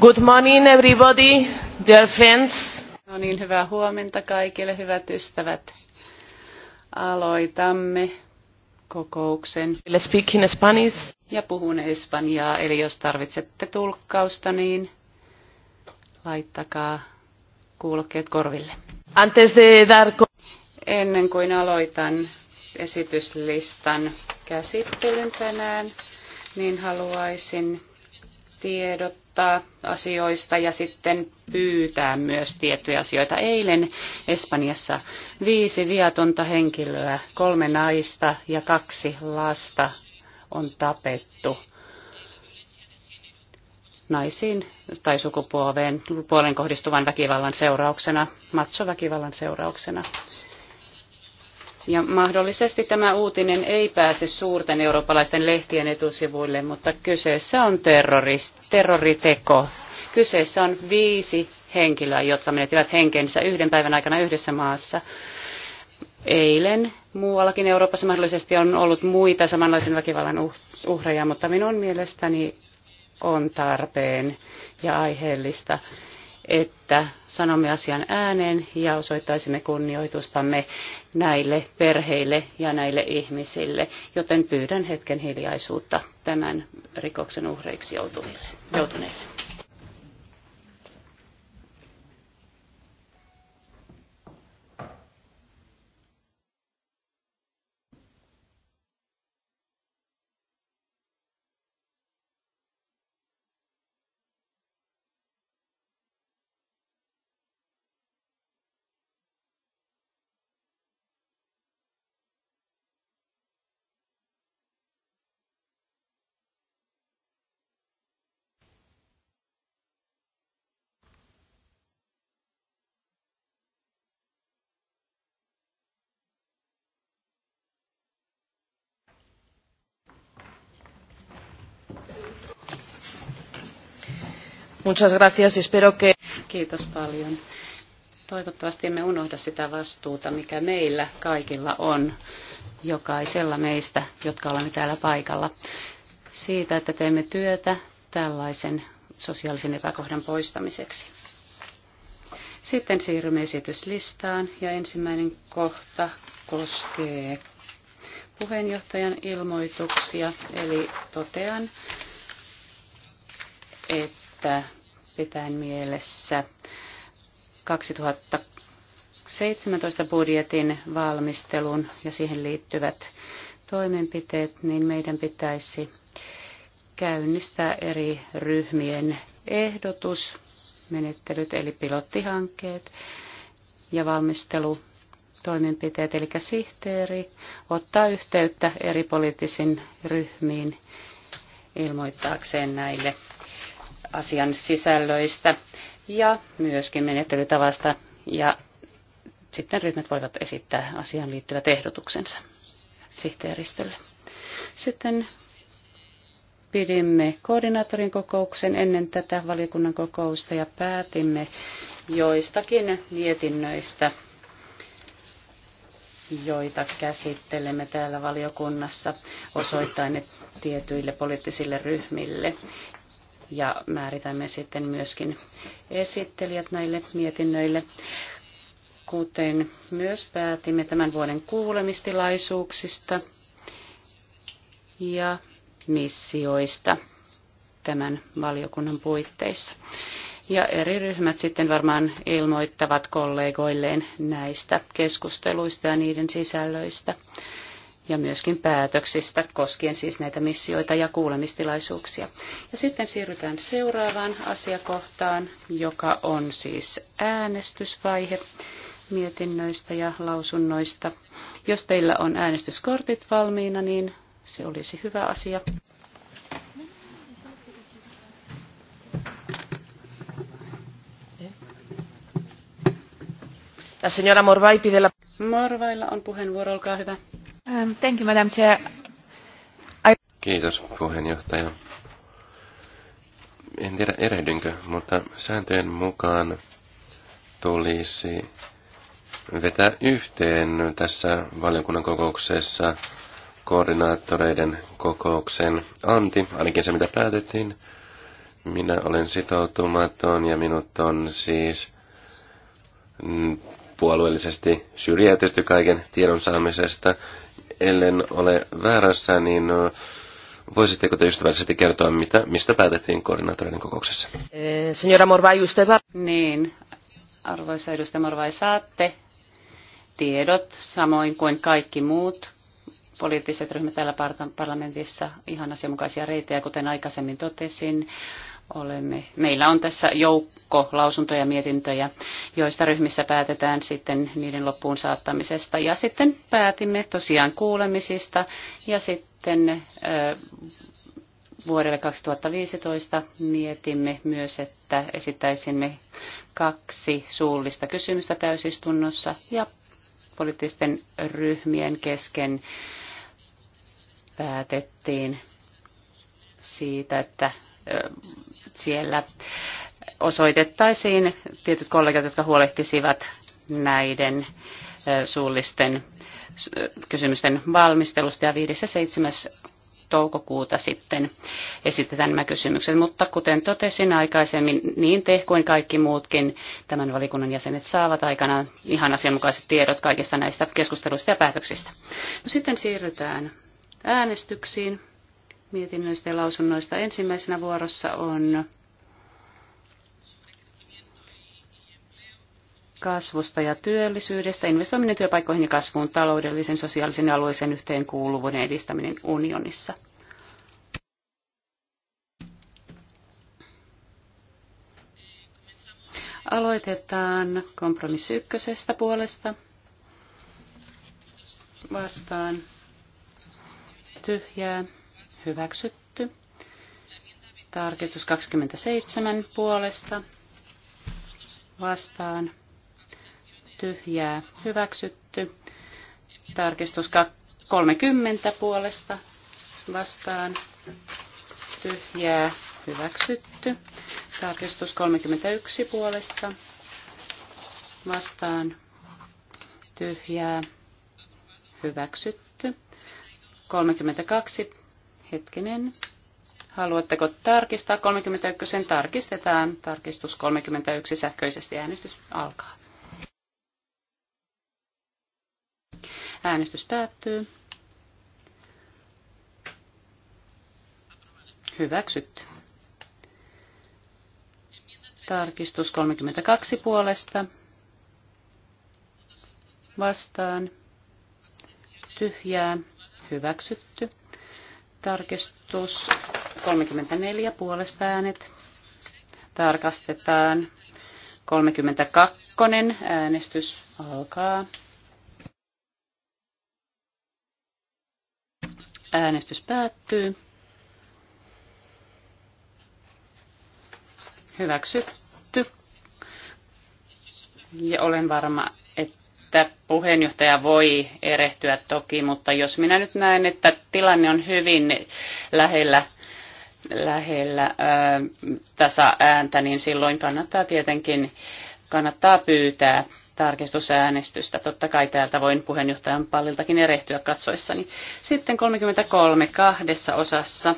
Good morning everybody, dear friends. No niin, hyvää huomenta kaikille, hyvät ystävät. Aloitamme kokouksen. Speak in Spanish. Ja puhun espanjaa, eli jos tarvitsette tulkkausta, niin laittakaa kuulokkeet korville. Antes de dar... Ennen kuin aloitan esityslistan käsittelyn tänään, niin haluaisin tiedottaa asioista ja sitten pyytää myös tiettyjä asioita. Eilen Espanjassa viisi viatonta henkilöä, kolme naista ja kaksi lasta on tapettu naisiin tai sukupuoleen kohdistuvan väkivallan seurauksena, matsoväkivallan seurauksena. Ja mahdollisesti tämä uutinen ei pääse suurten eurooppalaisten lehtien etusivuille, mutta kyseessä on terrorist, terroriteko. Kyseessä on viisi henkilöä, jotka menettivät henkensä yhden päivän aikana yhdessä maassa. Eilen muuallakin Euroopassa mahdollisesti on ollut muita samanlaisen väkivallan uh- uhreja, mutta minun mielestäni on tarpeen ja aiheellista että sanomme asian ääneen ja osoittaisimme kunnioitustamme näille perheille ja näille ihmisille, joten pyydän hetken hiljaisuutta tämän rikoksen uhreiksi joutuneille. Muchas gracias y espero que... Kiitos paljon. Toivottavasti emme unohda sitä vastuuta, mikä meillä kaikilla on, jokaisella meistä, jotka olemme täällä paikalla, siitä, että teemme työtä tällaisen sosiaalisen epäkohdan poistamiseksi. Sitten siirrymme esityslistaan ja ensimmäinen kohta koskee puheenjohtajan ilmoituksia. Eli totean, että pitäen mielessä 2017 budjetin valmistelun ja siihen liittyvät toimenpiteet, niin meidän pitäisi käynnistää eri ryhmien ehdotusmenettelyt, eli pilottihankkeet ja valmistelu toimenpiteet, eli sihteeri ottaa yhteyttä eri poliittisiin ryhmiin ilmoittaakseen näille asian sisällöistä ja myöskin menettelytavasta ja sitten ryhmät voivat esittää asian liittyvät ehdotuksensa sihteeristölle. Sitten pidimme koordinaattorin kokouksen ennen tätä valiokunnan kokousta ja päätimme joistakin mietinnöistä, joita käsittelemme täällä valiokunnassa osoittain tietyille poliittisille ryhmille ja määritämme sitten myöskin esittelijät näille mietinnöille. Kuten myös päätimme tämän vuoden kuulemistilaisuuksista ja missioista tämän valiokunnan puitteissa. Ja eri ryhmät sitten varmaan ilmoittavat kollegoilleen näistä keskusteluista ja niiden sisällöistä ja myöskin päätöksistä koskien siis näitä missioita ja kuulemistilaisuuksia. Ja sitten siirrytään seuraavaan asiakohtaan, joka on siis äänestysvaihe mietinnöistä ja lausunnoista. Jos teillä on äänestyskortit valmiina, niin se olisi hyvä asia. La señora Morvai pide la... Morvailla on puheenvuoro, olkaa hyvä. Um, thank you, Madam Chair. I... Kiitos, puheenjohtaja. En tiedä erehdynkö, mutta sääntöjen mukaan tulisi vetää yhteen tässä valiokunnan kokouksessa koordinaattoreiden kokouksen anti, ainakin se mitä päätettiin. Minä olen sitoutumaton ja minut on siis puolueellisesti syrjäytetty kaiken tiedon saamisesta ellen ole väärässä, niin voisitteko te ystävällisesti kertoa, mitä, mistä päätettiin koordinaattoreiden kokouksessa? Eh, signora Morvai, ystävä. Niin, arvoisa edustaja Morvai, saatte tiedot, samoin kuin kaikki muut poliittiset ryhmät täällä parlamentissa ihan asianmukaisia reitejä kuten aikaisemmin totesin olemme, meillä on tässä joukko lausuntoja ja mietintöjä, joista ryhmissä päätetään sitten niiden loppuun saattamisesta. Ja sitten päätimme tosiaan kuulemisista ja sitten vuodelle 2015 mietimme myös, että esittäisimme kaksi suullista kysymystä täysistunnossa ja poliittisten ryhmien kesken päätettiin siitä, että siellä osoitettaisiin tietyt kollegat, jotka huolehtisivat näiden suullisten kysymysten valmistelusta ja 5. ja 7. toukokuuta sitten esitetään nämä kysymykset. Mutta kuten totesin aikaisemmin, niin te kuin kaikki muutkin tämän valikunnan jäsenet saavat aikana ihan asianmukaiset tiedot kaikista näistä keskusteluista ja päätöksistä. No, sitten siirrytään äänestyksiin mietinnöistä ja lausunnoista. Ensimmäisenä vuorossa on kasvusta ja työllisyydestä, investoiminen työpaikkoihin ja kasvuun, taloudellisen, sosiaalisen ja alueellisen yhteenkuuluvuuden edistäminen unionissa. Aloitetaan kompromissi ykkösestä puolesta. Vastaan tyhjää, hyväksytty. Tarkistus 27 puolesta vastaan tyhjää hyväksytty. Tarkistus 30 puolesta vastaan tyhjää hyväksytty. Tarkistus 31 puolesta vastaan tyhjää hyväksytty. 32 Hetkinen. Haluatteko tarkistaa? 31 tarkistetaan. Tarkistus 31 sähköisesti. Äänestys alkaa. Äänestys päättyy. Hyväksytty. Tarkistus 32 puolesta. Vastaan. Tyhjää. Hyväksytty. Tarkistus 34 puolesta äänet. Tarkastetaan. 32. Äänestys alkaa. Äänestys päättyy. Hyväksytty. Ja olen varma, että puheenjohtaja voi erehtyä toki, mutta jos minä nyt näen, että tilanne on hyvin lähellä lähellä ää, tasa-ääntä, niin silloin kannattaa tietenkin kannattaa pyytää tarkistusäänestystä. Totta kai täältä voin puheenjohtajan palliltakin erehtyä katsoissani. Sitten 33 kahdessa osassa.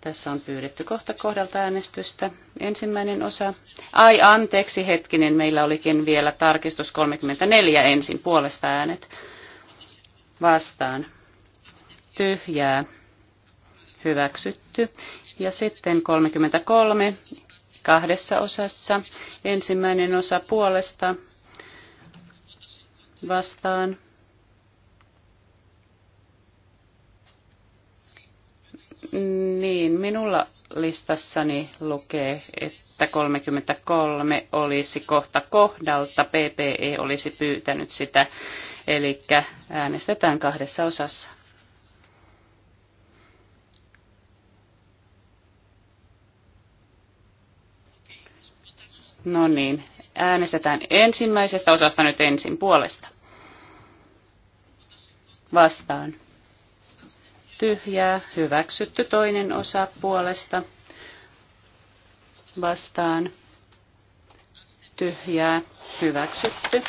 Tässä on pyydetty kohta kohdalta äänestystä. Ensimmäinen osa. Ai anteeksi hetkinen, meillä olikin vielä tarkistus 34 ensin puolesta äänet vastaan tyhjää hyväksytty. Ja sitten 33 kahdessa osassa. Ensimmäinen osa puolesta vastaan. Niin, minulla listassani lukee, että 33 olisi kohta kohdalta. PPE olisi pyytänyt sitä, eli äänestetään kahdessa osassa. No niin, äänestetään ensimmäisestä osasta nyt ensin puolesta. Vastaan. Tyhjää, hyväksytty toinen osa puolesta. Vastaan. Tyhjää, hyväksytty.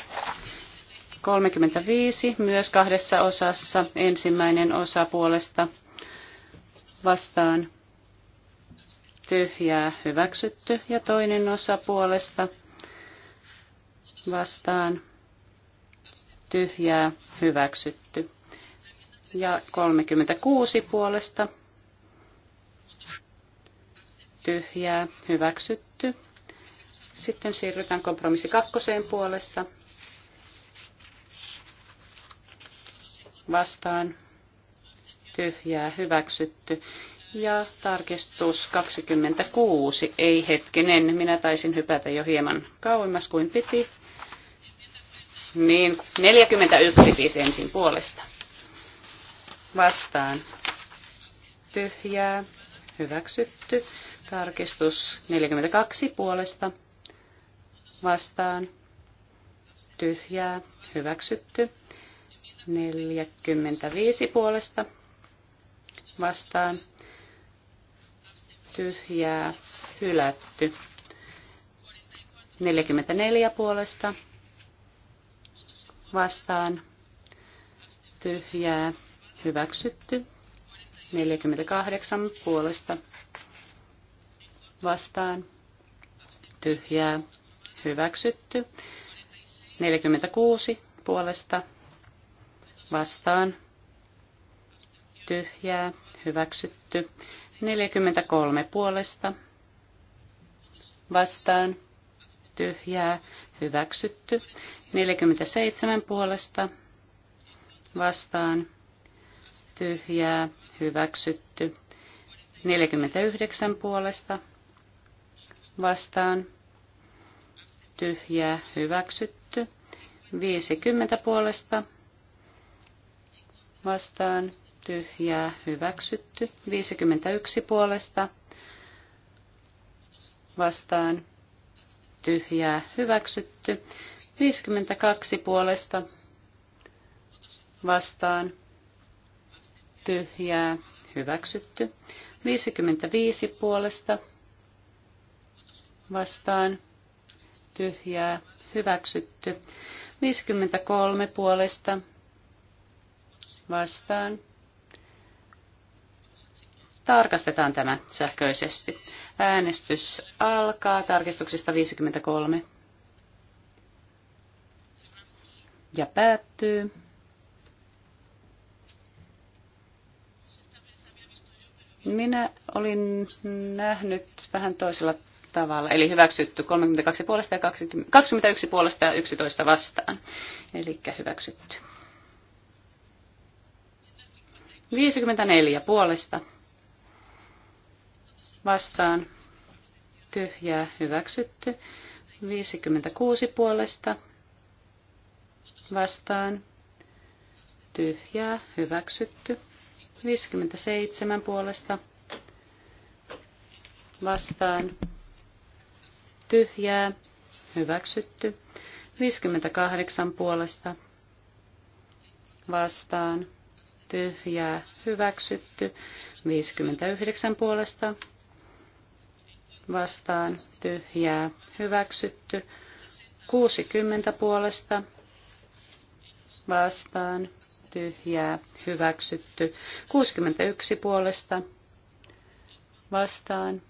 35 myös kahdessa osassa. Ensimmäinen osa puolesta vastaan tyhjää hyväksytty ja toinen osa puolesta vastaan tyhjää hyväksytty. Ja 36 puolesta tyhjää hyväksytty. Sitten siirrytään kompromissi kakkoseen puolesta vastaan tyhjää hyväksytty. Ja tarkistus 26. Ei hetkinen, minä taisin hypätä jo hieman kauemmas kuin piti. Niin, 41 siis ensin puolesta. Vastaan. Tyhjää. Hyväksytty. Tarkistus 42 puolesta. Vastaan. Tyhjää. Hyväksytty. 45 puolesta. Vastaan tyhjää, hylätty. 44 puolesta vastaan tyhjää, hyväksytty. 48 puolesta vastaan tyhjää, hyväksytty. 46 puolesta vastaan tyhjää, hyväksytty. 43 puolesta vastaan tyhjää hyväksytty. 47 puolesta vastaan tyhjää hyväksytty. 49 puolesta vastaan tyhjää hyväksytty. 50 puolesta vastaan ja hyväksytty. 51 puolesta vastaan tyhjää hyväksytty. 52 puolesta vastaan tyhjää hyväksytty. 55 puolesta vastaan tyhjää hyväksytty. 53 puolesta vastaan Tarkastetaan tämä sähköisesti. Äänestys alkaa tarkistuksesta 53 ja päättyy. Minä olin nähnyt vähän toisella tavalla, eli hyväksytty 32 puolesta ja 20, 21 puolesta ja 11 vastaan. Eli hyväksytty. 54 puolesta vastaan tyhjää hyväksytty. 56 puolesta vastaan tyhjää hyväksytty. 57 puolesta vastaan tyhjää hyväksytty. 58 puolesta vastaan tyhjää hyväksytty. 59 puolesta vastaan, vastaan tyhjää hyväksytty. 60 puolesta vastaan tyhjää hyväksytty. 61 puolesta vastaan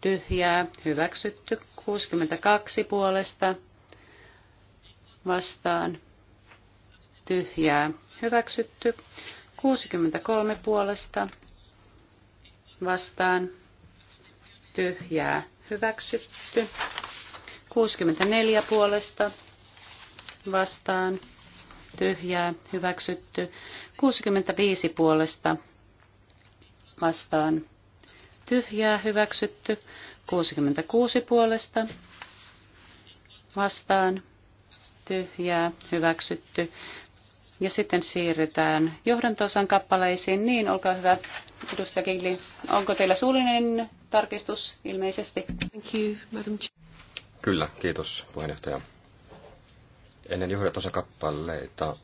tyhjää hyväksytty. 62 puolesta vastaan tyhjää hyväksytty. 63 puolesta vastaan tyhjää hyväksytty. 64 puolesta vastaan tyhjää hyväksytty. 65 puolesta vastaan tyhjää hyväksytty. 66 puolesta vastaan tyhjää hyväksytty. Ja sitten siirrytään johdantosan kappaleisiin. Niin, olkaa hyvä. Edustaja Kingli, onko teillä suullinen tarkistus ilmeisesti? Thank you, Madam Kyllä, kiitos puheenjohtaja. Ennen johdatusosakappaleita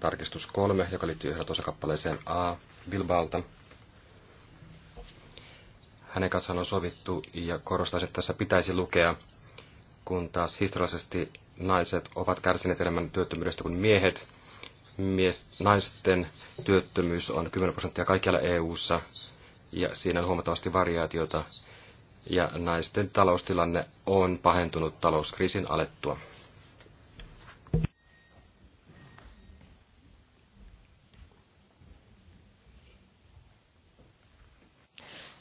tarkistus kolme, joka liittyy johdatusosakappaleeseen A Bilbaalta. Hänen kanssaan on sovittu ja korostaisin, että tässä pitäisi lukea, kun taas historiallisesti naiset ovat kärsineet enemmän työttömyydestä kuin miehet – mies, naisten työttömyys on 10 prosenttia kaikkialla EU-ssa ja siinä on huomattavasti variaatiota ja naisten taloustilanne on pahentunut talouskriisin alettua.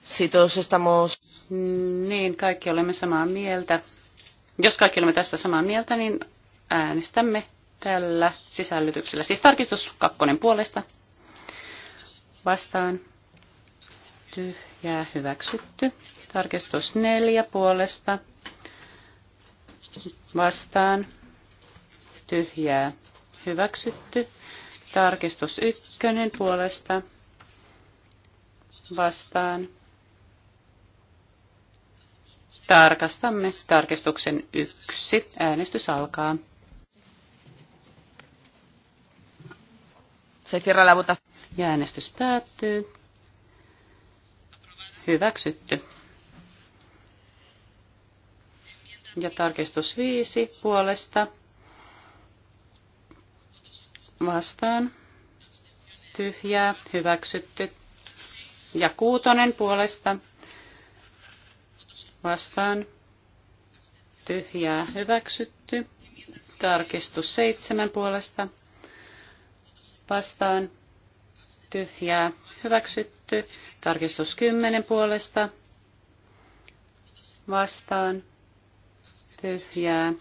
Sitosestamos. Niin, kaikki olemme samaa mieltä. Jos kaikki olemme tästä samaa mieltä, niin äänestämme tällä sisällytyksellä. Siis tarkistus kakkonen puolesta vastaan tyhjää hyväksytty. Tarkistus neljä puolesta vastaan tyhjää hyväksytty. Tarkistus ykkönen puolesta vastaan. Tarkastamme tarkistuksen yksi. Äänestys alkaa. Se cierra la Ja äänestys päättyy. Hyväksytty. Ja tarkistus viisi puolesta vastaan. Tyhjää, hyväksytty. Ja kuutonen puolesta vastaan. Tyhjää, hyväksytty. Tarkistus seitsemän puolesta vastaan tyhjää hyväksytty. Tarkistus 10 puolesta vastaan tyhjää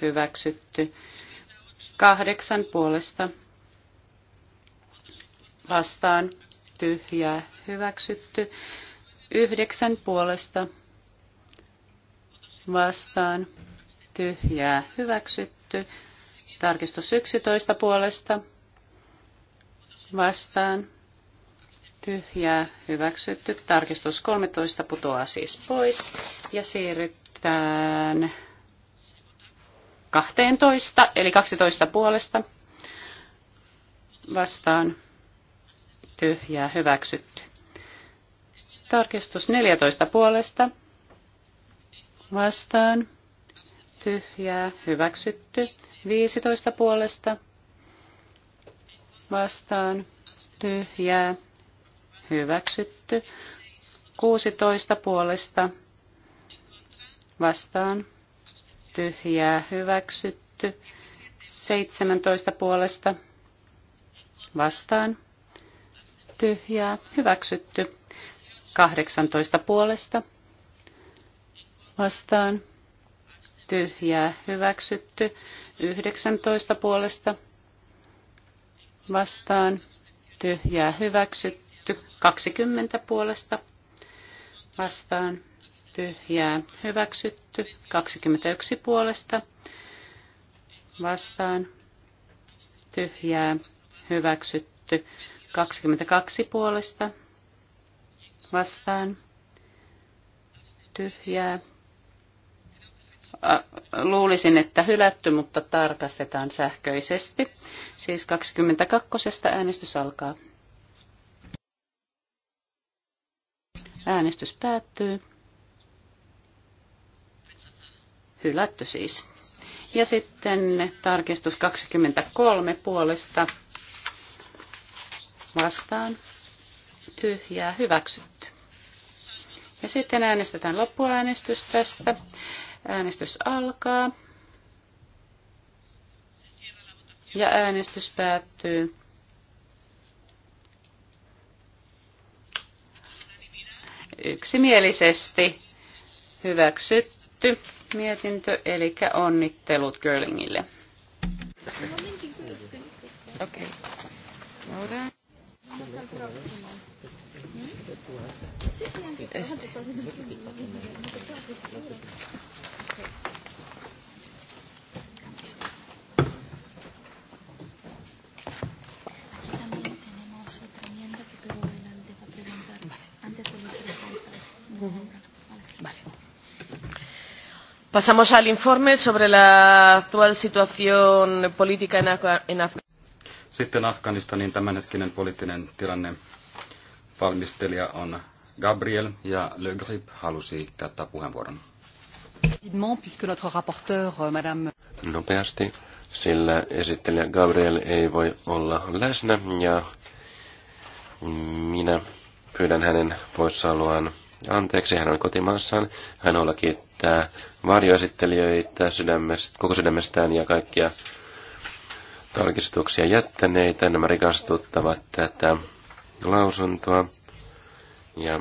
hyväksytty. Kahdeksan puolesta vastaan tyhjää hyväksytty. Yhdeksän puolesta vastaan tyhjää hyväksytty. Tarkistus 11 puolesta vastaan tyhjää hyväksytty. Tarkistus 13 putoaa siis pois ja siirrytään 12 eli 12 puolesta vastaan tyhjää hyväksytty. Tarkistus 14 puolesta vastaan tyhjää hyväksytty. 15 puolesta vastaan tyhjää hyväksytty. 16 puolesta vastaan tyhjää hyväksytty. 17 puolesta vastaan tyhjää hyväksytty. 18 puolesta vastaan tyhjää hyväksytty. 19 puolesta vastaan, vastaan tyhjää hyväksytty. 20 puolesta vastaan tyhjää hyväksytty. 21 puolesta vastaan tyhjää hyväksytty. 22 puolesta vastaan tyhjää luulisin, että hylätty, mutta tarkastetaan sähköisesti. Siis 22. äänestys alkaa. Äänestys päättyy. Hylätty siis. Ja sitten tarkistus 23 puolesta vastaan tyhjää hyväksytty. Ja sitten äänestetään loppuäänestys tästä. Äänestys alkaa. Ja äänestys päättyy. Yksimielisesti hyväksytty mietintö, eli onnittelut Görlingille. Okay. Vale. Pasamos al informe sobre la actual situación política en, Af en Afganistán. Sitten Afganistanin tämänhetkinen poliittinen tilanne. Valmistelija on Gabriel ja Le Grip halusi käyttää puheenvuoron. Euh, Nopeasti, sillä esittelijä Gabriel ei voi olla läsnä ja minä pyydän hänen poissaoloaan anteeksi, hän on kotimaassaan. Hän olla kiittää varjoesittelijöitä sydämestä, koko sydämestään ja kaikkia tarkistuksia jättäneitä. Nämä rikastuttavat tätä lausuntoa. Ja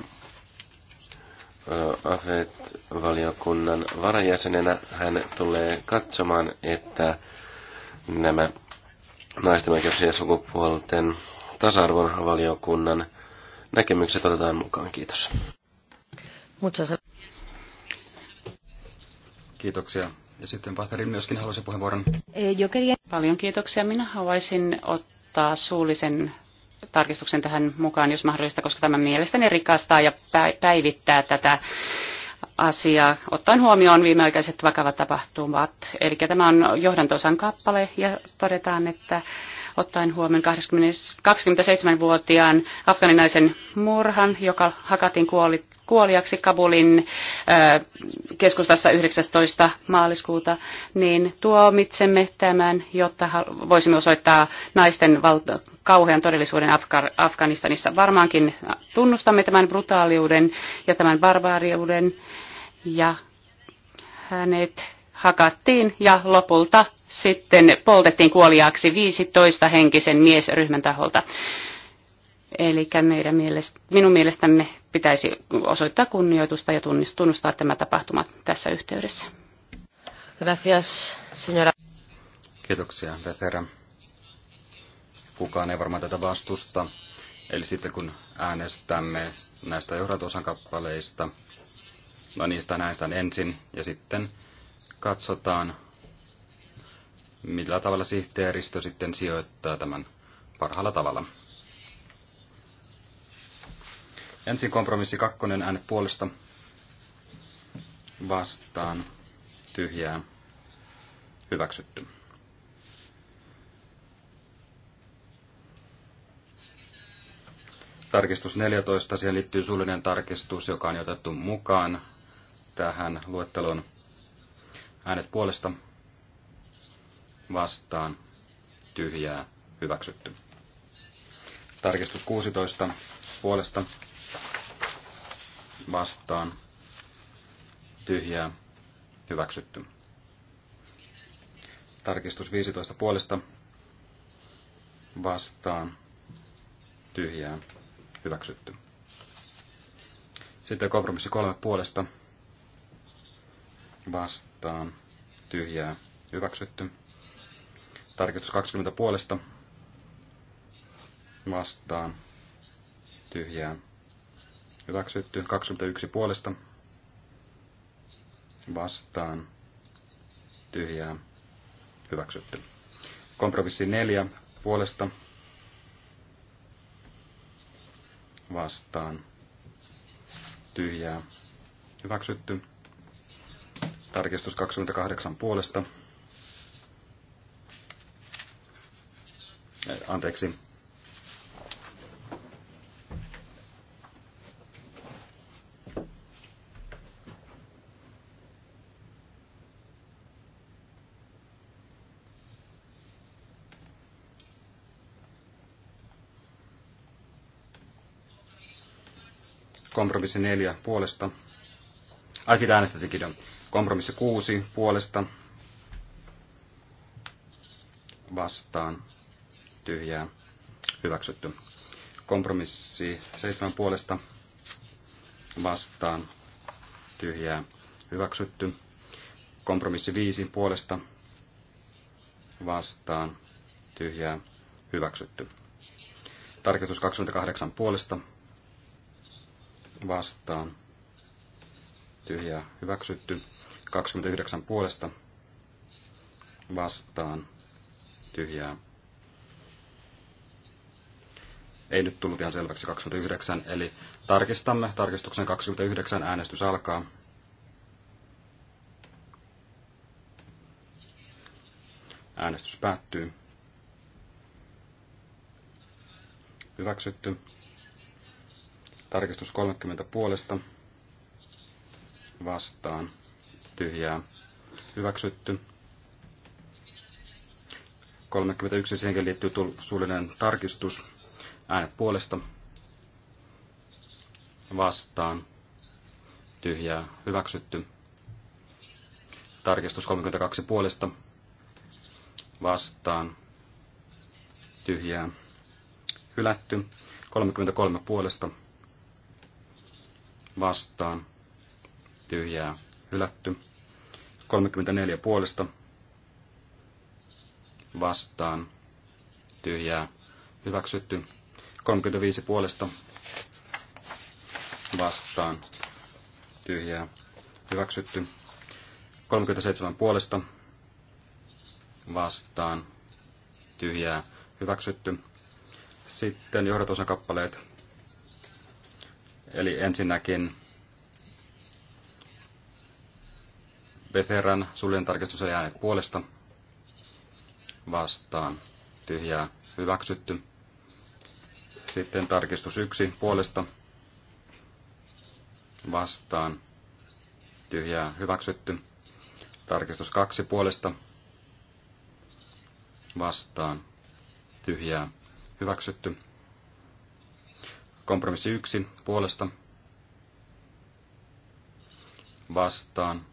AFET-valiokunnan varajäsenenä hän tulee katsomaan, että nämä naisten oikeuksien ja sukupuolten tasa-arvon valiokunnan näkemykset otetaan mukaan. Kiitos. Kiitoksia. Ja sitten Pahterin myöskin halusi puheenvuoron. Eh, Paljon kiitoksia. Minä haluaisin ottaa suullisen tarkistuksen tähän mukaan, jos mahdollista, koska tämä mielestäni rikastaa ja päivittää tätä asiaa, ottaen huomioon viimeaikaiset vakavat tapahtumat. Eli tämä on johdantosan kappale ja todetaan, että ottaen huomioon 27-vuotiaan afganinaisen murhan, joka hakatin kuolit kuoliaksi Kabulin keskustassa 19. maaliskuuta, niin tuomitsemme tämän, jotta voisimme osoittaa naisten valta, kauhean todellisuuden Afgar, Afganistanissa. Varmaankin tunnustamme tämän brutaaliuden ja tämän barbaariuden ja hänet hakattiin ja lopulta sitten poltettiin kuoliaaksi 15 henkisen miesryhmän taholta. Eli meidän mielestä, minun mielestämme pitäisi osoittaa kunnioitusta ja tunnustaa tämä tapahtuma tässä yhteydessä. Gracias, señora. Kiitoksia, Vetera. Kukaan ei varmaan tätä vastusta. Eli sitten kun äänestämme näistä johdatosan kappaleista, no niistä näistä ensin ja sitten katsotaan, millä tavalla sihteeristö sitten sijoittaa tämän parhaalla tavalla. Ensin kompromissi kakkonen äänet puolesta vastaan tyhjää hyväksytty. Tarkistus 14, siihen liittyy suullinen tarkistus, joka on otettu mukaan tähän luetteloon. Äänet puolesta vastaan tyhjää hyväksytty. Tarkistus 16 puolesta vastaan tyhjää hyväksytty. Tarkistus 15 puolesta vastaan tyhjää hyväksytty. Sitten kompromissi kolme puolesta vastaan tyhjää hyväksytty. Tarkistus 20 puolesta vastaan tyhjää hyväksytty 21 puolesta vastaan tyhjää hyväksytty. Kompromissi 4 puolesta vastaan tyhjää hyväksytty. Tarkistus 28 puolesta. Anteeksi, kompromissi 4 puolesta. Ai sitä äänestettikin jo. Kompromissi 6 puolesta. Vastaan. Tyhjää. Hyväksytty. Kompromissi 7 puolesta. Vastaan. Tyhjää. Hyväksytty. Kompromissi 5 puolesta. Vastaan. Tyhjää. Hyväksytty. Tarkistus 28 puolesta vastaan tyhjää hyväksytty. 29 puolesta vastaan tyhjää. Ei nyt tullut ihan selväksi 29, eli tarkistamme tarkistuksen 29 äänestys alkaa. Äänestys päättyy. Hyväksytty. Tarkistus 30 puolesta vastaan tyhjää hyväksytty. 31 siihenkin liittyy suullinen tarkistus. Äänet puolesta vastaan tyhjää hyväksytty. Tarkistus 32 puolesta vastaan tyhjää hylätty. 33 puolesta vastaan, tyhjää, hylätty. 34 puolesta vastaan, tyhjää, hyväksytty. 35 puolesta vastaan, tyhjää, hyväksytty. 37 puolesta vastaan, tyhjää, hyväksytty. Sitten johdatosan kappaleet Eli ensinnäkin Beferan suljen tarkistus ei äänet puolesta vastaan tyhjää hyväksytty. Sitten tarkistus yksi puolesta vastaan tyhjää hyväksytty. Tarkistus kaksi puolesta vastaan tyhjää hyväksytty. Kompromissi yksi puolesta vastaan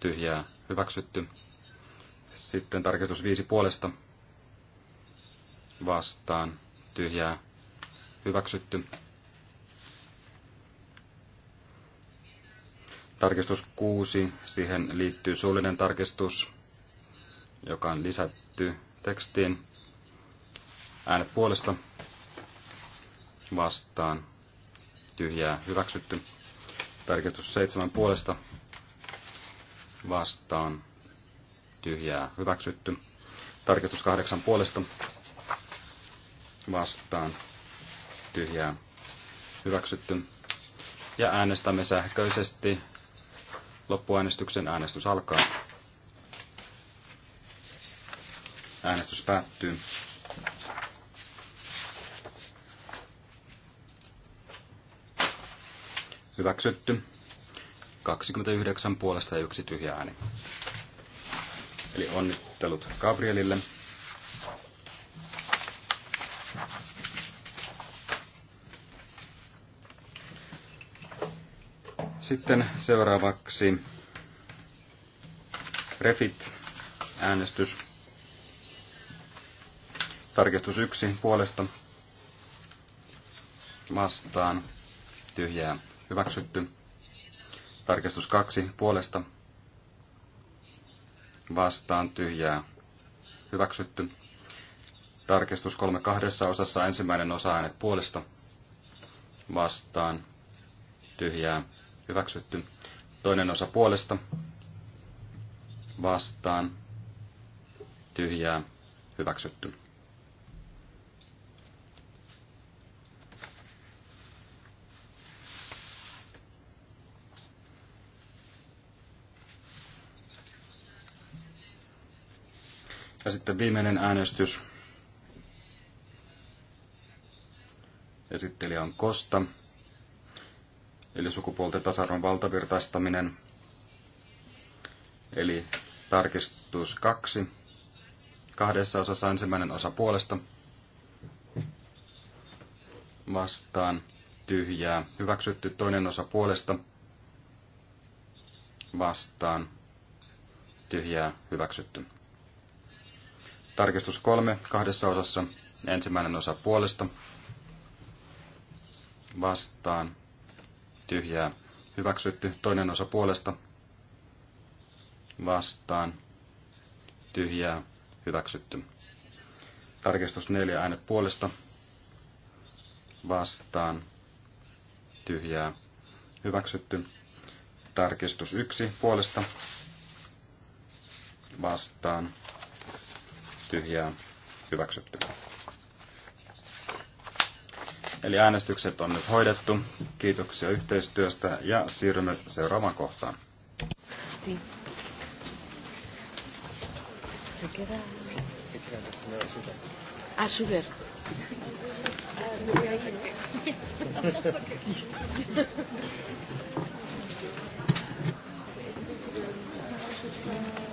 tyhjää hyväksytty. Sitten tarkistus viisi puolesta vastaan tyhjää hyväksytty. Tarkistus 6, siihen liittyy suullinen tarkistus, joka on lisätty tekstiin. Äänet puolesta vastaan tyhjää hyväksytty. Tarkistus seitsemän puolesta vastaan tyhjää hyväksytty. Tarkistus kahdeksan puolesta vastaan tyhjää hyväksytty. Ja äänestämme sähköisesti. Loppuäänestyksen äänestys alkaa. Äänestys päättyy. Hyväksytty. 29 puolesta ja yksi tyhjä ääni. Eli onnittelut Gabrielille. Sitten seuraavaksi Refit äänestys. Tarkistus yksi puolesta vastaan tyhjää hyväksytty. Tarkistus kaksi puolesta vastaan tyhjää hyväksytty. Tarkistus kolme kahdessa osassa ensimmäinen osa äänet puolesta vastaan tyhjää hyväksytty. Toinen osa puolesta vastaan tyhjää hyväksytty. Ja sitten viimeinen äänestys. Esittelijä on Kosta, eli sukupuolten tasa-arvon valtavirtaistaminen, eli tarkistus kaksi. Kahdessa osassa ensimmäinen osa puolesta vastaan tyhjää. Hyväksytty toinen osa puolesta vastaan tyhjää hyväksytty. Tarkistus kolme kahdessa osassa. Ensimmäinen osa puolesta. Vastaan. Tyhjää. Hyväksytty. Toinen osa puolesta. Vastaan. Tyhjää. Hyväksytty. Tarkistus neljä äänet puolesta. Vastaan. Tyhjää. Hyväksytty. Tarkistus yksi puolesta. Vastaan tyhjää hyväksytty. Eli äänestykset on nyt hoidettu. Kiitoksia yhteistyöstä ja siirrymme seuraavaan kohtaan. Thank ah, you.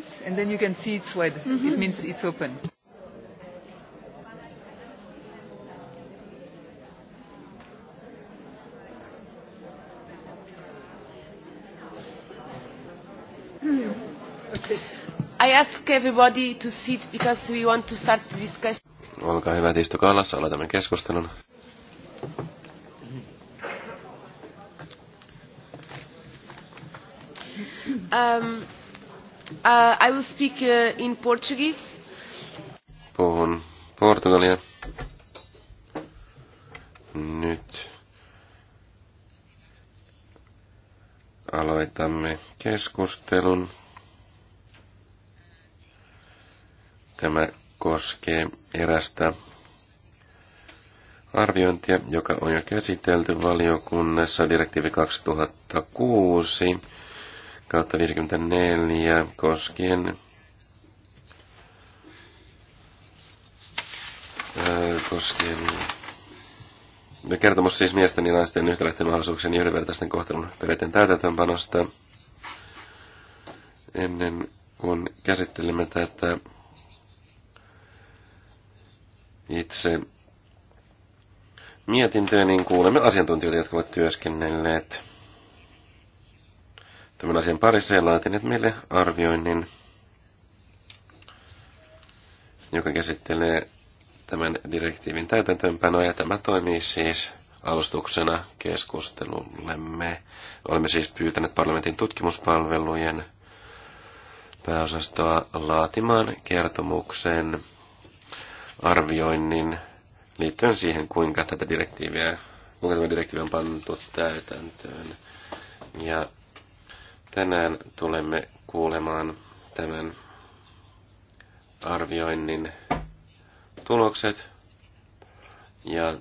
yes and then you can see it's red. Mm -hmm. It mm-hmm. means it's open. I ask everybody to sit because we want to start the discussion. Olkaa hyvä istukaa alas, aloitamme keskustelun. Um, Uh, I will speak uh, in Portuguese. Puhun portugalia. Nyt aloitamme keskustelun. Tämä koskee erästä arviointia, joka on jo käsitelty valiokunnassa direktiivi 2006 kautta 54 koskien äh, koskien kertomus siis miesten ja naisten yhtäläisten mahdollisuuksien ja yhdenvertaisten kohtelun periaatteen täytäntöönpanosta. Ennen kuin käsittelemme tätä itse mietintöä, niin kuulemme asiantuntijoita, jotka ovat työskennelleet tämän asian parissa ja laatineet meille arvioinnin, joka käsittelee tämän direktiivin täytäntöönpanoa ja tämä toimii siis alustuksena keskustelullemme. Olemme siis pyytäneet parlamentin tutkimuspalvelujen pääosastoa laatimaan kertomuksen arvioinnin liittyen siihen, kuinka tätä direktiiviä, kuinka tämä direktiivi on pantu täytäntöön. Ja Tänään tulemme kuulemaan tämän arvioinnin tulokset ja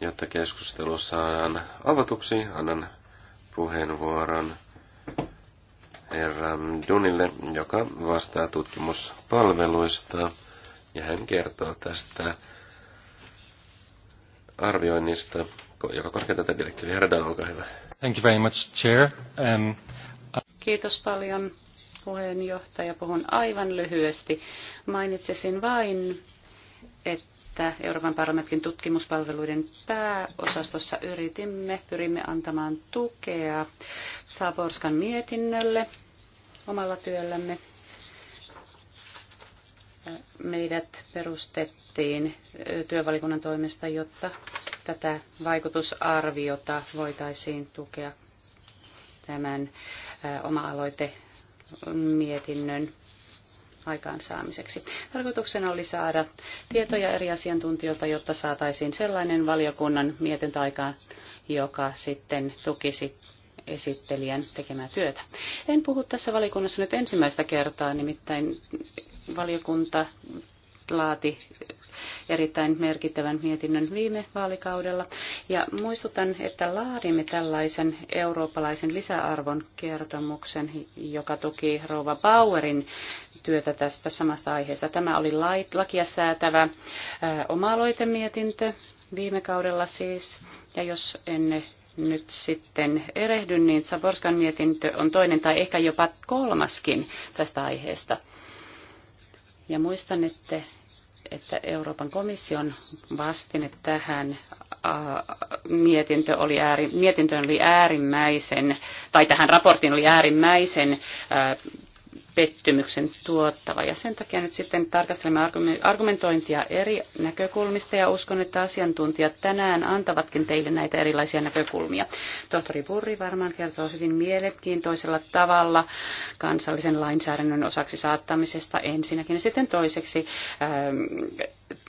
jotta keskustelu saadaan avatuksi, annan puheenvuoron herra Dunille, joka vastaa tutkimuspalveluista, ja hän kertoo tästä arvioinnista, joka koskee tätä direktiiviä. Herra Dan, olkaa hyvä. Thank you very much, Chair. Um, Kiitos paljon puheenjohtaja. Puhun aivan lyhyesti. Mainitsisin vain, että Euroopan parlamentin tutkimuspalveluiden pääosastossa yritimme, pyrimme antamaan tukea Saborskan mietinnölle omalla työllämme meidät perustettiin työvalikunnan toimesta, jotta tätä vaikutusarviota voitaisiin tukea tämän oma-aloite mietinnön aikaansaamiseksi. Tarkoituksena oli saada tietoja eri asiantuntijoilta, jotta saataisiin sellainen valiokunnan mietintö aikaan, joka sitten tukisi esittelijän tekemää työtä. En puhu tässä valikunnassa nyt ensimmäistä kertaa, nimittäin valiokunta laati erittäin merkittävän mietinnön viime vaalikaudella. Ja muistutan, että laadimme tällaisen eurooppalaisen lisäarvon kertomuksen, joka tuki Rouva Bauerin työtä tästä samasta aiheesta. Tämä oli lakia säätävä oma-aloitemietintö viime kaudella siis. Ja jos en nyt sitten erehdy, niin Saborskan mietintö on toinen tai ehkä jopa kolmaskin tästä aiheesta. Ja muistan, että, että Euroopan komission vastine tähän mietintö oli ääri, mietintöön oli äärimmäisen, tai tähän raporttiin oli äärimmäisen ää, pettymyksen tuottava. Ja sen takia nyt sitten tarkastelemme argumentointia eri näkökulmista ja uskon, että asiantuntijat tänään antavatkin teille näitä erilaisia näkökulmia. Tohtori Burri varmaan kertoo hyvin mielenkiintoisella tavalla kansallisen lainsäädännön osaksi saattamisesta ensinnäkin ja sitten toiseksi ähm,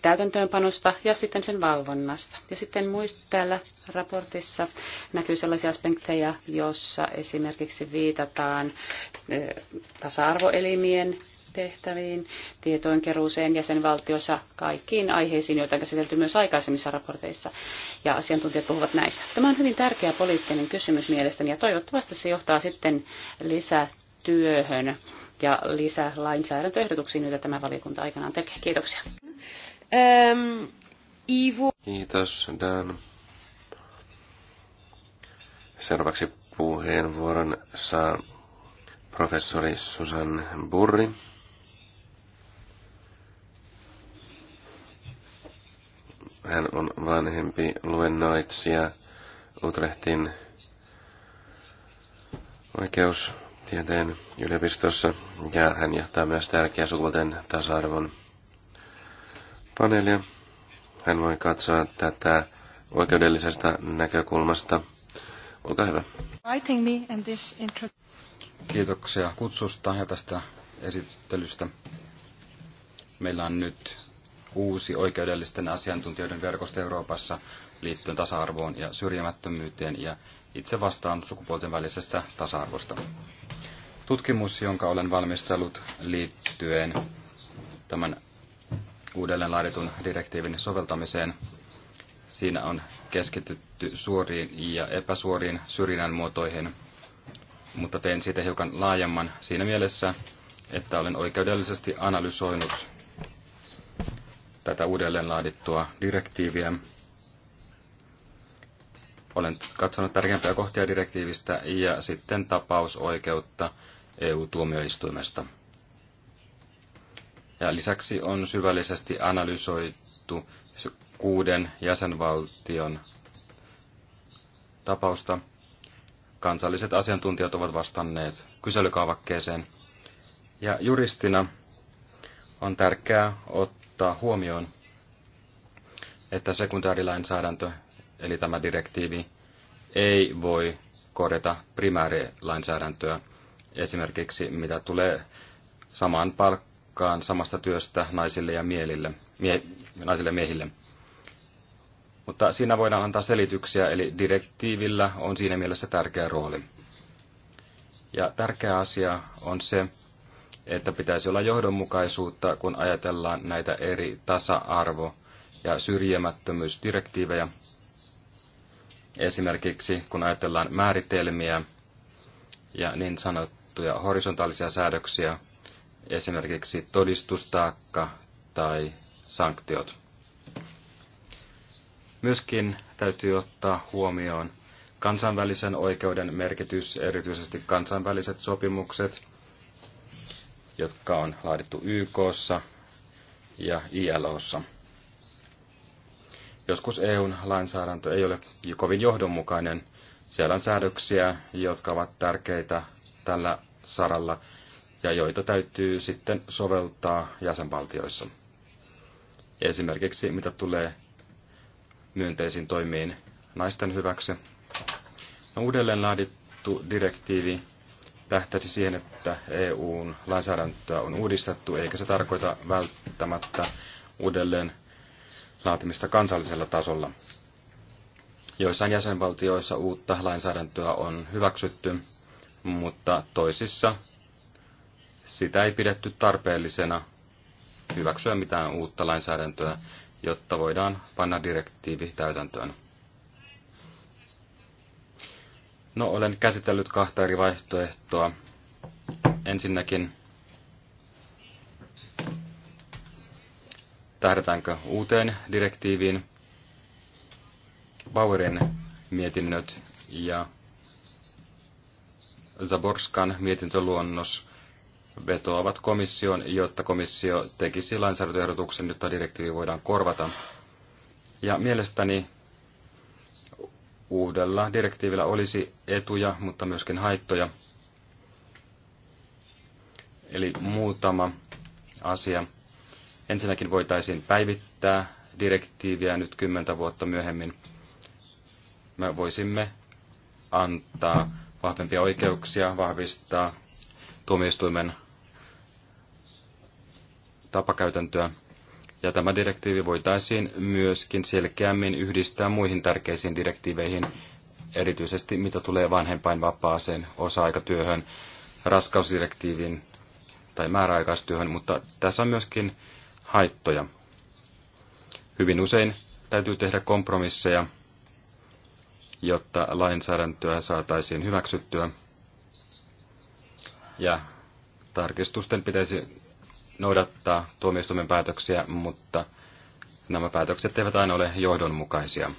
täytäntöönpanosta ja sitten sen valvonnasta. Ja sitten muist täällä raportissa näkyy sellaisia aspekteja, joissa esimerkiksi viitataan tasa-arvoelimien tehtäviin, tietoinkeruuseen jäsenvaltiossa, kaikkiin aiheisiin, joita on käsitelty myös aikaisemmissa raporteissa, ja asiantuntijat puhuvat näistä. Tämä on hyvin tärkeä poliittinen kysymys mielestäni, ja toivottavasti se johtaa sitten lisätyöhön ja lisälainsäädäntöehdotuksiin, joita tämä valiokunta aikanaan tekee. Kiitoksia. Ähm, Ivo. Kiitos, Dan. Seuraavaksi puheenvuoron saa professori Susan Burri. Hän on vanhempi luennoitsija Utrehtin oikeustieteen yliopistossa ja hän johtaa myös tärkeää sukupuolten tasa-arvon paneelia. Hän voi katsoa tätä oikeudellisesta näkökulmasta. Olkaa hyvä. Kiitoksia kutsusta ja tästä esittelystä. Meillä on nyt uusi oikeudellisten asiantuntijoiden verkosto Euroopassa liittyen tasa-arvoon ja syrjimättömyyteen ja itse vastaan sukupuolten välisestä tasa-arvosta. Tutkimus, jonka olen valmistellut liittyen tämän uudelleen laaditun direktiivin soveltamiseen. Siinä on keskitytty suoriin ja epäsuoriin syrjinnän muotoihin, mutta tein siitä hiukan laajemman siinä mielessä, että olen oikeudellisesti analysoinut tätä uudelleen laadittua direktiiviä. Olen katsonut tärkeimpiä kohtia direktiivistä ja sitten tapausoikeutta EU-tuomioistuimesta. Ja lisäksi on syvällisesti analysoitu kuuden jäsenvaltion tapausta. Kansalliset asiantuntijat ovat vastanneet kyselykaavakkeeseen. Ja juristina on tärkeää ottaa huomioon, että sekundäärilainsäädäntö, eli tämä direktiivi, ei voi korjata primäärilainsäädäntöä, esimerkiksi mitä tulee samaan palkkaan palkkaan samasta työstä naisille ja mielille, mie, naisille ja miehille. Mutta siinä voidaan antaa selityksiä, eli direktiivillä on siinä mielessä tärkeä rooli. Ja tärkeä asia on se, että pitäisi olla johdonmukaisuutta, kun ajatellaan näitä eri tasa-arvo- ja syrjimättömyysdirektiivejä. Esimerkiksi kun ajatellaan määritelmiä ja niin sanottuja horisontaalisia säädöksiä, esimerkiksi todistustaakka tai sanktiot. Myöskin täytyy ottaa huomioon kansainvälisen oikeuden merkitys, erityisesti kansainväliset sopimukset, jotka on laadittu YKssa ja ILOssa. Joskus EUn lainsäädäntö ei ole kovin johdonmukainen. Siellä on säädöksiä, jotka ovat tärkeitä tällä saralla, ja joita täytyy sitten soveltaa jäsenvaltioissa. Esimerkiksi mitä tulee myönteisiin toimiin naisten hyväksi. No, uudelleen laadittu direktiivi tähtäisi siihen, että EUn lainsäädäntöä on uudistettu, eikä se tarkoita välttämättä uudelleen laatimista kansallisella tasolla. Joissain jäsenvaltioissa uutta lainsäädäntöä on hyväksytty, mutta toisissa sitä ei pidetty tarpeellisena hyväksyä mitään uutta lainsäädäntöä, jotta voidaan panna direktiivi täytäntöön. No, olen käsitellyt kahta eri vaihtoehtoa. Ensinnäkin, tähdätäänkö uuteen direktiiviin, Bauerin mietinnöt ja Zaborskan mietintöluonnos vetoavat komission, jotta komissio tekisi lainsäädäntöehdotuksen, jotta direktiivi voidaan korvata. Ja mielestäni uudella direktiivillä olisi etuja, mutta myöskin haittoja. Eli muutama asia. Ensinnäkin voitaisiin päivittää direktiiviä nyt kymmentä vuotta myöhemmin. Me voisimme antaa vahvempia oikeuksia, vahvistaa tuomioistuimen tapakäytäntöä, ja tämä direktiivi voitaisiin myöskin selkeämmin yhdistää muihin tärkeisiin direktiiveihin, erityisesti mitä tulee vanhempainvapaaseen, osa-aikatyöhön, raskausdirektiivin tai määräaikaistyöhön, mutta tässä on myöskin haittoja. Hyvin usein täytyy tehdä kompromisseja, jotta lainsäädäntöä saataisiin hyväksyttyä. Ja tarkistusten pitäisi noudattaa tuomioistuimen päätöksiä, mutta nämä päätökset eivät aina ole johdonmukaisia.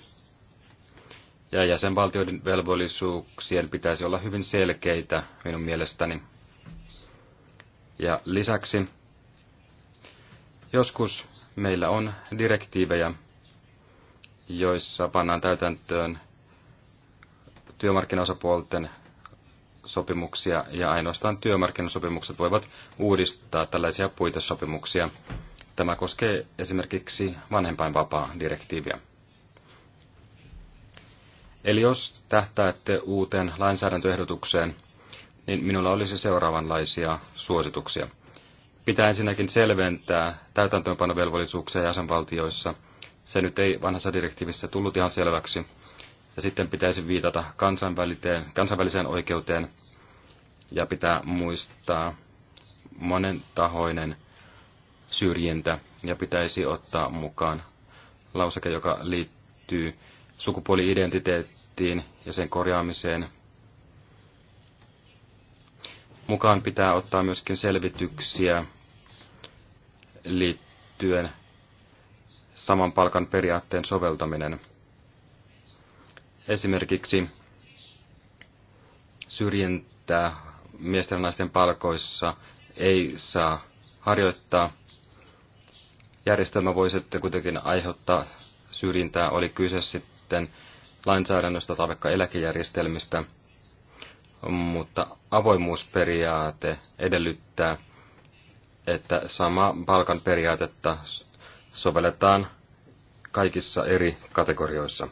Ja jäsenvaltioiden velvollisuuksien pitäisi olla hyvin selkeitä minun mielestäni. Ja lisäksi joskus meillä on direktiivejä, joissa pannaan täytäntöön työmarkkinaosapuolten sopimuksia ja ainoastaan työmarkkinasopimukset voivat uudistaa tällaisia puitesopimuksia. Tämä koskee esimerkiksi vanhempainvapaa-direktiiviä. Eli jos tähtäätte uuteen lainsäädäntöehdotukseen, niin minulla olisi seuraavanlaisia suosituksia. Pitää ensinnäkin selventää täytäntöönpanovelvollisuuksia jäsenvaltioissa. Se nyt ei vanhassa direktiivissä tullut ihan selväksi, ja sitten pitäisi viitata kansainväliseen, kansainväliseen oikeuteen ja pitää muistaa monentahoinen syrjintä ja pitäisi ottaa mukaan lauseke, joka liittyy sukupuoli-identiteettiin ja sen korjaamiseen. Mukaan pitää ottaa myöskin selvityksiä liittyen saman palkan periaatteen soveltaminen – esimerkiksi syrjintää miesten ja naisten palkoissa ei saa harjoittaa. Järjestelmä voi sitten kuitenkin aiheuttaa syrjintää, oli kyse sitten lainsäädännöstä tai vaikka eläkejärjestelmistä, mutta avoimuusperiaate edellyttää, että sama palkan periaatetta sovelletaan kaikissa eri kategorioissa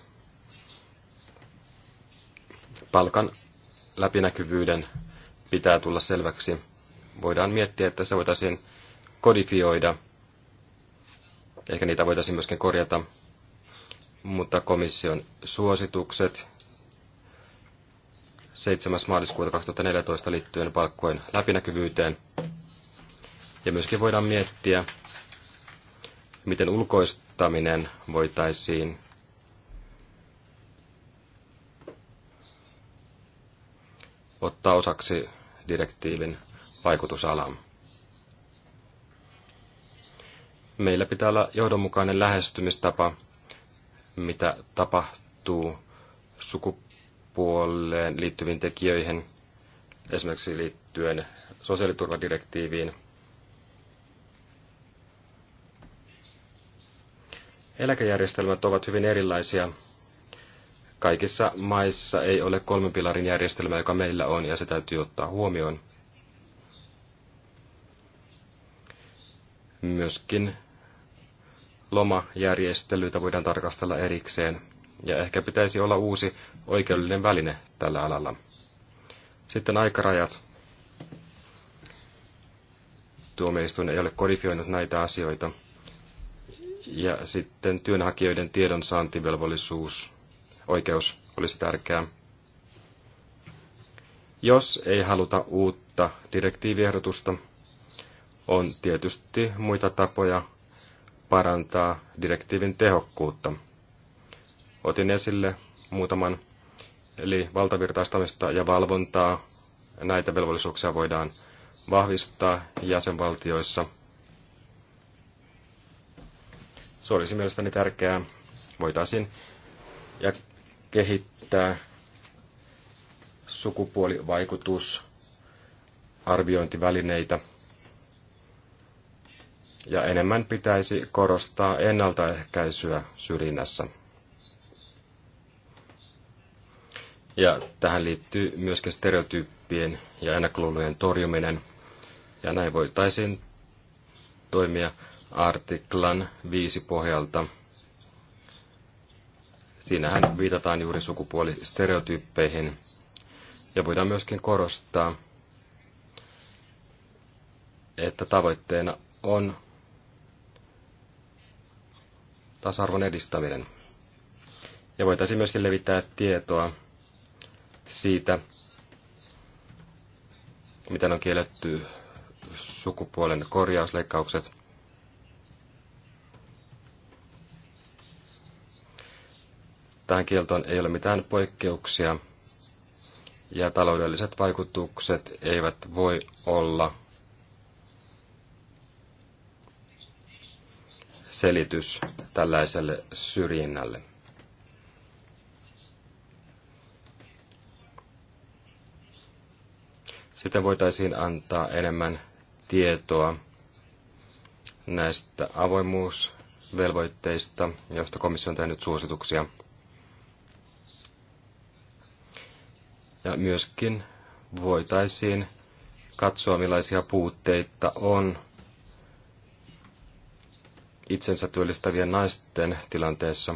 palkan läpinäkyvyyden pitää tulla selväksi. Voidaan miettiä, että se voitaisiin kodifioida. Ehkä niitä voitaisiin myöskin korjata. Mutta komission suositukset 7. maaliskuuta 2014 liittyen palkkojen läpinäkyvyyteen. Ja myöskin voidaan miettiä, miten ulkoistaminen voitaisiin ottaa osaksi direktiivin vaikutusalan. Meillä pitää olla johdonmukainen lähestymistapa, mitä tapahtuu sukupuoleen liittyviin tekijöihin, esimerkiksi liittyen sosiaaliturvadirektiiviin. Eläkejärjestelmät ovat hyvin erilaisia Kaikissa maissa ei ole kolmen pilarin järjestelmä, joka meillä on, ja se täytyy ottaa huomioon. Myöskin lomajärjestelyitä voidaan tarkastella erikseen, ja ehkä pitäisi olla uusi oikeudellinen väline tällä alalla. Sitten aikarajat. Tuomioistuin ei ole kodifioinut näitä asioita. Ja sitten työnhakijoiden tiedonsaantivelvollisuus oikeus olisi tärkeää. Jos ei haluta uutta direktiiviehdotusta, on tietysti muita tapoja parantaa direktiivin tehokkuutta. Otin esille muutaman, eli valtavirtaistamista ja valvontaa. Näitä velvollisuuksia voidaan vahvistaa jäsenvaltioissa. Se olisi mielestäni tärkeää. Voitaisiin kehittää sukupuolivaikutusarviointivälineitä. Ja enemmän pitäisi korostaa ennaltaehkäisyä syrjinnässä. Ja tähän liittyy myöskin stereotyyppien ja ennakkoluulojen torjuminen. Ja näin voitaisiin toimia artiklan 5 pohjalta – Siinähän viitataan juuri sukupuolistereotyyppeihin. Ja voidaan myöskin korostaa, että tavoitteena on tasa-arvon edistäminen. Ja voitaisiin myöskin levittää tietoa siitä, miten on kielletty sukupuolen korjausleikkaukset. Tähän kieltoon ei ole mitään poikkeuksia ja taloudelliset vaikutukset eivät voi olla selitys tällaiselle syrjinnälle. Sitten voitaisiin antaa enemmän tietoa näistä avoimuusvelvoitteista, joista komissio on tehnyt suosituksia. Ja myöskin voitaisiin katsoa, millaisia puutteita on itsensä työllistävien naisten tilanteessa,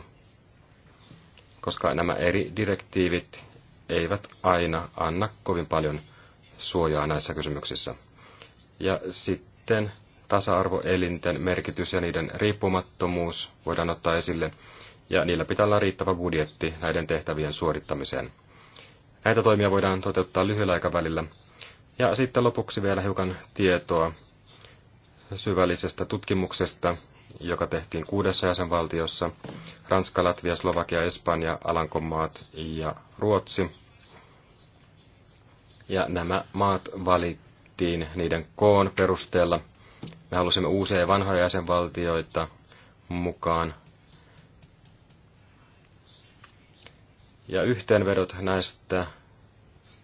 koska nämä eri direktiivit eivät aina anna kovin paljon suojaa näissä kysymyksissä. Ja sitten tasa-arvoelinten merkitys ja niiden riippumattomuus voidaan ottaa esille, ja niillä pitää olla riittävä budjetti näiden tehtävien suorittamiseen. Näitä toimia voidaan toteuttaa lyhyellä aikavälillä. Ja sitten lopuksi vielä hiukan tietoa syvällisestä tutkimuksesta, joka tehtiin kuudessa jäsenvaltiossa. Ranska, Latvia, Slovakia, Espanja, Alankomaat ja Ruotsi. Ja nämä maat valittiin niiden koon perusteella. Me halusimme uusia ja vanhoja jäsenvaltioita mukaan Ja yhteenvedot näistä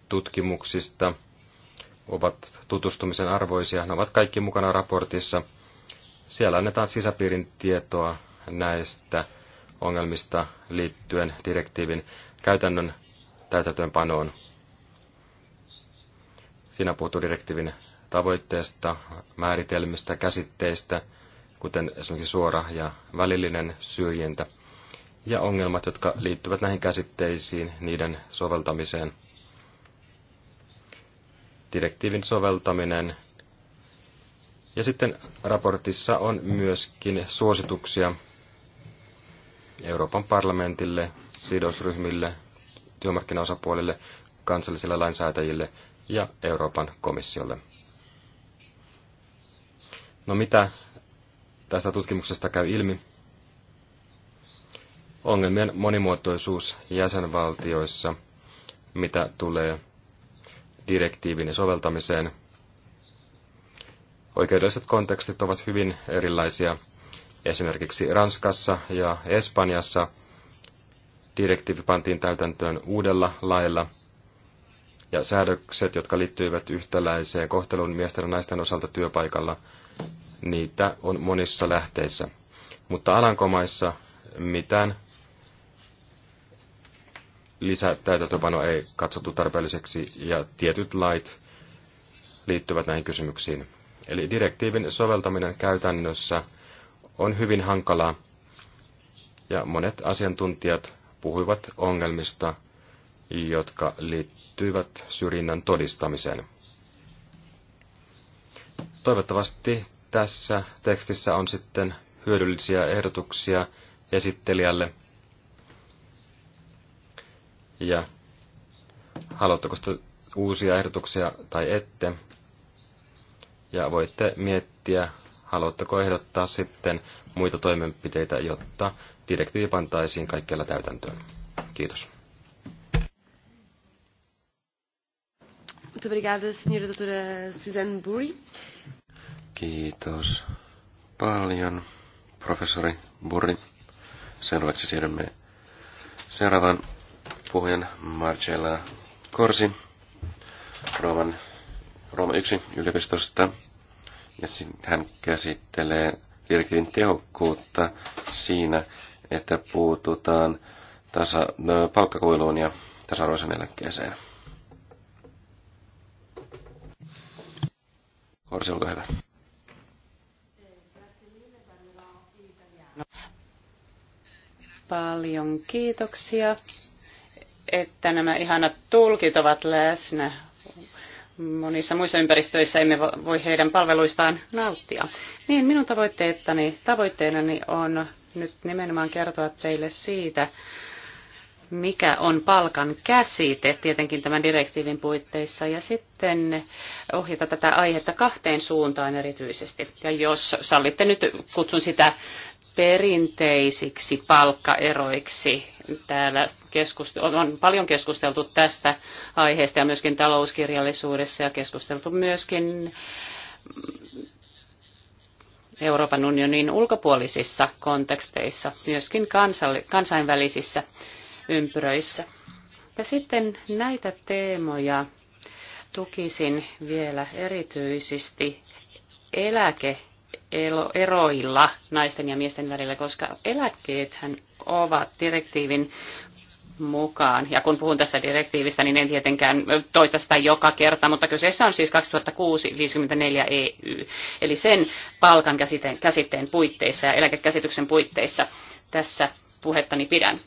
tutkimuksista ovat tutustumisen arvoisia. Ne ovat kaikki mukana raportissa. Siellä annetaan sisäpiirin tietoa näistä ongelmista liittyen direktiivin käytännön täytäntöönpanoon. Siinä puhuttu direktiivin tavoitteesta, määritelmistä, käsitteistä, kuten esimerkiksi suora ja välillinen syrjintä – ja ongelmat, jotka liittyvät näihin käsitteisiin, niiden soveltamiseen. Direktiivin soveltaminen. Ja sitten raportissa on myöskin suosituksia Euroopan parlamentille, sidosryhmille, työmarkkinaosapuolille, kansallisille lainsäätäjille ja Euroopan komissiolle. No mitä tästä tutkimuksesta käy ilmi? ongelmien monimuotoisuus jäsenvaltioissa, mitä tulee direktiivin soveltamiseen. Oikeudelliset kontekstit ovat hyvin erilaisia. Esimerkiksi Ranskassa ja Espanjassa direktiivi pantiin täytäntöön uudella lailla, ja säädökset, jotka liittyivät yhtäläiseen kohteluun miesten ja naisten osalta työpaikalla, niitä on monissa lähteissä. Mutta Alankomaissa mitään lisätäytäntöpano ei katsottu tarpeelliseksi ja tietyt lait liittyvät näihin kysymyksiin. Eli direktiivin soveltaminen käytännössä on hyvin hankalaa ja monet asiantuntijat puhuivat ongelmista, jotka liittyvät syrjinnän todistamiseen. Toivottavasti tässä tekstissä on sitten hyödyllisiä ehdotuksia esittelijälle – ja haluatteko uusia ehdotuksia tai ette? Ja voitte miettiä, haluatteko ehdottaa sitten muita toimenpiteitä, jotta direktiivi pantaisiin kaikkialla täytäntöön. Kiitos. Suzanne Burry. Kiitos paljon, professori Burri. Seuraavaksi siirrymme seuraavaan puhujan Marcella Korsi Rooman, Rooma 1 yliopistosta. Ja hän käsittelee direktiivin tehokkuutta siinä, että puututaan tasa, no, palkkakuiluun ja tasa-arvoisen eläkkeeseen. Korsi, olkaa hyvä. Paljon kiitoksia että nämä ihanat tulkit ovat läsnä. Monissa muissa ympäristöissä emme voi heidän palveluistaan nauttia. Niin minun tavoitteeni tavoitteenani on nyt nimenomaan kertoa teille siitä, mikä on palkan käsite tietenkin tämän direktiivin puitteissa ja sitten ohjata tätä aihetta kahteen suuntaan erityisesti. Ja jos sallitte nyt, kutsun sitä perinteisiksi palkkaeroiksi. Täällä keskust- on paljon keskusteltu tästä aiheesta ja myöskin talouskirjallisuudessa ja keskusteltu myöskin Euroopan unionin ulkopuolisissa konteksteissa, myöskin kansainvälisissä ympyröissä. Ja sitten näitä teemoja tukisin vielä erityisesti eläke eroilla naisten ja miesten välillä, koska eläkkeethän ovat direktiivin mukaan. Ja kun puhun tässä direktiivistä, niin en tietenkään toista sitä joka kerta, mutta kyseessä on siis 2006-54 EU, eli sen palkan käsitteen, käsitteen puitteissa ja eläkekäsityksen puitteissa tässä puhettani pidän.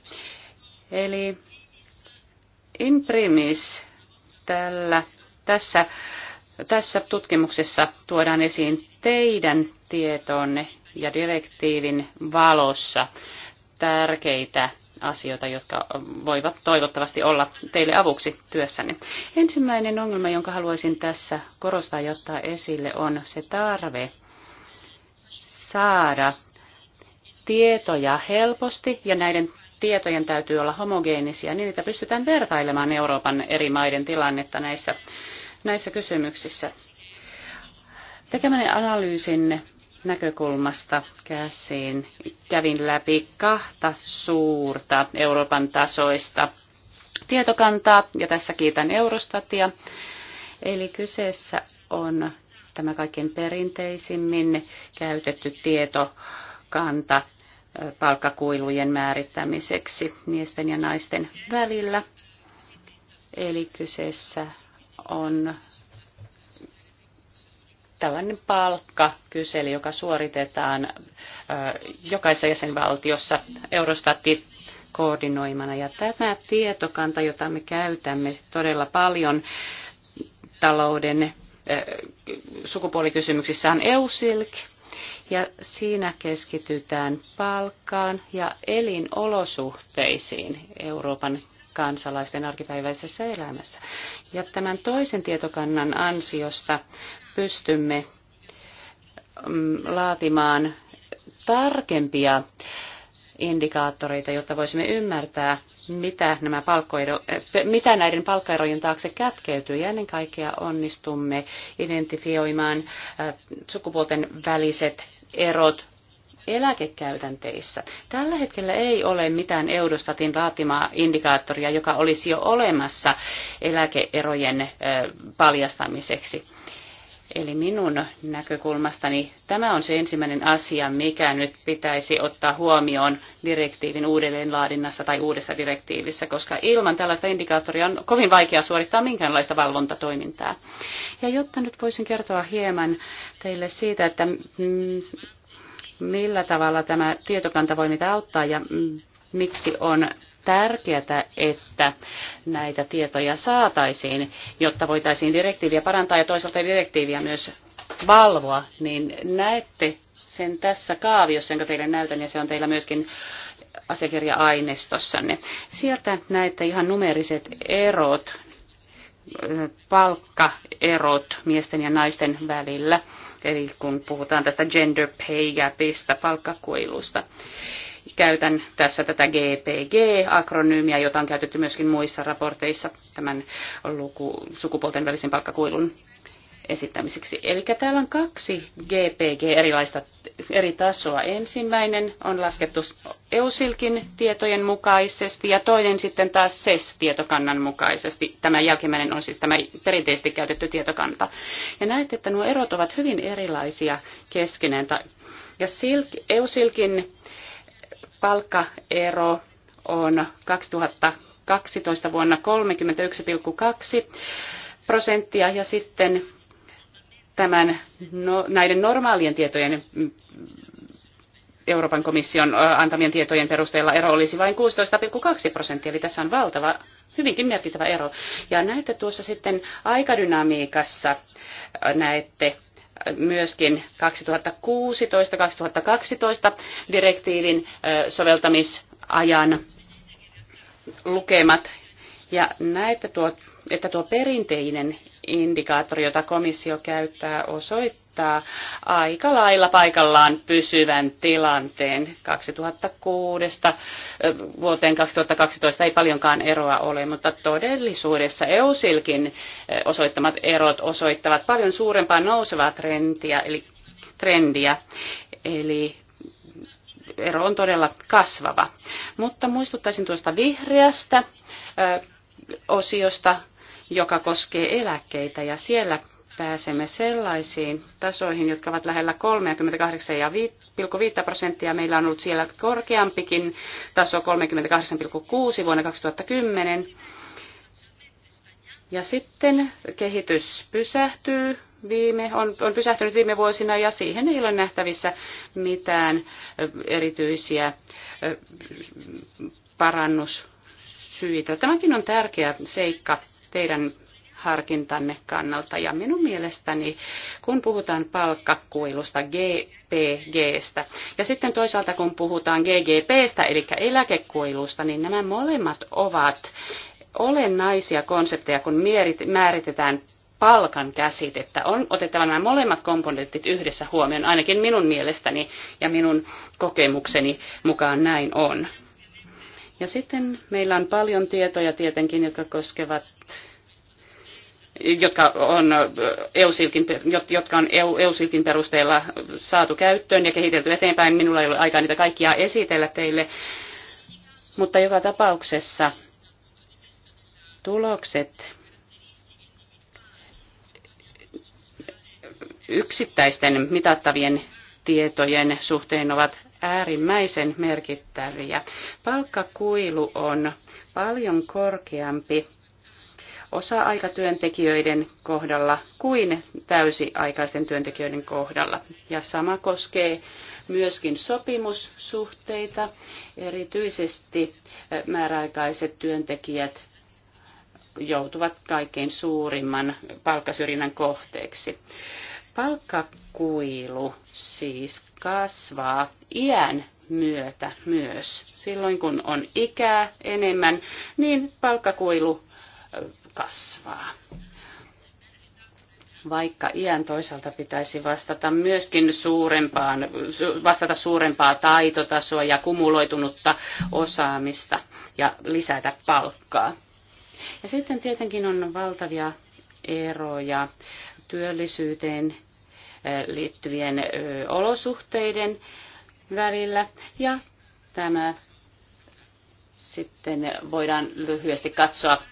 Eli imprimis tällä, tässä tässä tutkimuksessa tuodaan esiin teidän tietoonne ja direktiivin valossa tärkeitä asioita, jotka voivat toivottavasti olla teille avuksi työssänne. Ensimmäinen ongelma, jonka haluaisin tässä korostaa ja ottaa esille, on se tarve saada tietoja helposti ja näiden tietojen täytyy olla homogeenisia niin, että pystytään vertailemaan Euroopan eri maiden tilannetta näissä näissä kysymyksissä. Tekemäni analyysinne näkökulmasta käsiin kävin läpi kahta suurta Euroopan tasoista tietokantaa, ja tässä kiitän Eurostatia. Eli kyseessä on tämä kaikkein perinteisimmin käytetty tietokanta palkkakuilujen määrittämiseksi miesten ja naisten välillä. Eli kyseessä on tällainen palkkakysely, joka suoritetaan jokaisessa jäsenvaltiossa Eurostatin koordinoimana. Ja tämä tietokanta, jota me käytämme todella paljon talouden sukupuolikysymyksissä on EUSILK, ja siinä keskitytään palkkaan ja elinolosuhteisiin Euroopan kansalaisten arkipäiväisessä elämässä. Ja tämän toisen tietokannan ansiosta pystymme mm, laatimaan tarkempia indikaattoreita, jotta voisimme ymmärtää, mitä, nämä palkkoero, eh, mitä näiden palkkaerojen taakse kätkeytyy. Ja ennen kaikkea onnistumme identifioimaan eh, sukupuolten väliset erot eläkekäytänteissä. Tällä hetkellä ei ole mitään Eurostatin vaatimaa indikaattoria, joka olisi jo olemassa eläkeerojen paljastamiseksi. Eli minun näkökulmastani tämä on se ensimmäinen asia, mikä nyt pitäisi ottaa huomioon direktiivin uudelleenlaadinnassa tai uudessa direktiivissä, koska ilman tällaista indikaattoria on kovin vaikea suorittaa minkäänlaista valvontatoimintaa. Ja jotta nyt voisin kertoa hieman teille siitä, että millä tavalla tämä tietokanta voi mitä auttaa ja miksi on tärkeää, että näitä tietoja saataisiin, jotta voitaisiin direktiiviä parantaa ja toisaalta direktiiviä myös valvoa, niin näette sen tässä kaaviossa, jonka teille näytän, ja se on teillä myöskin asiakirja-aineistossanne. Sieltä näette ihan numeriset erot, palkkaerot miesten ja naisten välillä eli kun puhutaan tästä gender pay gapista, palkkakuilusta. Käytän tässä tätä GPG-akronyymiä, jota on käytetty myöskin muissa raporteissa tämän luku, sukupuolten välisen palkkakuilun esittämiseksi. Eli täällä on kaksi GPG erilaista eri tasoa. Ensimmäinen on laskettu EUSILKin tietojen mukaisesti ja toinen sitten taas SES-tietokannan mukaisesti. Tämä jälkimmäinen on siis tämä perinteisesti käytetty tietokanta. Ja näette, että nuo erot ovat hyvin erilaisia keskenään. Ja Silk, EUSILKin palkkaero on 2012 vuonna 31,2 prosenttia ja sitten tämän, no, näiden normaalien tietojen Euroopan komission antamien tietojen perusteella ero olisi vain 16,2 prosenttia, eli tässä on valtava, hyvinkin merkittävä ero. Ja näette tuossa sitten aikadynamiikassa, näette myöskin 2016-2012 direktiivin soveltamisajan lukemat. Ja näette tuo, että tuo perinteinen indikaattori, jota komissio käyttää, osoittaa aika lailla paikallaan pysyvän tilanteen 2006 vuoteen 2012 ei paljonkaan eroa ole, mutta todellisuudessa EUSilkin osoittamat erot osoittavat paljon suurempaa nousevaa trendiä, eli trendiä. Eli ero on todella kasvava. Mutta muistuttaisin tuosta vihreästä osiosta joka koskee eläkkeitä ja siellä pääsemme sellaisiin tasoihin, jotka ovat lähellä 38,5 prosenttia. Meillä on ollut siellä korkeampikin taso 38,6 vuonna 2010. Ja sitten kehitys pysähtyy viime, on, on pysähtynyt viime vuosina ja siihen ei ole nähtävissä mitään erityisiä parannussyitä. Tämäkin on tärkeä seikka teidän harkintanne kannalta. Ja minun mielestäni, kun puhutaan palkkakuilusta, GPGstä, ja sitten toisaalta kun puhutaan GGPstä, eli eläkekuilusta, niin nämä molemmat ovat olennaisia konsepteja, kun määritetään palkan käsitettä. On otettava nämä molemmat komponentit yhdessä huomioon, ainakin minun mielestäni ja minun kokemukseni mukaan näin on. Ja sitten meillä on paljon tietoja tietenkin, jotka koskevat jotka on EU-silkin, jotka on EU, silkin perusteella saatu käyttöön ja kehitelty eteenpäin. Minulla ei ole aikaa niitä kaikkia esitellä teille, mutta joka tapauksessa tulokset yksittäisten mitattavien tietojen suhteen ovat äärimmäisen merkittäviä. Palkkakuilu on paljon korkeampi osa-aikatyöntekijöiden kohdalla kuin täysiaikaisten työntekijöiden kohdalla. Ja sama koskee myöskin sopimussuhteita, erityisesti määräaikaiset työntekijät joutuvat kaikkein suurimman palkkasyrjinnän kohteeksi. Palkkakuilu siis kasvaa iän myötä myös. Silloin kun on ikää enemmän, niin palkkakuilu kasvaa. Vaikka iän toisaalta pitäisi vastata myöskin suurempaan, vastata suurempaa taitotasoa ja kumuloitunutta osaamista ja lisätä palkkaa. Ja sitten tietenkin on valtavia eroja työllisyyteen liittyvien olosuhteiden välillä. Ja tämä sitten voidaan lyhyesti katsoa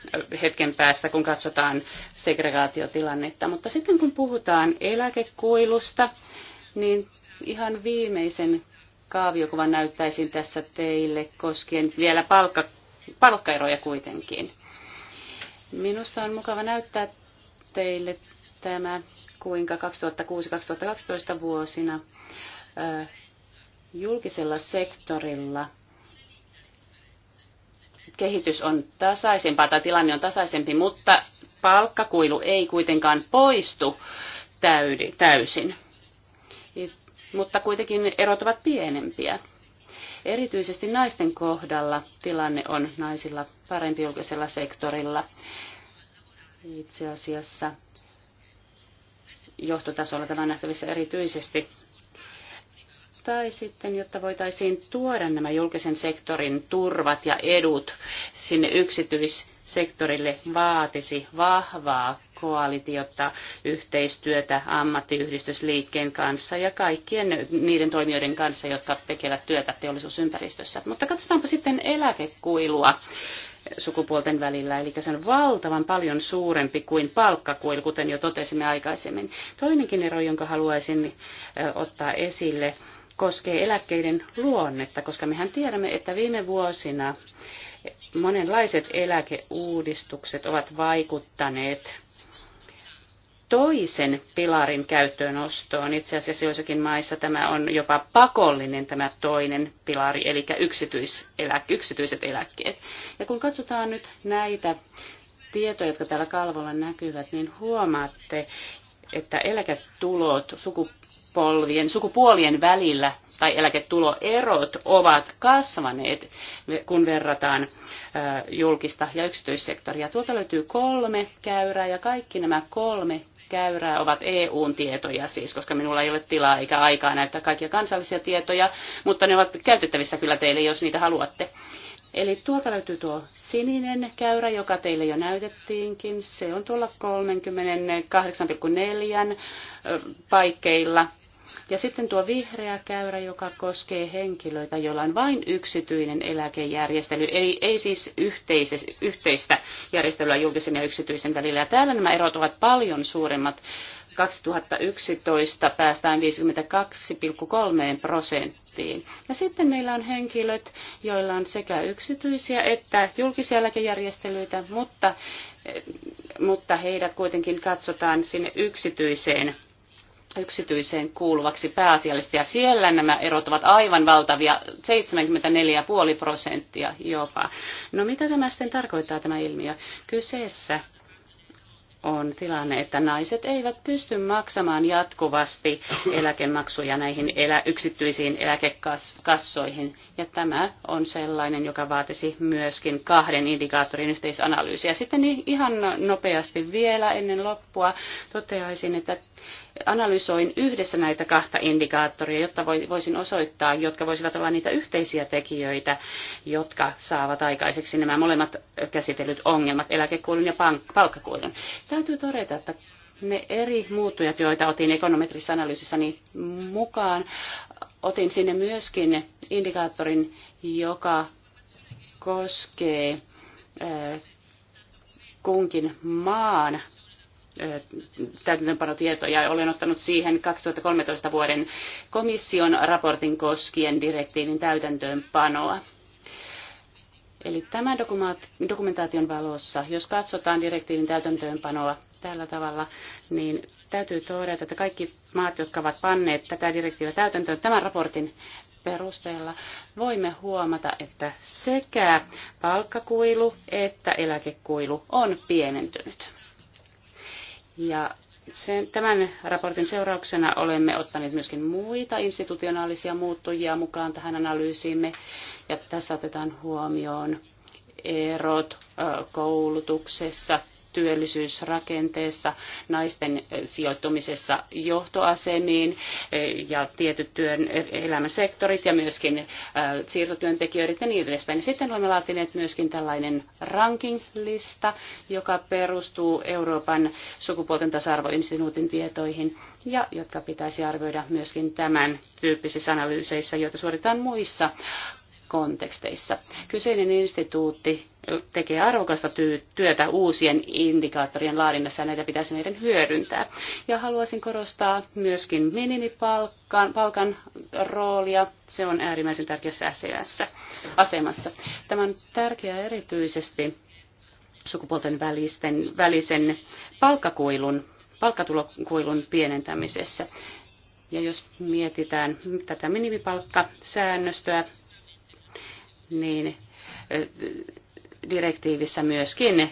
hetken päästä, kun katsotaan segregaatiotilannetta. Mutta sitten kun puhutaan eläkekuilusta, niin ihan viimeisen kaaviokuvan näyttäisin tässä teille koskien vielä palkka, palkkaeroja kuitenkin. Minusta on mukava näyttää teille tämä, kuinka 2006-2012 vuosina julkisella sektorilla kehitys on tasaisempaa tai tilanne on tasaisempi, mutta palkkakuilu ei kuitenkaan poistu täysin. Mutta kuitenkin erot ovat pienempiä. Erityisesti naisten kohdalla tilanne on naisilla parempi julkisella sektorilla. Itse asiassa johtotasolla tämä on nähtävissä erityisesti. Tai sitten, jotta voitaisiin tuoda nämä julkisen sektorin turvat ja edut sinne yksityissektorille, vaatisi vahvaa koalitiota, yhteistyötä ammattiyhdistysliikkeen kanssa ja kaikkien niiden toimijoiden kanssa, jotka tekevät työtä teollisuusympäristössä. Mutta katsotaanpa sitten eläkekuilua sukupuolten välillä. Eli se on valtavan paljon suurempi kuin palkkakuilu, kuten jo totesimme aikaisemmin. Toinenkin ero, jonka haluaisin ottaa esille, koskee eläkkeiden luonnetta, koska mehän tiedämme, että viime vuosina monenlaiset eläkeuudistukset ovat vaikuttaneet toisen pilarin käyttöönostoon. Itse asiassa joissakin maissa tämä on jopa pakollinen tämä toinen pilari, eli yksityiset eläkkeet. Ja kun katsotaan nyt näitä tietoja, jotka täällä kalvolla näkyvät, niin huomaatte, että eläketulot sukupuolet, sukupolvien, sukupuolien välillä tai eläketuloerot ovat kasvaneet, kun verrataan julkista ja yksityissektoria. Tuolta löytyy kolme käyrää ja kaikki nämä kolme käyrää ovat EUn tietoja siis, koska minulla ei ole tilaa eikä aikaa näyttää kaikkia kansallisia tietoja, mutta ne ovat käytettävissä kyllä teille, jos niitä haluatte. Eli tuolta löytyy tuo sininen käyrä, joka teille jo näytettiinkin. Se on tuolla 38,4 paikkeilla ja sitten tuo vihreä käyrä, joka koskee henkilöitä, joilla on vain yksityinen eläkejärjestely, eli ei siis yhteistä järjestelyä julkisen ja yksityisen välillä. Ja täällä nämä erot ovat paljon suuremmat. 2011 päästään 52,3 prosenttiin. Ja sitten meillä on henkilöt, joilla on sekä yksityisiä että julkisia eläkejärjestelyitä, mutta, mutta heidät kuitenkin katsotaan sinne yksityiseen yksityiseen kuuluvaksi pääasiallisesti. Ja siellä nämä erot ovat aivan valtavia, 74,5 prosenttia jopa. No mitä tämä sitten tarkoittaa tämä ilmiö? Kyseessä on tilanne, että naiset eivät pysty maksamaan jatkuvasti eläkemaksuja näihin elä, yksityisiin eläkekassoihin. Ja tämä on sellainen, joka vaatisi myöskin kahden indikaattorin yhteisanalyysiä. Sitten ihan nopeasti vielä ennen loppua toteaisin, että analysoin yhdessä näitä kahta indikaattoria, jotta voisin osoittaa, jotka voisivat olla niitä yhteisiä tekijöitä, jotka saavat aikaiseksi nämä molemmat käsitellyt ongelmat, eläkekuilun ja palkkakuilun. Täytyy todeta, että ne eri muuttujat, joita otin ekonometrisessa analyysissani mukaan, otin sinne myöskin indikaattorin, joka koskee kunkin maan täytäntöönpanotietoja. Olen ottanut siihen 2013 vuoden komission raportin koskien direktiivin täytäntöönpanoa. Eli tämän dokumentaation valossa, jos katsotaan direktiivin täytäntöönpanoa tällä tavalla, niin täytyy todeta, että kaikki maat, jotka ovat panneet tätä direktiiviä täytäntöön tämän raportin perusteella, voimme huomata, että sekä palkkakuilu että eläkekuilu on pienentynyt. Ja sen, tämän raportin seurauksena olemme ottaneet myöskin muita institutionaalisia muuttujia mukaan tähän analyysiimme. Ja tässä otetaan huomioon erot koulutuksessa, työllisyysrakenteessa, naisten sijoittumisessa johtoasemiin ja tietyt työn elämän ja myöskin siirtotyöntekijöiden ja niin edespäin. Sitten olemme laatineet myöskin tällainen ranking-lista, joka perustuu Euroopan sukupuolten tasa-arvoinstituutin tietoihin ja jotka pitäisi arvioida myöskin tämän tyyppisissä analyyseissa, joita suoritetaan muissa konteksteissa. Kyseinen instituutti tekee arvokasta työtä uusien indikaattorien laadinnassa ja näitä pitäisi meidän hyödyntää. Ja haluaisin korostaa myöskin minimipalkan palkan roolia. Se on äärimmäisen tärkeässä e asemassa. Tämä on tärkeää erityisesti sukupuolten välisten, välisen palkkakuilun, palkkatulokuilun pienentämisessä. Ja jos mietitään tätä minimipalkkasäännöstöä, niin eh, direktiivissä myöskin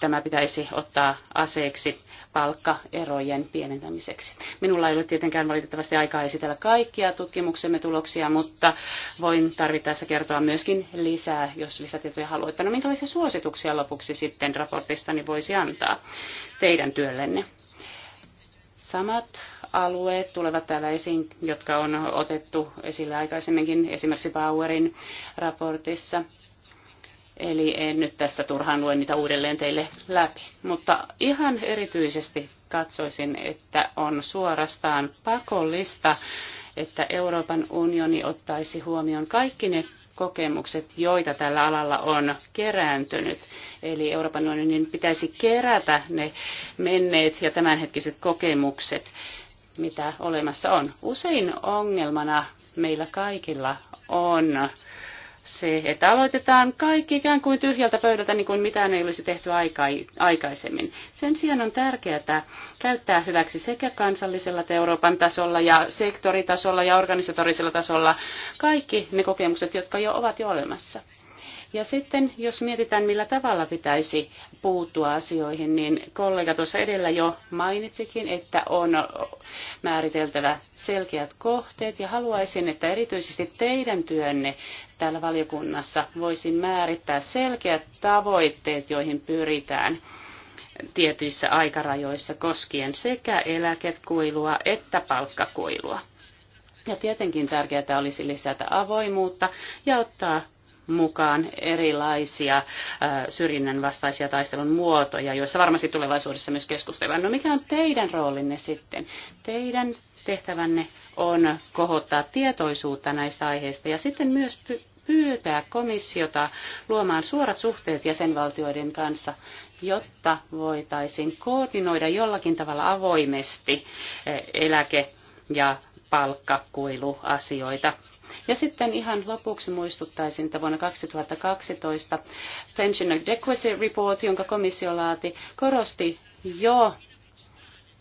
tämä pitäisi ottaa aseeksi palkkaerojen pienentämiseksi. Minulla ei ole tietenkään valitettavasti aikaa esitellä kaikkia tutkimuksemme tuloksia, mutta voin tarvittaessa kertoa myöskin lisää, jos lisätietoja haluatte. No minkälaisia suosituksia lopuksi sitten raportistani niin voisi antaa teidän työllenne? Samat alueet tulevat täällä esiin, jotka on otettu esille aikaisemminkin esimerkiksi Bauerin raportissa. Eli en nyt tässä turhaan lue niitä uudelleen teille läpi. Mutta ihan erityisesti katsoisin, että on suorastaan pakollista, että Euroopan unioni ottaisi huomioon kaikki ne kokemukset, joita tällä alalla on kerääntynyt. Eli Euroopan unionin pitäisi kerätä ne menneet ja tämänhetkiset kokemukset mitä olemassa on. Usein ongelmana meillä kaikilla on se, että aloitetaan kaikki ikään kuin tyhjältä pöydältä, niin kuin mitään ei olisi tehty aikaisemmin. Sen sijaan on tärkeää käyttää hyväksi sekä kansallisella että Euroopan tasolla ja sektoritasolla ja organisatorisella tasolla kaikki ne kokemukset, jotka jo ovat jo olemassa. Ja sitten, jos mietitään, millä tavalla pitäisi puuttua asioihin, niin kollega tuossa edellä jo mainitsikin, että on määriteltävä selkeät kohteet, ja haluaisin, että erityisesti teidän työnne täällä valiokunnassa voisi määrittää selkeät tavoitteet, joihin pyritään tietyissä aikarajoissa koskien sekä eläkekuilua että palkkakuilua. Ja tietenkin tärkeää olisi lisätä avoimuutta ja ottaa mukaan erilaisia äh, syrjinnän vastaisia taistelun muotoja, joista varmasti tulevaisuudessa myös keskustellaan. No mikä on teidän roolinne sitten? Teidän tehtävänne on kohottaa tietoisuutta näistä aiheista ja sitten myös pyytää komissiota luomaan suorat suhteet jäsenvaltioiden kanssa, jotta voitaisiin koordinoida jollakin tavalla avoimesti äh, eläke- ja palkkakuiluasioita ja sitten ihan lopuksi muistuttaisin, että vuonna 2012 Pension Adequacy Report, jonka komissio laati, korosti jo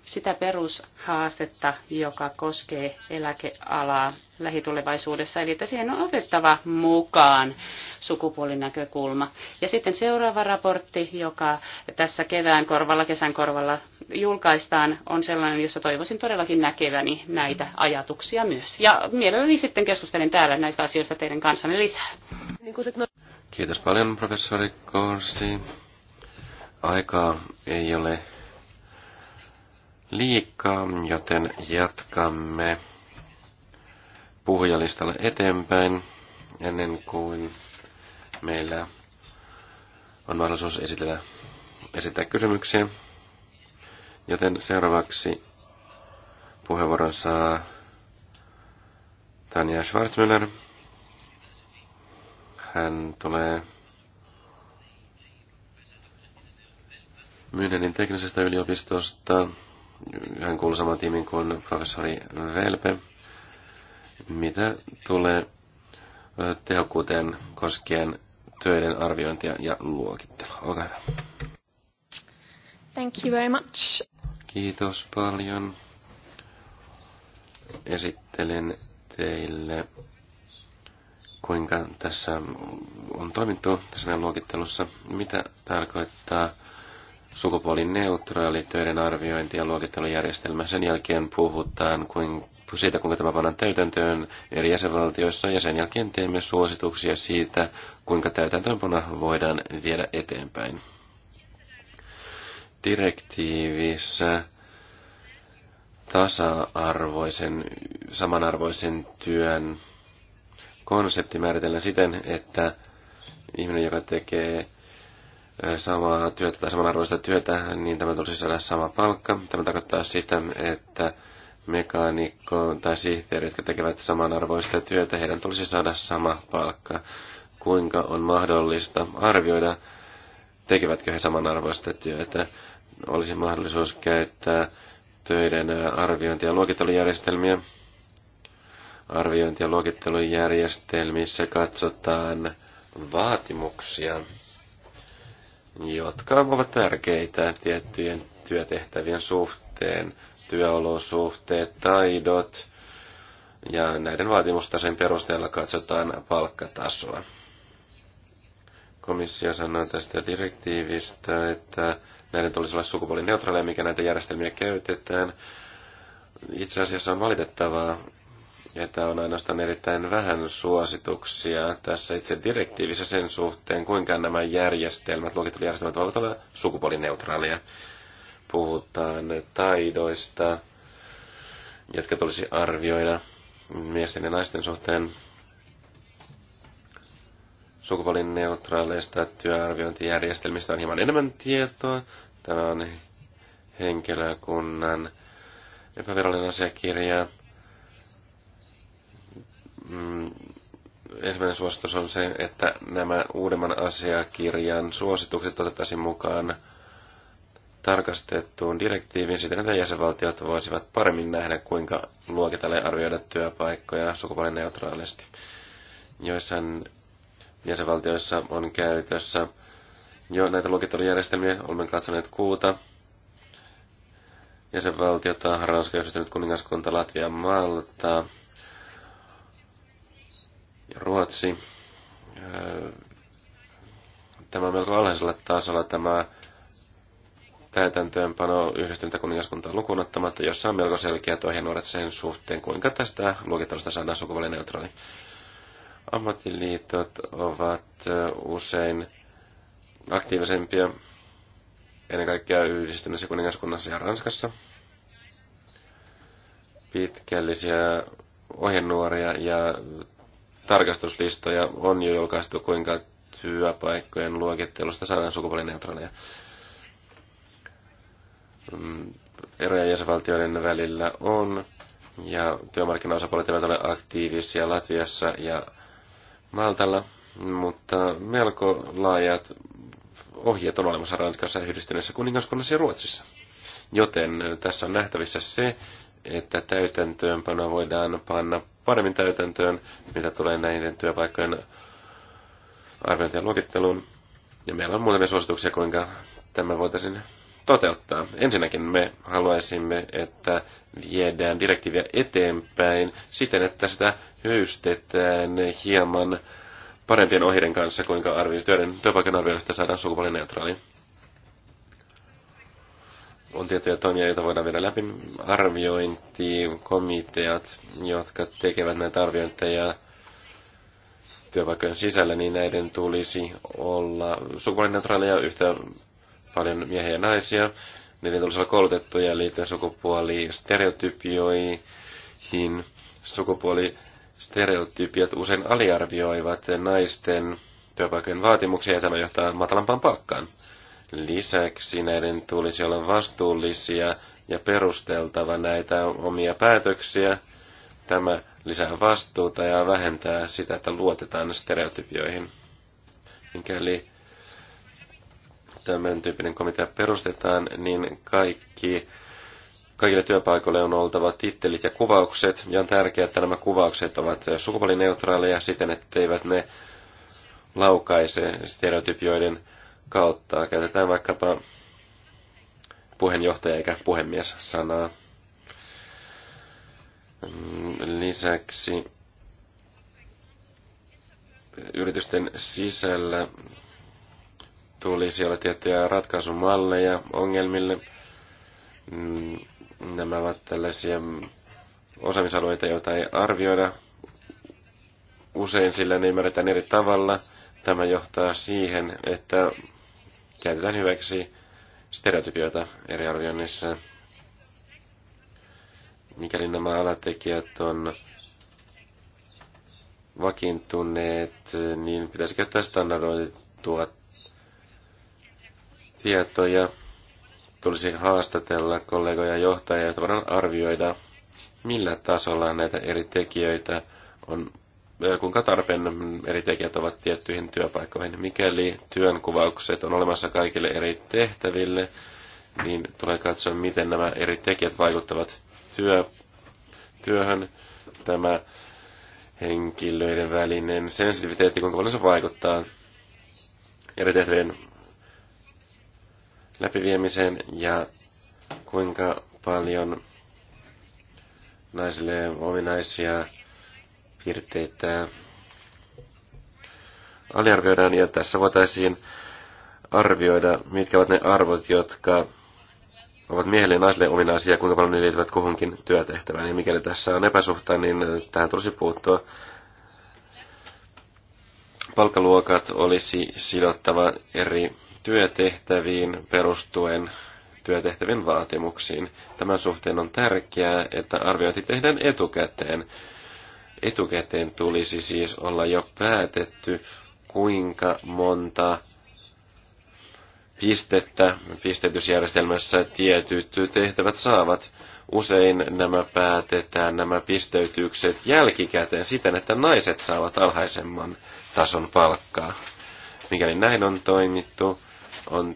sitä perushaastetta, joka koskee eläkealaa lähitulevaisuudessa, eli että siihen on otettava mukaan sukupuolinäkökulma. Ja sitten seuraava raportti, joka tässä kevään korvalla, kesän korvalla julkaistaan, on sellainen, jossa toivoisin todellakin näkeväni näitä ajatuksia myös. Ja mielelläni sitten keskustelen täällä näistä asioista teidän kanssanne lisää. Kiitos paljon, professori Korsi. Aikaa ei ole liikaa, joten jatkamme puhujalistalle eteenpäin ennen kuin meillä on mahdollisuus esitellä, esittää kysymyksiä. Joten seuraavaksi puheenvuoron saa Tanja Schwarzmüller. Hän tulee Münchenin teknisestä yliopistosta. Hän kuuluu saman tiimin kuin professori Velpe. Mitä tulee tehokkuuteen koskien töiden arviointia ja luokittelua? Olkaa hyvä. Thank you very much. Kiitos paljon. Esittelen teille, kuinka tässä on toimittu tässä meidän luokittelussa, mitä tarkoittaa sukupuolineutraali töiden arviointi ja luokittelujärjestelmä. Sen jälkeen puhutaan kuin, siitä, kuinka tämä pannaan täytäntöön eri jäsenvaltioissa, ja sen jälkeen teemme suosituksia siitä, kuinka täytäntöönpana voidaan viedä eteenpäin direktiivissä tasa-arvoisen, samanarvoisen työn konsepti määritellään siten, että ihminen, joka tekee samaa työtä tai samanarvoista työtä, niin tämä tulisi saada sama palkka. Tämä tarkoittaa sitä, että mekaanikko tai sihteeri, jotka tekevät samanarvoista työtä, heidän tulisi saada sama palkka. Kuinka on mahdollista arvioida, tekevätkö he samanarvoista työtä? olisi mahdollisuus käyttää töiden arviointia ja luokittelujärjestelmiä. Arviointi- ja luokittelujärjestelmissä katsotaan vaatimuksia, jotka ovat tärkeitä tiettyjen työtehtävien suhteen, työolosuhteet, taidot, ja näiden vaatimustasen perusteella katsotaan palkkatasoa. Komissio sanoi tästä direktiivistä, että Näiden tulisi olla sukupuolineutraaleja, mikä näitä järjestelmiä käytetään. Itse asiassa on valitettavaa, että on ainoastaan erittäin vähän suosituksia tässä itse direktiivissä sen suhteen, kuinka nämä järjestelmät, luokitellut järjestelmät voivat olla sukupuolineutraaleja. Puhutaan taidoista, jotka tulisi arvioida miesten ja naisten suhteen neutraaleista työarviointijärjestelmistä on hieman enemmän tietoa. Tämä on henkilökunnan epävirallinen asiakirja. Mm, ensimmäinen suositus on se, että nämä uudemman asiakirjan suositukset otettaisiin mukaan tarkastettuun direktiiviin siten, että jäsenvaltiot voisivat paremmin nähdä, kuinka luokitella ja arvioida työpaikkoja sukupuolineutraalisti. Joissain jäsenvaltioissa on käytössä jo näitä luokittelujärjestelmiä. Olemme katsoneet kuuta jäsenvaltiota, Ranska, Yhdistynyt kuningaskunta, Latvia, Malta, Ruotsi. Öö, tämä on melko alhaisella tasolla tämä täytäntöönpano yhdistyntä kuningaskuntaa lukuun ottamatta, jossa on melko selkeät ohjenuoret sen suhteen, kuinka tästä luokittelusta saadaan sukupuolineutraali. neutraali. Ammattiliitot ovat usein aktiivisempia ennen kaikkea yhdistyneessä kuningaskunnassa ja Ranskassa. Pitkällisiä ohjenuoria ja tarkastuslistoja on jo julkaistu, kuinka työpaikkojen luokittelusta saadaan sukupuolineutraaleja. Mm, eroja jäsenvaltioiden välillä on, ja työmarkkinaosapuolet eivät ole aktiivisia Latviassa ja Maltalla, mutta melko laajat ohjeet on olemassa Ranskassa, Yhdistyneessä kuningaskunnassa ja Ruotsissa. Joten äh, tässä on nähtävissä se, että täytäntöönpano voidaan panna paremmin täytäntöön, mitä tulee näiden työpaikkojen arviointien ja luokitteluun. Ja meillä on muutamia suosituksia, kuinka tämä voitaisiin toteuttaa. Ensinnäkin me haluaisimme, että viedään direktiiviä eteenpäin siten, että sitä höystetään hieman parempien ohjeiden kanssa, kuinka arvio, työden, työpaikan arvioista saadaan sukupuolineutraali. On tiettyjä toimia, joita voidaan viedä läpi. komiteat, jotka tekevät näitä arviointeja työpaikojen sisällä, niin näiden tulisi olla sukupuolineutraaleja yhtä paljon miehiä ja naisia. Niiden tulisi olla koulutettuja liittyen sukupuolistereotypioihin. Sukupuolistereotypiat usein aliarvioivat naisten työpaikojen vaatimuksia ja tämä johtaa matalampaan palkkaan. Lisäksi näiden tulisi olla vastuullisia ja perusteltava näitä omia päätöksiä. Tämä lisää vastuuta ja vähentää sitä, että luotetaan stereotypioihin. Mikäli tämän tyyppinen komitea perustetaan, niin kaikki, kaikille työpaikoille on oltava tittelit ja kuvaukset. Ja on tärkeää, että nämä kuvaukset ovat sukupuolineutraaleja siten, etteivät ne laukaise stereotypioiden kautta. Käytetään vaikkapa puheenjohtaja eikä puhemies sanaa. Lisäksi yritysten sisällä tulisi olla tiettyjä ratkaisumalleja ongelmille. Mm, nämä ovat tällaisia osaamisalueita, joita ei arvioida usein, sillä ne ymmärretään eri tavalla. Tämä johtaa siihen, että käytetään hyväksi stereotypioita eri arvioinnissa. Mikäli nämä alatekijät on vakiintuneet, niin pitäisi käyttää standardoitua tietoja. Tulisi haastatella kollegoja ja johtajia, että voidaan arvioida, millä tasolla näitä eri tekijöitä on, kuinka tarpeen eri tekijät ovat tiettyihin työpaikkoihin. Mikäli työnkuvaukset on olemassa kaikille eri tehtäville, niin tulee katsoa, miten nämä eri tekijät vaikuttavat työ, työhön. Tämä henkilöiden välinen sensitiviteetti, kuinka paljon se vaikuttaa eri tehtävien läpiviemiseen ja kuinka paljon naisille ominaisia piirteitä aliarvioidaan ja tässä voitaisiin arvioida, mitkä ovat ne arvot, jotka ovat miehelle ja naisille ominaisia ja kuinka paljon ne liittyvät kuhunkin työtehtävään. Ja mikäli tässä on epäsuhta, niin tähän tulisi puuttua. Palkkaluokat olisi sidottava eri työtehtäviin perustuen työtehtävien vaatimuksiin. Tämän suhteen on tärkeää, että arviointi tehdään etukäteen. Etukäteen tulisi siis olla jo päätetty, kuinka monta pistettä pistetysjärjestelmässä tietyt tehtävät saavat. Usein nämä päätetään nämä pisteytykset jälkikäteen siten, että naiset saavat alhaisemman tason palkkaa. Mikäli näin on toimittu, on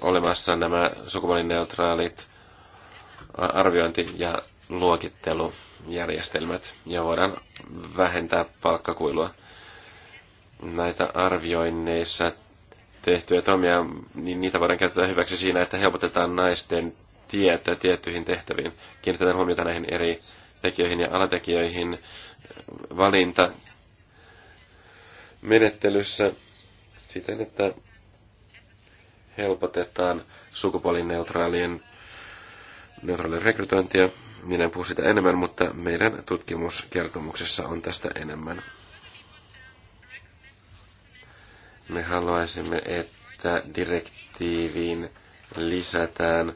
olemassa nämä sukupuolineutraalit arviointi- ja luokittelujärjestelmät, ja voidaan vähentää palkkakuilua. Näitä arvioinneissa tehtyjä toimia, niin niitä voidaan käyttää hyväksi siinä, että helpotetaan naisten tietä tiettyihin tehtäviin. Kiinnitetään huomiota näihin eri tekijöihin ja alatekijöihin. Valinta menettelyssä siten, että helpotetaan sukupuolineutraalien neutraalien rekrytointia. Minä en puhu sitä enemmän, mutta meidän tutkimuskertomuksessa on tästä enemmän. Me haluaisimme, että direktiiviin lisätään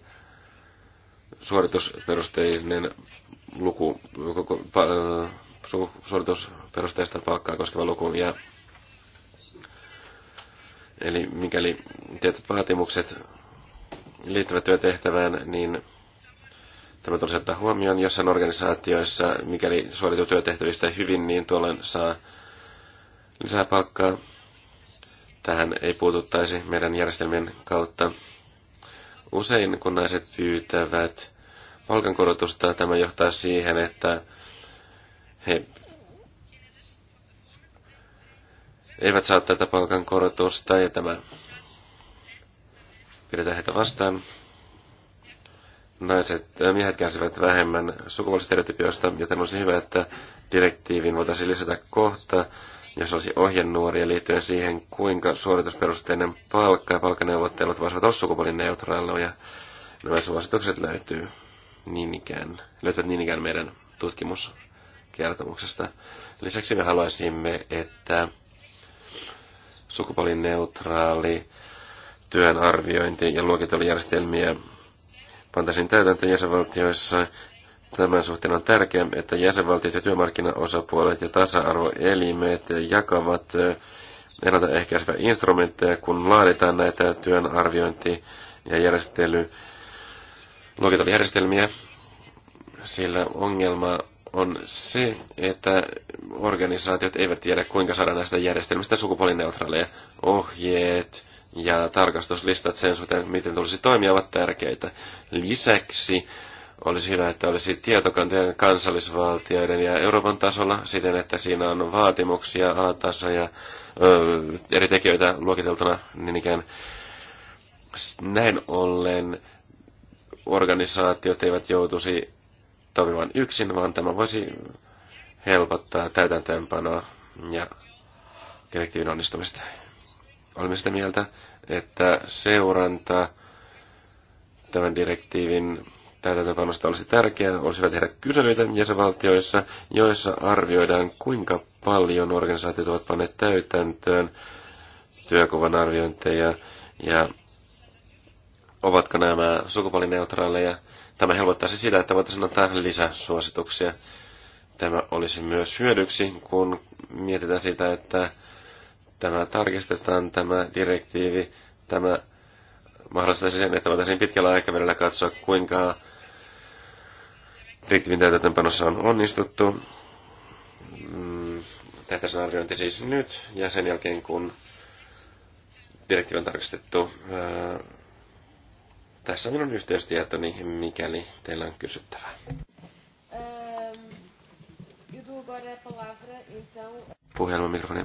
suoritusperusteinen luku, koko, pa, äh, su, suoritusperusteista palkkaa koskeva luku ja Eli mikäli tietyt vaatimukset liittyvät työtehtävään, niin tämä tulisi ottaa huomioon jossain organisaatioissa. Mikäli suoritut työtehtävistä hyvin, niin tuolloin saa lisää palkkaa. Tähän ei puututtaisi meidän järjestelmien kautta. Usein kun naiset pyytävät palkankorotusta, tämä johtaa siihen, että he eivät saa tätä palkan korotusta ja tämä pidetään heitä vastaan. Naiset, miehet kärsivät vähemmän sukupuolistereotypioista joten olisi hyvä, että direktiivin voitaisiin lisätä kohta, jos olisi ohjenuoria liittyen siihen, kuinka suoritusperusteinen palkka ja palkkaneuvottelut voisivat olla sukupuolineutraaleja. Nämä suositukset löytyy niin ikään, löytyvät niin ikään meidän tutkimuskertomuksesta. Lisäksi me haluaisimme, että sukupuolineutraali työn arviointi ja luokitelujärjestelmiä pantaisiin täytäntöön jäsenvaltioissa. Tämän suhteen on tärkeää, että jäsenvaltiot ja työmarkkinaosapuolet ja tasa-arvoelimet jakavat ennaltaehkäiseviä instrumentteja, kun laaditaan näitä työn arviointi- ja järjestely luokitelujärjestelmiä, sillä ongelma on se, että organisaatiot eivät tiedä, kuinka saada näistä järjestelmistä sukupuolineutraaleja ohjeet ja tarkastuslistat sen suhteen, miten tulisi toimia, ovat tärkeitä. Lisäksi olisi hyvä, että olisi tietokantoja kansallisvaltioiden ja Euroopan tasolla siten, että siinä on vaatimuksia, alatasoja, ö, eri tekijöitä luokiteltuna niin ikään. Näin ollen organisaatiot eivät joutuisi toimimaan yksin, vaan tämä voisi helpottaa täytäntöönpanoa ja direktiivin onnistumista. Olemme sitä mieltä, että seuranta tämän direktiivin täytäntöönpanosta olisi tärkeää, olisi hyvä tehdä kyselyitä jäsenvaltioissa, joissa arvioidaan, kuinka paljon organisaatiot ovat panneet täytäntöön työkuvan arviointeja ja ovatko nämä sukupuolineutraaleja Tämä helpottaisi sitä, että voitaisiin antaa lisäsuosituksia. Tämä olisi myös hyödyksi, kun mietitään sitä, että tämä tarkistetaan, tämä direktiivi, tämä mahdollistaisi sen, että voitaisiin pitkällä aikavälillä katsoa, kuinka direktiivin täytäntöönpanossa on onnistuttu. Tehtäisiin mm, arviointi siis nyt ja sen jälkeen, kun direktiivi on tarkistettu tässä minun yhteystietoni, mikäli teillä on kysyttävää. Ehm, Puhelma mikrofoni.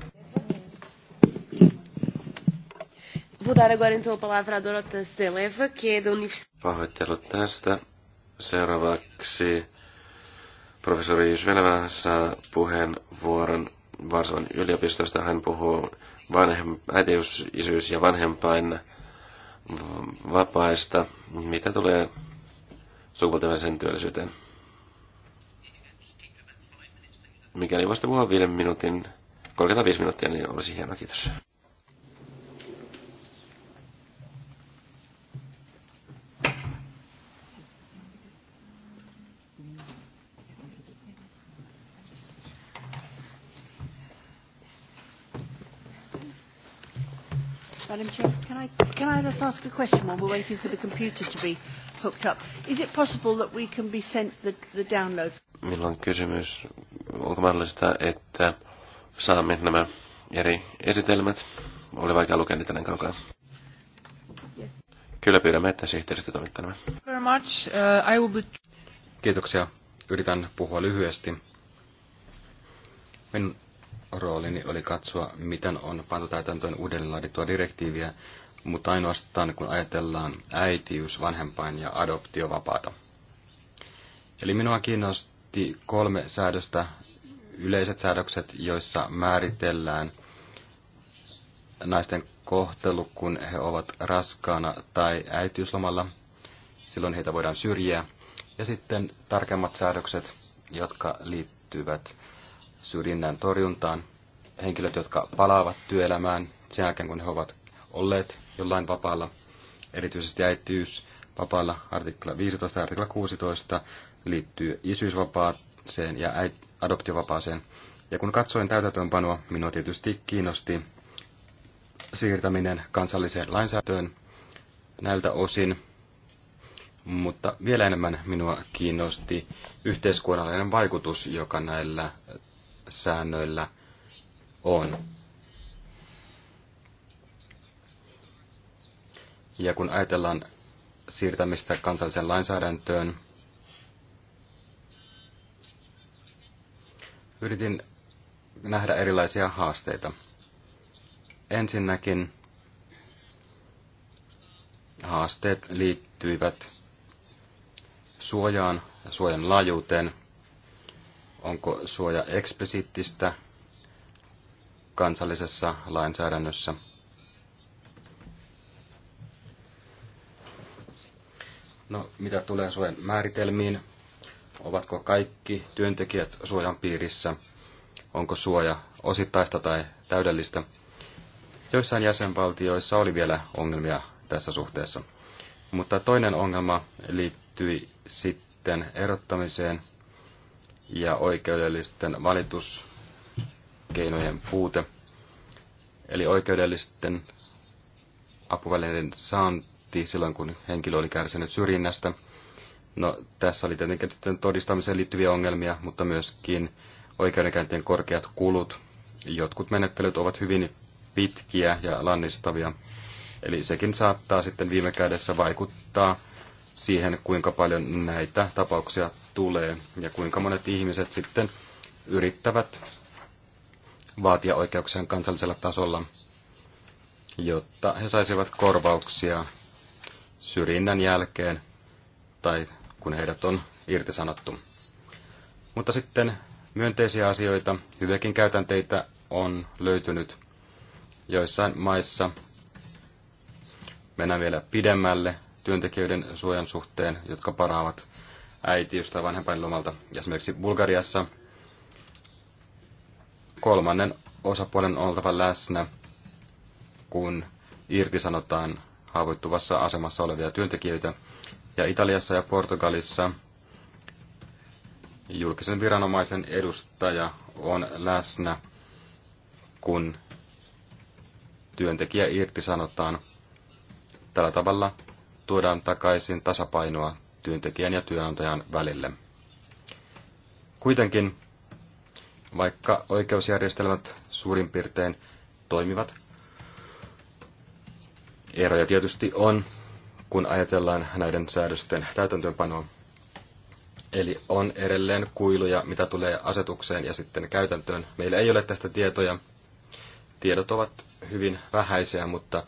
Vou dar agora então a palavra à Dorota Seleva, que é da Universidade. Pahoittelut tästä. Seuraavaksi professori Jysvelevä saa puheenvuoron Varsovan yliopistosta. Hän puhuu vanhem, äitiys, isyys ja vanhempain vapaista, mitä tulee sukupuolten työllisyyteen. Mikäli voisitte puhua viiden minuutin, 35 minuuttia, niin olisi hienoa. Kiitos. Madam Chair. I, can I just ask a question while we're waiting for the computers to be hooked up? Is it possible that we can be sent the, the download? Milloin kysymys, onko mahdollista, että saamme nämä eri esitelmät? Oli vaikea lukea niitä näin kaukaa. Kyllä pyydämme, että sihteeristö toimittaa nämä. Very much. Uh, I will be... Kiitoksia. Yritän puhua lyhyesti. Minun roolini oli katsoa, miten on pantu täytäntöön uudelleen laadittua direktiiviä mutta ainoastaan kun ajatellaan äitiys, vanhempain ja adoptiovapaata. Eli minua kiinnosti kolme säädöstä, yleiset säädökset, joissa määritellään naisten kohtelu, kun he ovat raskaana tai äitiyslomalla. Silloin heitä voidaan syrjiä. Ja sitten tarkemmat säädökset, jotka liittyvät syrjinnän torjuntaan. Henkilöt, jotka palaavat työelämään sen jälkeen, kun he ovat olleet jollain vapaalla, erityisesti äitiys vapaalla artikla 15 ja artikla 16 liittyy isyysvapaaseen ja äit- adoptiovapaaseen. Ja kun katsoin täytäntöönpanoa, minua tietysti kiinnosti siirtäminen kansalliseen lainsäädäntöön näiltä osin, mutta vielä enemmän minua kiinnosti yhteiskunnallinen vaikutus, joka näillä säännöillä on. Ja kun ajatellaan siirtämistä kansalliseen lainsäädäntöön, yritin nähdä erilaisia haasteita. Ensinnäkin haasteet liittyivät suojaan ja suojan laajuuteen. Onko suoja eksplisiittistä kansallisessa lainsäädännössä – No, mitä tulee suojan määritelmiin? Ovatko kaikki työntekijät suojan piirissä? Onko suoja osittaista tai täydellistä? Joissain jäsenvaltioissa oli vielä ongelmia tässä suhteessa. Mutta toinen ongelma liittyi sitten erottamiseen ja oikeudellisten valituskeinojen puute. Eli oikeudellisten apuvälineiden saanti todistettiin silloin, kun henkilö oli kärsinyt syrjinnästä. No, tässä oli tietenkin sitten todistamiseen liittyviä ongelmia, mutta myöskin oikeudenkäyntien korkeat kulut. Jotkut menettelyt ovat hyvin pitkiä ja lannistavia, eli sekin saattaa sitten viime kädessä vaikuttaa siihen, kuinka paljon näitä tapauksia tulee ja kuinka monet ihmiset sitten yrittävät vaatia oikeuksien kansallisella tasolla, jotta he saisivat korvauksia syrjinnän jälkeen tai kun heidät on irtisanottu. Mutta sitten myönteisiä asioita, hyviäkin käytänteitä on löytynyt joissain maissa. Mennään vielä pidemmälle työntekijöiden suojan suhteen, jotka parhaavat äitiystä tai vanhempainlomalta. Esimerkiksi Bulgariassa kolmannen osapuolen oltava läsnä, kun irtisanotaan haavoittuvassa asemassa olevia työntekijöitä. Ja Italiassa ja Portugalissa julkisen viranomaisen edustaja on läsnä, kun työntekijä irtisanotaan. Tällä tavalla tuodaan takaisin tasapainoa työntekijän ja työnantajan välille. Kuitenkin, vaikka oikeusjärjestelmät suurin piirtein toimivat, Eroja tietysti on, kun ajatellaan näiden säädösten täytäntöönpanoa. Eli on edelleen kuiluja, mitä tulee asetukseen ja sitten käytäntöön. Meillä ei ole tästä tietoja. Tiedot ovat hyvin vähäisiä, mutta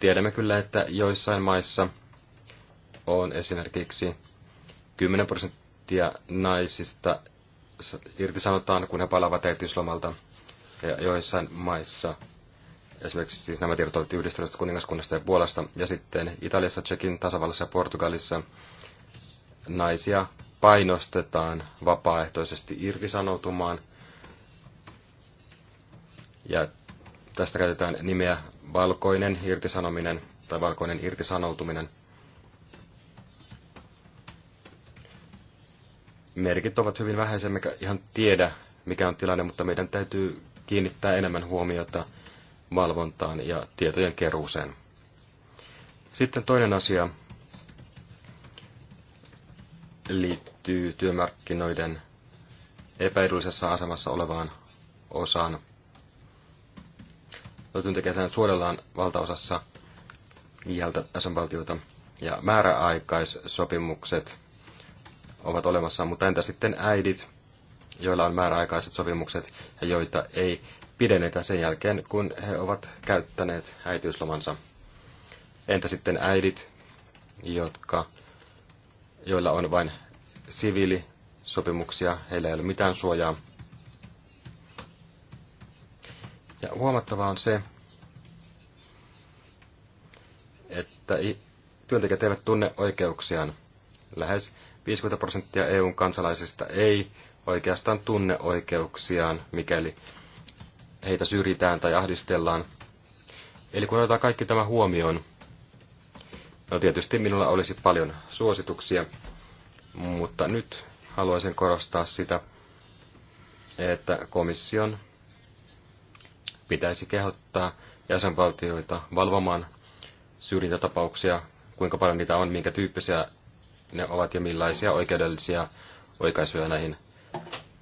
tiedämme kyllä, että joissain maissa on esimerkiksi 10 prosenttia naisista irtisanotaan, kun he palaavat äitiyslomalta. Ja joissain maissa Esimerkiksi siis nämä tiedot olivat yhdistelystä kuningaskunnasta ja Puolasta. Ja sitten Italiassa, Tsekin, tasavallassa ja Portugalissa naisia painostetaan vapaaehtoisesti irtisanoutumaan. Ja tästä käytetään nimeä valkoinen irtisanominen tai valkoinen irtisanoutuminen. Merkit ovat hyvin vähäisiä, mikä ihan tiedä, mikä on tilanne, mutta meidän täytyy kiinnittää enemmän huomiota valvontaan ja tietojen keruuseen. Sitten toinen asia liittyy työmarkkinoiden epäedullisessa asemassa olevaan osaan. Työntekijäthän suodellaan valtaosassa jältä jäsenvaltiota ja määräaikaissopimukset ovat olemassa, mutta entä sitten äidit, joilla on määräaikaiset sopimukset ja joita ei pidennetä sen jälkeen, kun he ovat käyttäneet äitiyslomansa. Entä sitten äidit, jotka, joilla on vain siviilisopimuksia, heillä ei ole mitään suojaa. Ja huomattavaa on se, että työntekijät eivät tunne oikeuksiaan. Lähes 50 prosenttia EUn kansalaisista ei oikeastaan tunne oikeuksiaan, mikäli heitä syrjitään tai ahdistellaan. Eli kun otetaan kaikki tämä huomioon, no tietysti minulla olisi paljon suosituksia, mutta nyt haluaisin korostaa sitä, että komission pitäisi kehottaa jäsenvaltioita valvomaan syrjintätapauksia, kuinka paljon niitä on, minkä tyyppisiä ne ovat ja millaisia oikeudellisia oikaisuja näihin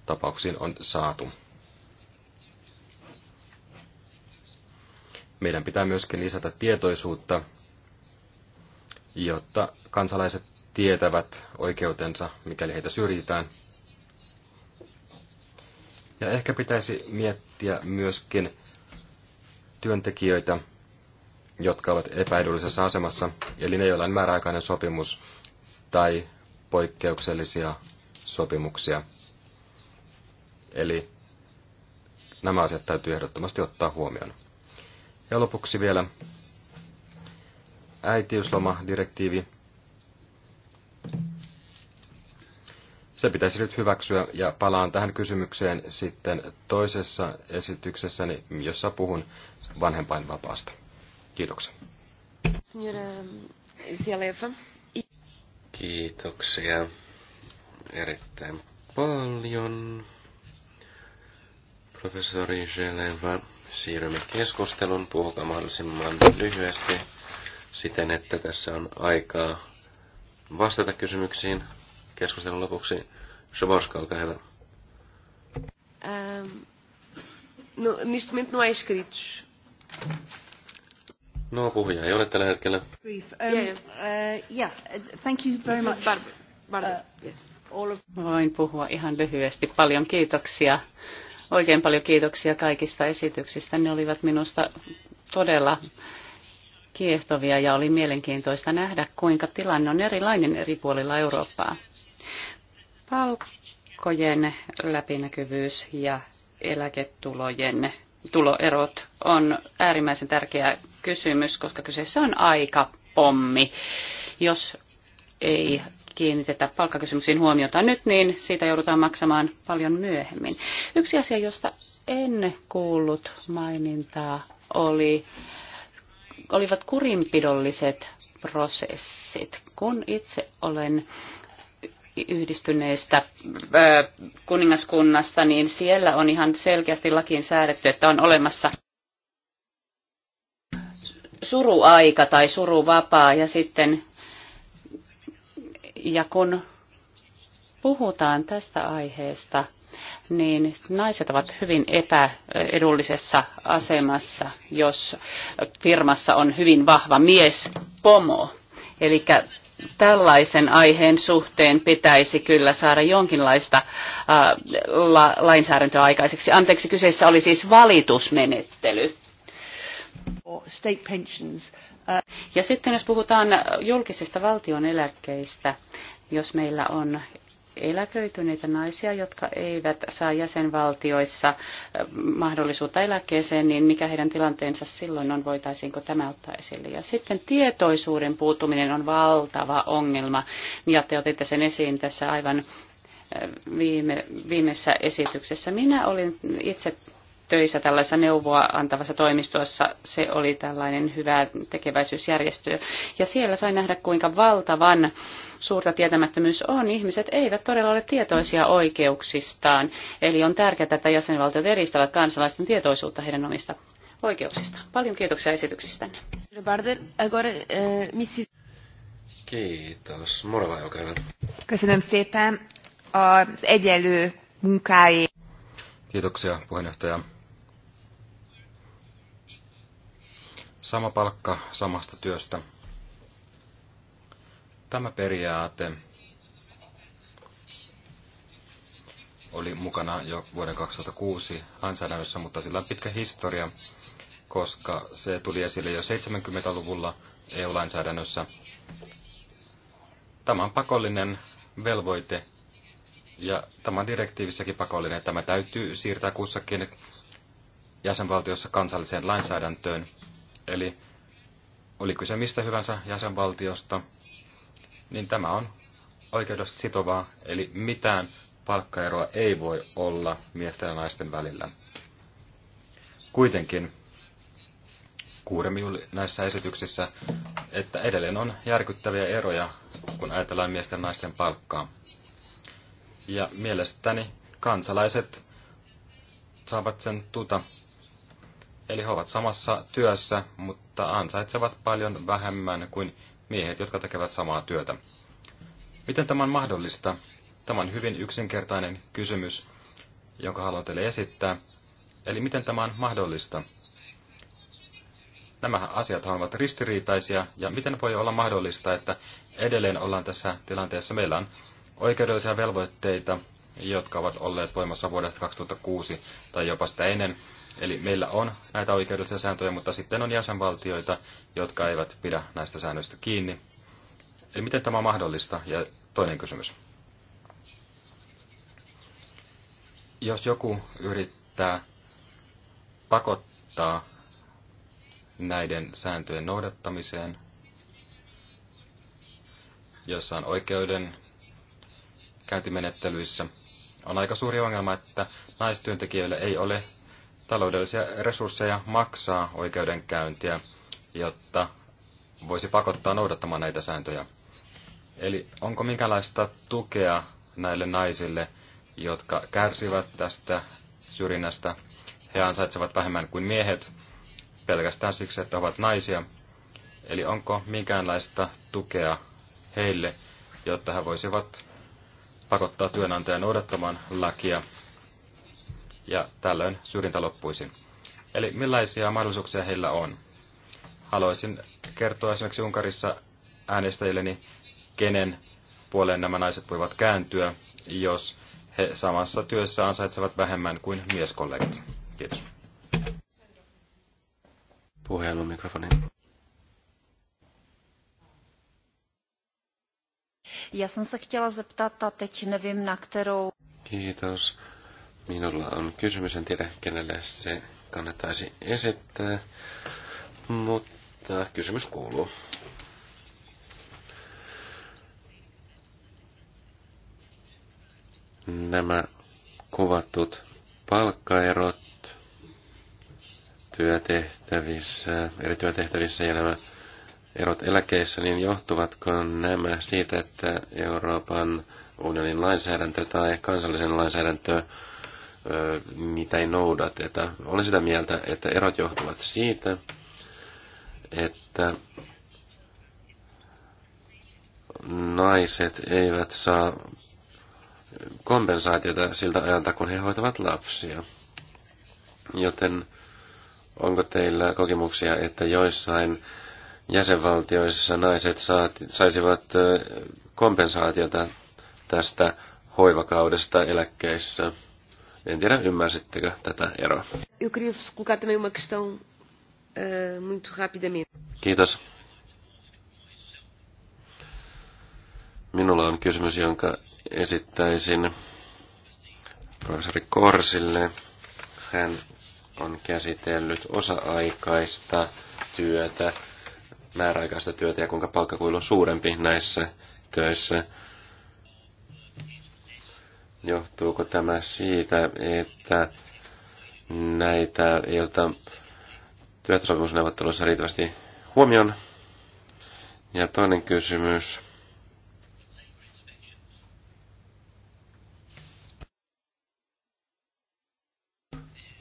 tapauksiin on saatu. Meidän pitää myöskin lisätä tietoisuutta, jotta kansalaiset tietävät oikeutensa, mikäli heitä syrjitään. Ja ehkä pitäisi miettiä myöskin työntekijöitä, jotka ovat epäedullisessa asemassa, eli ne, joilla on määräaikainen sopimus tai poikkeuksellisia sopimuksia. Eli nämä asiat täytyy ehdottomasti ottaa huomioon. Ja lopuksi vielä äitiyslomadirektiivi. Se pitäisi nyt hyväksyä ja palaan tähän kysymykseen sitten toisessa esityksessäni, jossa puhun vanhempainvapaasta. Kiitoksia. Kiitoksia erittäin paljon, professori Jeleva siirrymme keskustelun. Puhukaa mahdollisimman lyhyesti siten, että tässä on aikaa vastata kysymyksiin. Keskustelun lopuksi Shaborska, olkaa hyvä. Ähm, no, niistä no No, puhuja ei ole tällä hetkellä. Brief. Um, yeah, yeah. Uh, yeah. Uh, thank you very much. Barbara. Barbara. Uh, yes. All of... Voin puhua ihan lyhyesti. Paljon kiitoksia Oikein paljon kiitoksia kaikista esityksistä. Ne olivat minusta todella kiehtovia ja oli mielenkiintoista nähdä, kuinka tilanne on erilainen eri puolilla Eurooppaa. Palkkojen läpinäkyvyys ja eläketulojen tuloerot on äärimmäisen tärkeä kysymys, koska kyseessä on aika pommi. Jos ei kiinnitetä palkkakysymyksiin huomiota nyt, niin siitä joudutaan maksamaan paljon myöhemmin. Yksi asia, josta en kuullut mainintaa, oli, olivat kurinpidolliset prosessit. Kun itse olen yhdistyneestä kuningaskunnasta, niin siellä on ihan selkeästi lakiin säädetty, että on olemassa suruaika tai suruvapaa ja sitten ja kun puhutaan tästä aiheesta, niin naiset ovat hyvin epäedullisessa asemassa, jos firmassa on hyvin vahva mies pomo. Eli tällaisen aiheen suhteen pitäisi kyllä saada jonkinlaista äh, la, lainsäädäntöä aikaiseksi. Anteeksi, kyseessä oli siis valitusmenettely. Uh, ja sitten jos puhutaan julkisista valtion eläkkeistä, jos meillä on eläköityneitä naisia, jotka eivät saa jäsenvaltioissa äh, mahdollisuutta eläkkeeseen, niin mikä heidän tilanteensa silloin on, voitaisiinko tämä ottaa esille. Ja sitten tietoisuuden puuttuminen on valtava ongelma, ja te otitte sen esiin tässä aivan äh, viime, viimeisessä esityksessä. Minä olin itse töissä tällaisessa neuvoa antavassa toimistossa. Se oli tällainen hyvä tekeväisyysjärjestö. Ja siellä sai nähdä, kuinka valtavan suurta tietämättömyys on. Ihmiset eivät todella ole tietoisia oikeuksistaan. Eli on tärkeää, että jäsenvaltiot edistävät kansalaisten tietoisuutta heidän omista oikeuksista. Paljon kiitoksia esityksistänne. Kiitos. Morva, olkaa hyvä. Köszönöm szépen az egyenlő munkáért. Kiitoksia puheenjohtaja. Sama palkka samasta työstä. Tämä periaate oli mukana jo vuoden 2006 lainsäädännössä, mutta sillä on pitkä historia, koska se tuli esille jo 70-luvulla EU-lainsäädännössä. Tämä on pakollinen velvoite ja tämä on direktiivissäkin pakollinen. Tämä täytyy siirtää kussakin jäsenvaltiossa kansalliseen lainsäädäntöön. Eli oli kyse mistä hyvänsä jäsenvaltiosta, niin tämä on oikeudesta sitovaa, eli mitään palkkaeroa ei voi olla miesten ja naisten välillä. Kuitenkin kuulemme näissä esityksissä, että edelleen on järkyttäviä eroja, kun ajatellaan miesten ja naisten palkkaa. Ja mielestäni kansalaiset saavat sen tuta Eli he ovat samassa työssä, mutta ansaitsevat paljon vähemmän kuin miehet, jotka tekevät samaa työtä. Miten tämä on mahdollista? Tämä on hyvin yksinkertainen kysymys, jonka haluan teille esittää. Eli miten tämä on mahdollista? Nämä asiat ovat ristiriitaisia, ja miten voi olla mahdollista, että edelleen ollaan tässä tilanteessa. Meillä on oikeudellisia velvoitteita jotka ovat olleet voimassa vuodesta 2006 tai jopa sitä ennen. Eli meillä on näitä oikeudellisia sääntöjä, mutta sitten on jäsenvaltioita, jotka eivät pidä näistä säännöistä kiinni. Eli miten tämä on mahdollista? Ja toinen kysymys. Jos joku yrittää pakottaa näiden sääntöjen noudattamiseen, jossa on oikeuden käyntimenettelyissä, on aika suuri ongelma, että naistyöntekijöille ei ole taloudellisia resursseja maksaa oikeudenkäyntiä, jotta voisi pakottaa noudattamaan näitä sääntöjä. Eli onko minkälaista tukea näille naisille, jotka kärsivät tästä syrjinnästä? He ansaitsevat vähemmän kuin miehet pelkästään siksi, että ovat naisia. Eli onko minkäänlaista tukea heille, jotta he voisivat pakottaa työnantajan noudattamaan lakia, ja tällöin syrjintä loppuisi. Eli millaisia mahdollisuuksia heillä on? Haluaisin kertoa esimerkiksi Unkarissa äänestäjilleni, kenen puoleen nämä naiset voivat kääntyä, jos he samassa työssä ansaitsevat vähemmän kuin mieskollegat. Kiitos. Puhelu mikrofoni. Ja jsem se chtěla zeptat, a teď nevím, na kterou... Kiitos. Minulla on kysymys, en tiedä kenelle se kannattaisi esittää, mutta kysymys kuuluu. Nämä kuvatut palkkaerot työtehtävissä, eri työtehtävissä ja nämä erot eläkeissä, niin johtuvatko nämä siitä, että Euroopan unionin lainsäädäntö tai kansallisen lainsäädäntö niitä ei noudateta. Olen sitä mieltä, että erot johtuvat siitä, että naiset eivät saa kompensaatiota siltä ajalta, kun he hoitavat lapsia. Joten onko teillä kokemuksia, että joissain jäsenvaltioissa naiset saat, saisivat kompensaatiota tästä hoivakaudesta eläkkeissä. En tiedä, ymmärsittekö tätä eroa. Eh, Kiitos. Minulla on kysymys, jonka esittäisin professori Korsille. Hän on käsitellyt osa-aikaista työtä määräaikaista työtä ja kuinka palkkakuilu on suurempi näissä töissä. Johtuuko tämä siitä, että näitä ei ota työehtosopimusneuvotteluissa riittävästi huomioon? Ja toinen kysymys.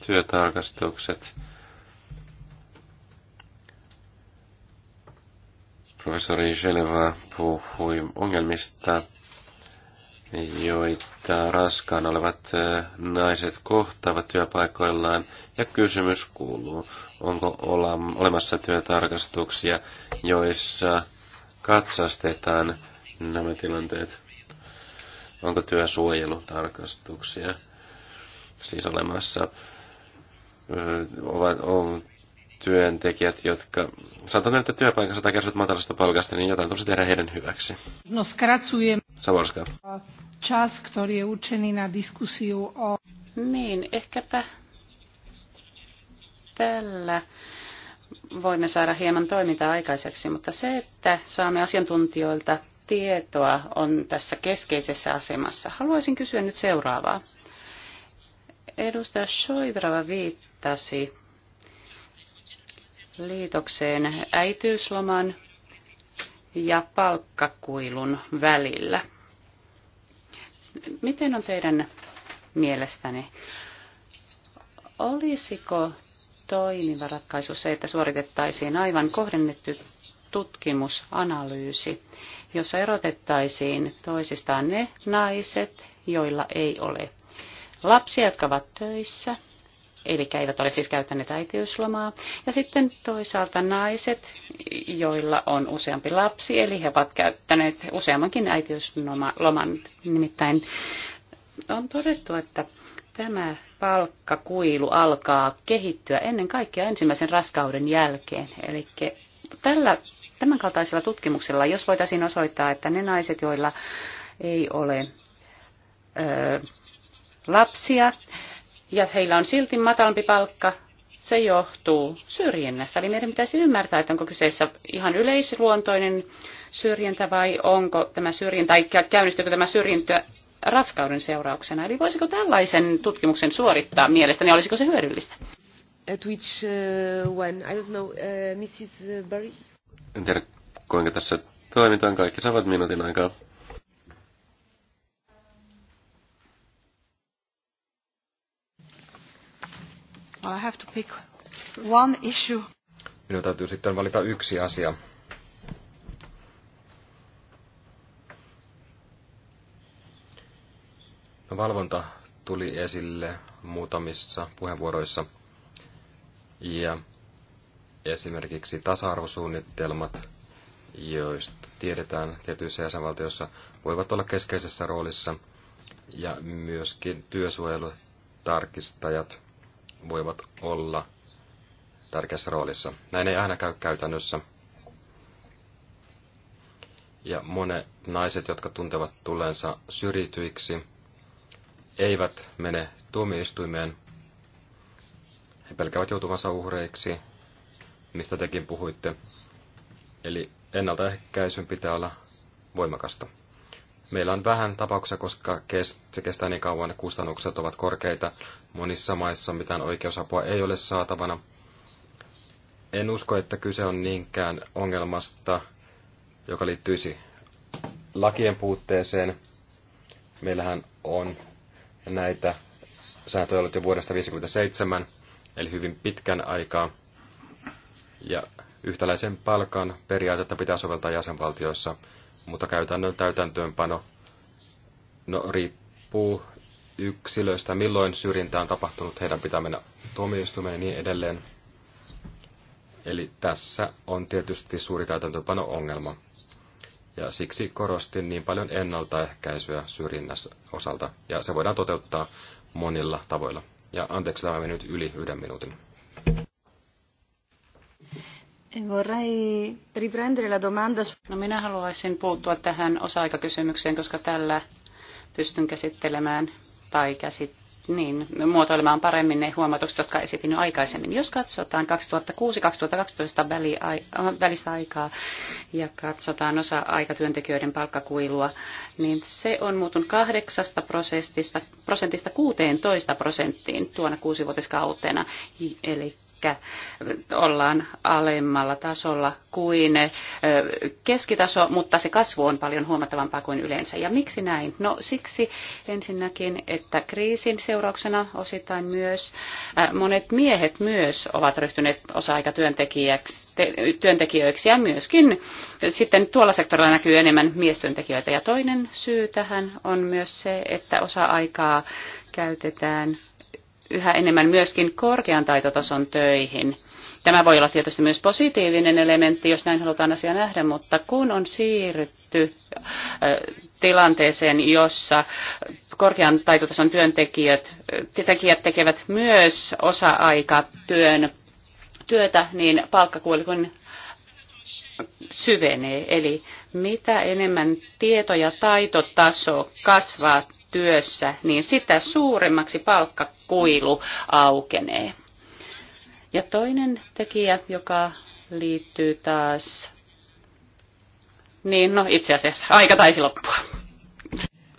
Työtarkastukset. Professori Geneva puhui ongelmista, joita raskaan olevat naiset kohtaavat työpaikoillaan. Ja kysymys kuuluu, onko olemassa työtarkastuksia, joissa katsastetaan nämä tilanteet? Onko työsuojelutarkastuksia siis olemassa? Ovat, on, työntekijät, jotka saattavat menettää työpaikassa tai kärsivät matalasta palkasta, niin jotain tulisi tehdä heidän hyväksi. No skracujemy Savorska. Čas, ktorý je učený na diskusiu o... Niin, ehkäpä tällä voimme saada hieman toimintaa aikaiseksi, mutta se, että saamme asiantuntijoilta tietoa on tässä keskeisessä asemassa. Haluaisin kysyä nyt seuraavaa. Edustaja Shoidrava viittasi liitokseen äitiysloman ja palkkakuilun välillä. Miten on teidän mielestäni? Olisiko toimiva ratkaisu se, että suoritettaisiin aivan kohdennettu tutkimusanalyysi, jossa erotettaisiin toisistaan ne naiset, joilla ei ole lapsia, jotka ovat töissä – eli eivät ole siis käyttäneet äitiyslomaa. Ja sitten toisaalta naiset, joilla on useampi lapsi, eli he ovat käyttäneet useammankin äitiysloman. Nimittäin on todettu, että tämä palkkakuilu alkaa kehittyä ennen kaikkea ensimmäisen raskauden jälkeen. Eli tällä, tämän kaltaisella tutkimuksella, jos voitaisiin osoittaa, että ne naiset, joilla ei ole ö, lapsia, ja heillä on silti matalampi palkka, se johtuu syrjinnästä. Eli meidän pitäisi ymmärtää, että onko kyseessä ihan yleisluontoinen syrjintä vai onko tämä syrjintä, tai käynnistyykö tämä syrjintä raskauden seurauksena. Eli voisiko tällaisen tutkimuksen suorittaa mielestäni, olisiko se hyödyllistä? At which uh, one? I don't know. Uh, Mrs. Barry? En tiedä, kuinka tässä toimitaan. Kaikki saavat minuutin aikaa. I have to pick one issue. Minun täytyy sitten valita yksi asia. No, valvonta tuli esille muutamissa puheenvuoroissa. Ja esimerkiksi tasa-arvosuunnitelmat, joista tiedetään tietyissä jäsenvaltioissa, voivat olla keskeisessä roolissa. Ja myöskin työsuojelutarkistajat voivat olla tärkeässä roolissa. Näin ei aina käy käytännössä. Ja monet naiset, jotka tuntevat tulleensa syrjityiksi, eivät mene tuomioistuimeen. He pelkäävät joutuvansa uhreiksi, mistä tekin puhuitte. Eli ennaltaehkäisyn pitää olla voimakasta. Meillä on vähän tapauksia, koska se kestää niin kauan, kustannukset ovat korkeita. Monissa maissa mitään oikeusapua ei ole saatavana. En usko, että kyse on niinkään ongelmasta, joka liittyisi lakien puutteeseen. Meillähän on näitä sääntöjä ollut jo vuodesta 1957, eli hyvin pitkän aikaa. Ja yhtäläisen palkan periaatetta pitää soveltaa jäsenvaltioissa – mutta käytännön täytäntöönpano no, riippuu yksilöistä, milloin syrjintää on tapahtunut, heidän pitää mennä tuomioistuimeen ja niin edelleen. Eli tässä on tietysti suuri täytäntöönpano-ongelma. Ja siksi korostin niin paljon ennaltaehkäisyä syrjinnässä osalta, ja se voidaan toteuttaa monilla tavoilla. Ja anteeksi, tämä meni nyt yli yhden minuutin. Eh, vorrei riprendere la domanda. No minä haluaisin puuttua tähän osa-aikakysymykseen, koska tällä pystyn käsittelemään tai käsit, niin, muotoilemaan paremmin ne huomatukset, jotka esitin jo aikaisemmin. Jos katsotaan 2006-2012 väli, oh, välistä aikaa ja katsotaan osa-aikatyöntekijöiden palkkakuilua, niin se on muuttunut 8 prosentista, prosentista 16 prosenttiin tuona kuusivuotiskautena. Eli ollaan alemmalla tasolla kuin keskitaso, mutta se kasvu on paljon huomattavampaa kuin yleensä. Ja miksi näin? No siksi ensinnäkin, että kriisin seurauksena osittain myös monet miehet myös ovat ryhtyneet osa-aikatyöntekijöiksi ja myöskin sitten tuolla sektorilla näkyy enemmän miestyöntekijöitä. Ja toinen syy tähän on myös se, että osa-aikaa käytetään yhä enemmän myöskin korkean taitotason töihin. Tämä voi olla tietysti myös positiivinen elementti, jos näin halutaan asia nähdä, mutta kun on siirrytty tilanteeseen, jossa korkean taitotason työntekijät tekijät tekevät myös osa-aikatyön työtä, niin kuin syvenee. Eli mitä enemmän tieto- ja taitotaso kasvaa työssä, niin sitä suuremmaksi palkkakuilu aukenee. Ja toinen tekijä, joka liittyy taas... Niin, no itse asiassa aika taisi loppua.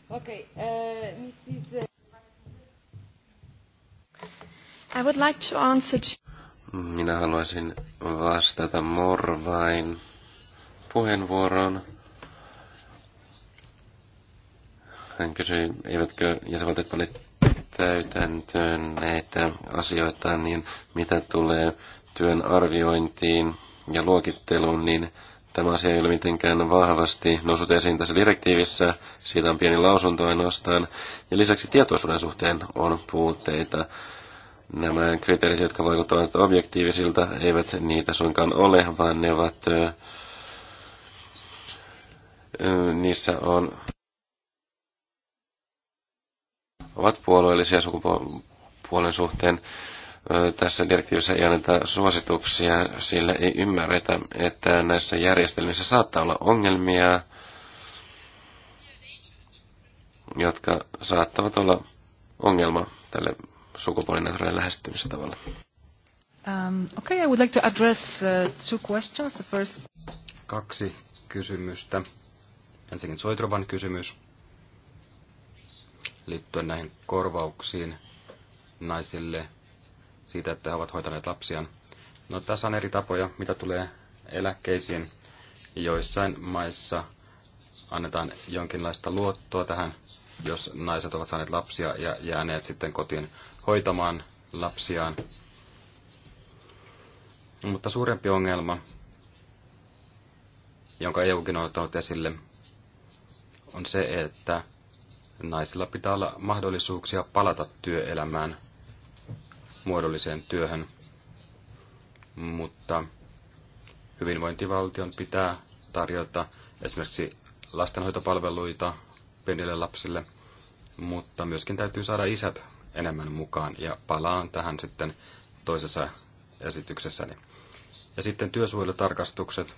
Okay, uh, Mrs. I would like to answer to... Minä haluaisin vastata Morvain puheenvuoroon. Hän kysyi, eivätkö jäsenvaltiot pane täytäntöön näitä asioita, niin mitä tulee työn arviointiin ja luokitteluun, niin tämä asia ei ole mitenkään vahvasti noussut esiin tässä direktiivissä. Siitä on pieni lausunto ainoastaan. Ja lisäksi tietoisuuden suhteen on puutteita. Nämä kriteerit, jotka vaikuttavat objektiivisilta, eivät niitä suinkaan ole, vaan ne ovat... Niissä on ovat puolueellisia sukupuolen suhteen. Tässä direktiivissä ei anneta suosituksia, sillä ei ymmärretä, että näissä järjestelmissä saattaa olla ongelmia, jotka saattavat olla ongelma tälle sukupuolineutraalin lähestymistavalle. Um, okay, I would like to address uh, two questions. The first... Kaksi kysymystä. Ensinnäkin Soitrovan kysymys liittyen näihin korvauksiin naisille siitä, että he ovat hoitaneet lapsiaan. No tässä on eri tapoja, mitä tulee eläkkeisiin. Joissain maissa annetaan jonkinlaista luottoa tähän, jos naiset ovat saaneet lapsia ja jääneet sitten kotiin hoitamaan lapsiaan. Mutta suurempi ongelma, jonka EUkin on ottanut esille, on se, että naisilla pitää olla mahdollisuuksia palata työelämään, muodolliseen työhön, mutta hyvinvointivaltion pitää tarjota esimerkiksi lastenhoitopalveluita pienille lapsille, mutta myöskin täytyy saada isät enemmän mukaan ja palaan tähän sitten toisessa esityksessäni. Ja sitten työsuojelutarkastukset.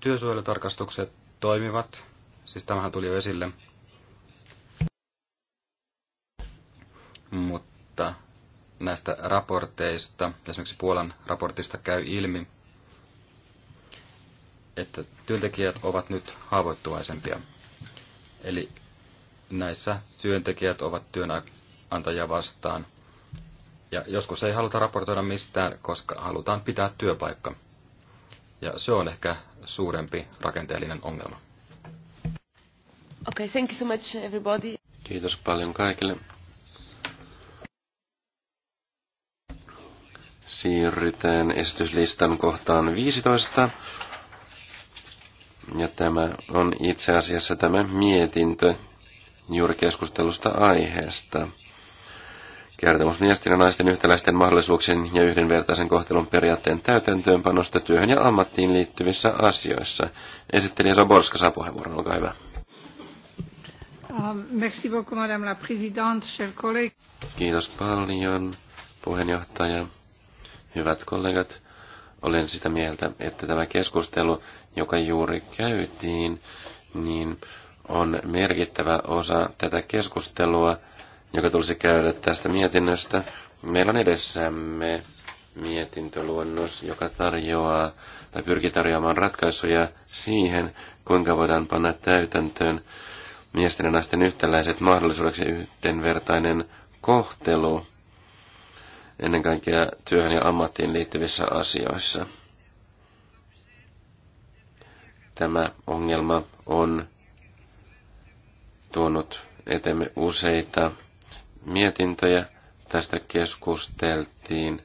Työsuojelutarkastukset toimivat, siis tämähän tuli jo esille, mutta näistä raporteista, esimerkiksi Puolan raportista käy ilmi, että työntekijät ovat nyt haavoittuvaisempia. Eli näissä työntekijät ovat työnantajia vastaan. Ja joskus ei haluta raportoida mistään, koska halutaan pitää työpaikka. Ja se on ehkä suurempi rakenteellinen ongelma. Okay, thank you so much everybody. Kiitos paljon kaikille. siirrytään esityslistan kohtaan 15. Ja tämä on itse asiassa tämä mietintö juuri keskustelusta aiheesta. Kertomus miesten ja naisten yhtäläisten mahdollisuuksien ja yhdenvertaisen kohtelun periaatteen täytäntöönpanosta työhön ja ammattiin liittyvissä asioissa. Esittelijä Saborska saa puheenvuoron, olkaa hyvä. Ähm, merci beaucoup, madame la présidente, chers collègues. Kiitos paljon, puheenjohtaja. Hyvät kollegat, olen sitä mieltä, että tämä keskustelu, joka juuri käytiin, niin on merkittävä osa tätä keskustelua, joka tulisi käydä tästä mietinnöstä. Meillä on edessämme mietintöluonnos, joka tarjoaa tai pyrkii tarjoamaan ratkaisuja siihen, kuinka voidaan panna täytäntöön miesten ja naisten yhtäläiset mahdollisuudeksi yhdenvertainen kohtelu ennen kaikkea työhön ja ammattiin liittyvissä asioissa. Tämä ongelma on tuonut etemme useita mietintöjä. Tästä keskusteltiin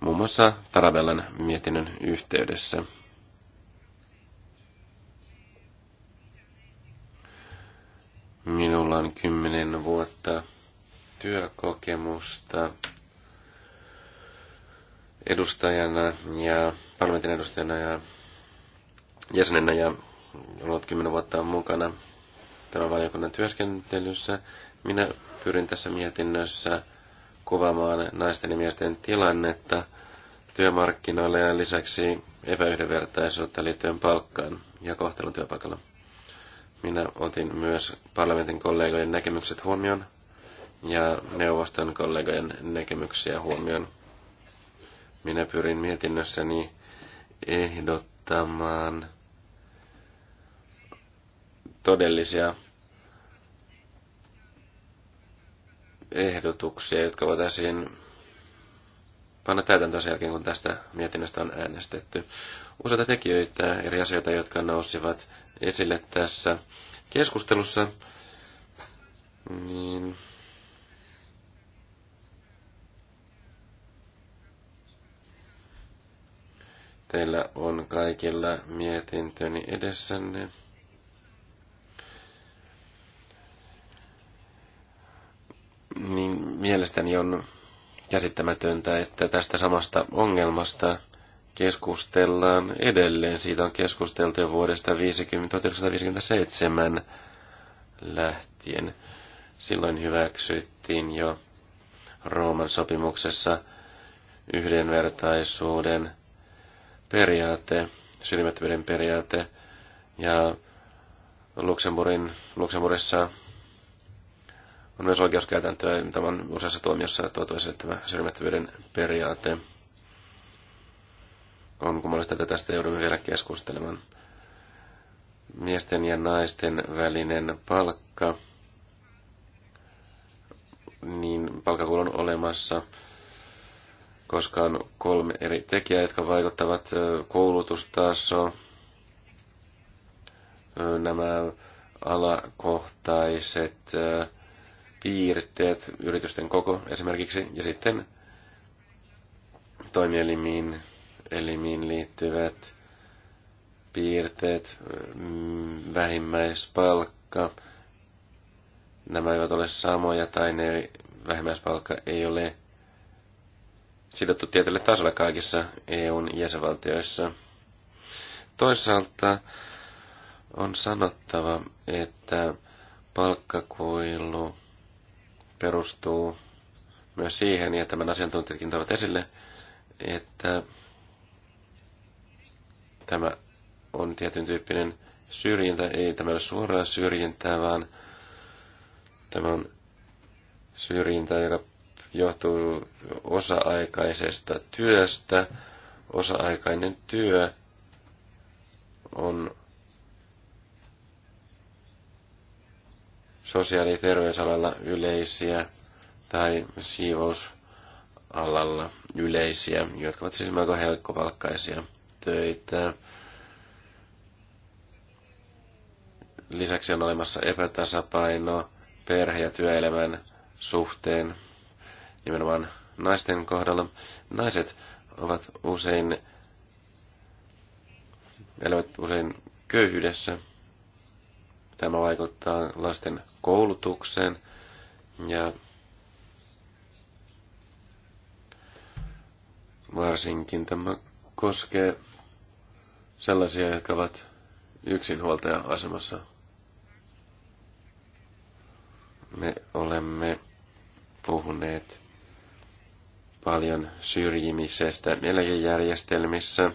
muun muassa Taravellan mietinnön yhteydessä. Minulla on kymmenen vuotta työkokemusta edustajana ja parlamentin edustajana ja jäsenenä ja ollut kymmenen vuotta mukana tämän valiokunnan työskentelyssä. Minä pyrin tässä mietinnössä kuvaamaan naisten ja miesten tilannetta työmarkkinoilla ja lisäksi epäyhdenvertaisuutta liittyen palkkaan ja kohtelun työpaikalla. Minä otin myös parlamentin kollegojen näkemykset huomioon ja neuvoston kollegojen näkemyksiä huomioon. Minä pyrin mietinnössäni ehdottamaan todellisia ehdotuksia, jotka voitaisiin panna täytäntöön sen jälkeen, kun tästä mietinnöstä on äänestetty. Useita tekijöitä, eri asioita, jotka nousivat esille tässä keskustelussa, niin Teillä on kaikilla mietintöni edessänne. Niin mielestäni on käsittämätöntä, että tästä samasta ongelmasta keskustellaan edelleen. Siitä on keskusteltu jo vuodesta 50, 1957 lähtien. Silloin hyväksyttiin jo Rooman sopimuksessa yhdenvertaisuuden periaate, sylmättömyyden periaate. Ja Luxemburgin, Luxemburgissa on myös oikeuskäytäntöä, mitä on useassa tuomiossa tuotu esille tämä syrjimättömyyden periaate. On kummallista, että tästä joudumme vielä keskustelemaan. Miesten ja naisten välinen palkka, niin palkkakulun olemassa koska on kolme eri tekijää, jotka vaikuttavat koulutustaso, nämä alakohtaiset piirteet, yritysten koko esimerkiksi, ja sitten toimielimiin elimiin liittyvät piirteet, mm, vähimmäispalkka, nämä eivät ole samoja tai ne vähimmäispalkka ei ole sidottu tietylle tasolle kaikissa EUn jäsenvaltioissa. Toisaalta on sanottava, että palkkakuilu perustuu myös siihen, ja tämän asiantuntijatkin toivat esille, että tämä on tietyn tyyppinen syrjintä, ei tämä ole suoraa syrjintää, vaan tämä on syrjintä, joka johtuu osa-aikaisesta työstä. Osa-aikainen työ on sosiaali- ja terveysalalla yleisiä tai siivousalalla yleisiä, jotka ovat siis melko helkkopalkkaisia töitä. Lisäksi on olemassa epätasapaino perhe- ja työelämän suhteen nimenomaan naisten kohdalla. Naiset ovat usein, elävät usein köyhyydessä. Tämä vaikuttaa lasten koulutukseen ja varsinkin tämä koskee sellaisia, jotka ovat yksinhuoltaja-asemassa. Me olemme puhuneet paljon syrjimisestä eläkejärjestelmissä.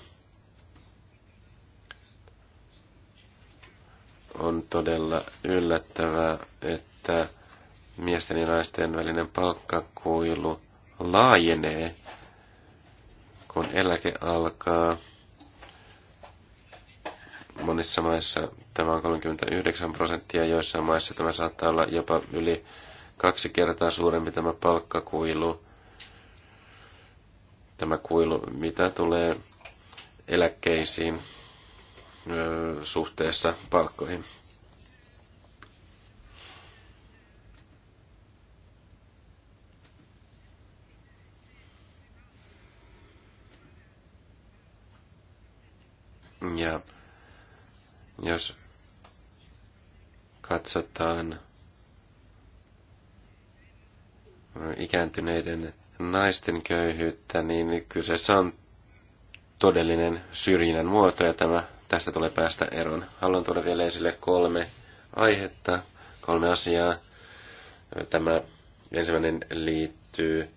On todella yllättävää, että miesten ja naisten välinen palkkakuilu laajenee, kun eläke alkaa. Monissa maissa tämä on 39 prosenttia, joissain maissa tämä saattaa olla jopa yli kaksi kertaa suurempi tämä palkkakuilu tämä kuilu, mitä tulee eläkkeisiin suhteessa palkkoihin. Ja jos katsotaan ikääntyneiden naisten köyhyyttä, niin kyseessä on todellinen syrjinnän muoto ja tämä, tästä tulee päästä eroon. Haluan tuoda vielä esille kolme aihetta, kolme asiaa. Tämä ensimmäinen liittyy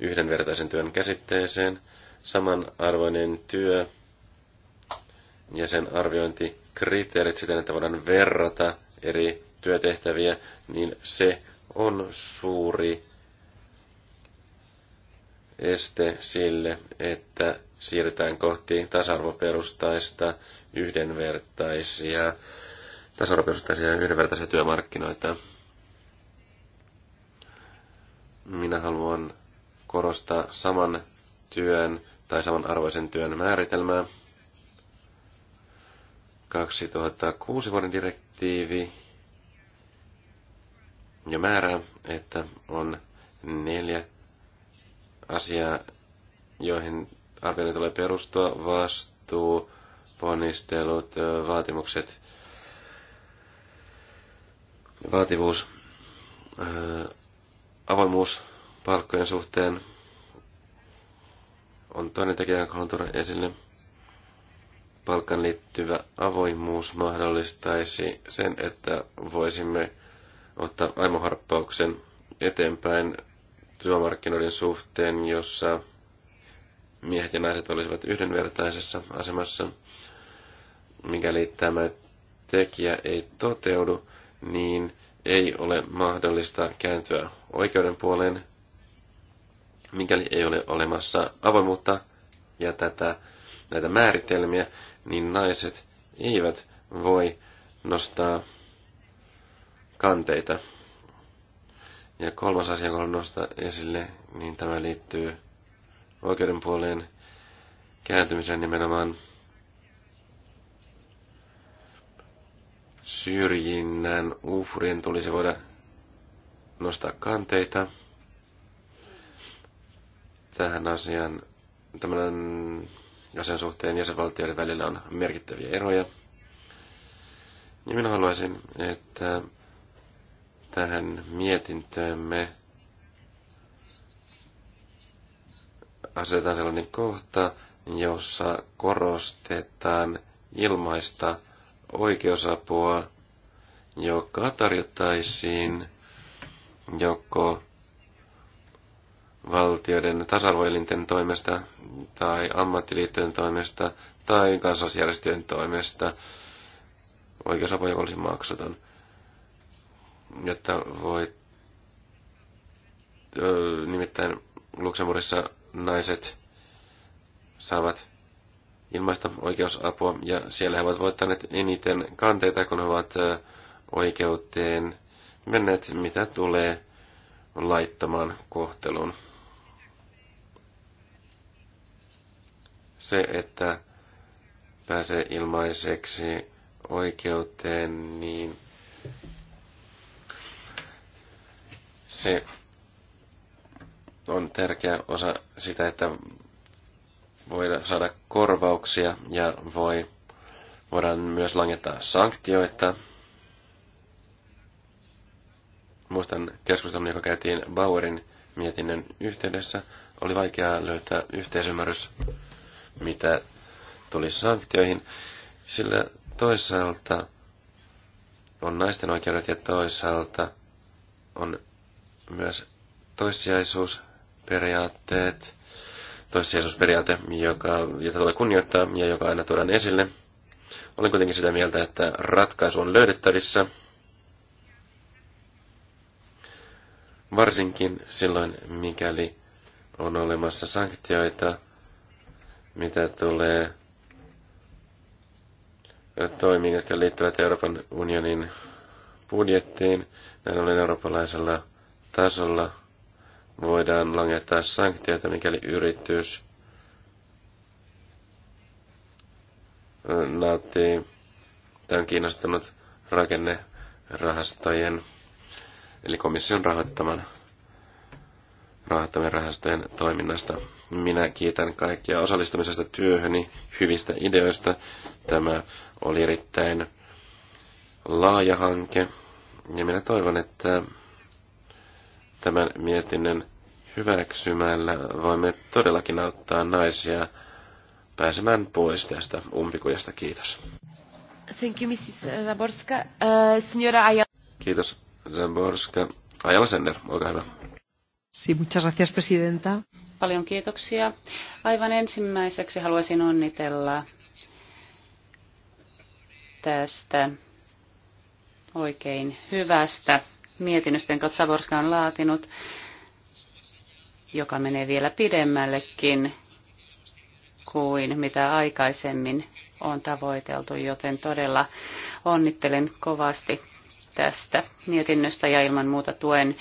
yhdenvertaisen työn käsitteeseen, samanarvoinen työ ja sen arviointikriteerit siten, että voidaan verrata eri työtehtäviä, niin se on suuri este sille, että siirrytään kohti tasa-arvoperustaista, yhdenvertaisia, tasa-arvoperustaisia ja yhdenvertaisia työmarkkinoita. Minä haluan korostaa saman työn tai saman arvoisen työn määritelmää. 2006 vuoden direktiivi ja määrää, että on neljä asiaa, joihin arvioinnin tulee perustua, vastuu, ponnistelut, vaatimukset, vaativuus, avoimuus palkkojen suhteen on toinen tekijä, jonka haluan tuoda esille. Palkan liittyvä avoimuus mahdollistaisi sen, että voisimme ottaa aimoharppauksen eteenpäin työmarkkinoiden suhteen, jossa miehet ja naiset olisivat yhdenvertaisessa asemassa. Mikäli tämä tekijä ei toteudu, niin ei ole mahdollista kääntyä oikeuden puoleen, mikäli ei ole olemassa avoimuutta ja tätä, näitä määritelmiä, niin naiset eivät voi nostaa kanteita ja kolmas asia, jonka haluan nostaa esille, niin tämä liittyy oikeuden puoleen kääntymiseen nimenomaan syrjinnän uhrien tulisi voida nostaa kanteita tähän asiaan. Tämän asian suhteen jäsenvaltioiden välillä on merkittäviä eroja. Ja minä haluaisin, että tähän mietintöömme asetetaan sellainen kohta, jossa korostetaan ilmaista oikeusapua, joka tarjottaisiin joko valtioiden tasa toimesta tai ammattiliittojen toimesta tai kansallisjärjestöjen toimesta. Oikeusapu joka olisi maksaton jotta voi nimittäin Luxemburgissa naiset saavat ilmaista oikeusapua ja siellä he ovat voittaneet eniten kanteita, kun he ovat oikeuteen menneet, mitä tulee laittamaan kohteluun. Se, että pääsee ilmaiseksi oikeuteen, niin Se on tärkeä osa sitä, että voidaan saada korvauksia ja voi, voidaan myös langettaa sanktioita. Muistan keskustelun, joka käytiin Bauerin mietinnön yhteydessä. Oli vaikeaa löytää yhteisymmärrys, mitä tuli sanktioihin, sillä toisaalta on naisten oikeudet ja toisaalta on myös toissijaisuusperiaatteet, toissijaisuusperiaate, joka, jota tulee kunnioittaa ja joka aina tuodaan esille. Olen kuitenkin sitä mieltä, että ratkaisu on löydettävissä, varsinkin silloin, mikäli on olemassa sanktioita, mitä tulee toimiin, jotka liittyvät Euroopan unionin budjettiin. Näin ollen eurooppalaisella tasolla voidaan langettaa sanktioita, mikäli yritys nauttii tai on kiinnostunut rakennerahastojen, eli komission rahoittaman rahoittamien rahastojen toiminnasta. Minä kiitän kaikkia osallistumisesta työhöni, hyvistä ideoista. Tämä oli erittäin laaja hanke, ja minä toivon, että Tämän mietinnön hyväksymällä voimme todellakin auttaa naisia pääsemään pois tästä umpikujasta. Kiitos. Thank you, Mrs. Zaborska. Uh, signora Ayala. Kiitos, Zaborska. Ayala Sender, olkaa hyvä. Sí, muchas gracias, presidenta. Paljon kiitoksia. Aivan ensimmäiseksi haluaisin onnitella tästä oikein hyvästä mietinnöstä, jonka Savorska on laatinut, joka menee vielä pidemmällekin kuin mitä aikaisemmin on tavoiteltu, joten todella onnittelen kovasti tästä mietinnöstä ja ilman muuta tuen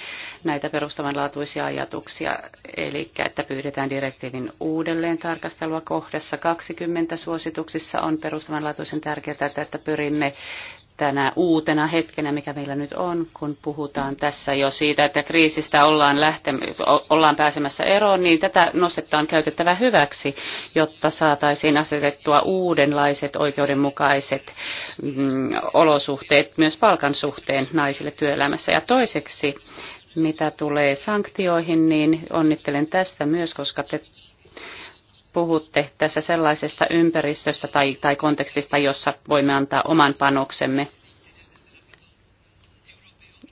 näitä perustavanlaatuisia ajatuksia, eli että pyydetään direktiivin uudelleen tarkastelua kohdassa 20 suosituksissa on perustavanlaatuisen tärkeää, että pyrimme tänä uutena hetkenä, mikä meillä nyt on, kun puhutaan tässä jo siitä, että kriisistä ollaan, lähtem- ollaan pääsemässä eroon, niin tätä nostetaan käytettävä hyväksi, jotta saataisiin asetettua uudenlaiset oikeudenmukaiset mm, olosuhteet myös palkan suhteen naisille työelämässä. Ja toiseksi, mitä tulee sanktioihin, niin onnittelen tästä myös, koska te puhutte tässä sellaisesta ympäristöstä tai, tai kontekstista, jossa voimme antaa oman panoksemme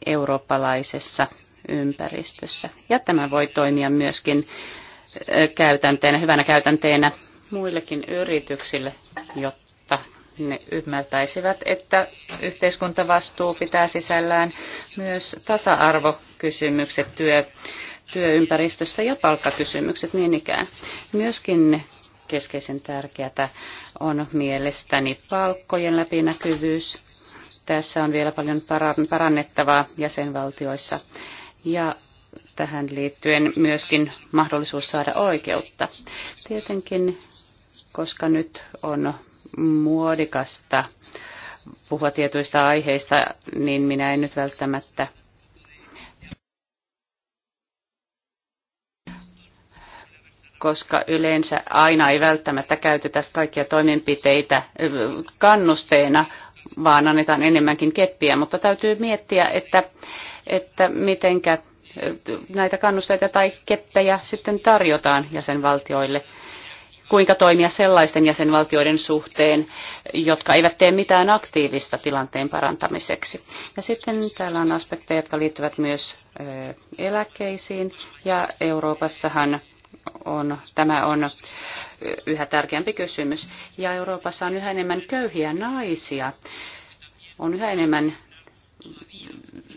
eurooppalaisessa ympäristössä. Ja tämä voi toimia myöskin käytänteenä, hyvänä käytänteenä muillekin yrityksille, jotta ne ymmärtäisivät, että yhteiskuntavastuu pitää sisällään myös tasa-arvokysymykset työ työympäristössä ja palkkakysymykset niin ikään. Myöskin keskeisen tärkeätä on mielestäni palkkojen läpinäkyvyys. Tässä on vielä paljon parannettavaa jäsenvaltioissa ja tähän liittyen myöskin mahdollisuus saada oikeutta. Tietenkin, koska nyt on muodikasta puhua tietyistä aiheista, niin minä en nyt välttämättä koska yleensä aina ei välttämättä käytetä kaikkia toimenpiteitä kannusteena, vaan annetaan enemmänkin keppiä, mutta täytyy miettiä, että, että mitenkä näitä kannusteita tai keppejä sitten tarjotaan jäsenvaltioille. Kuinka toimia sellaisten jäsenvaltioiden suhteen, jotka eivät tee mitään aktiivista tilanteen parantamiseksi. Ja sitten täällä on aspekteja, jotka liittyvät myös eläkkeisiin. Ja Euroopassahan on, tämä on yhä tärkeämpi kysymys. Ja Euroopassa on yhä enemmän köyhiä naisia. On yhä enemmän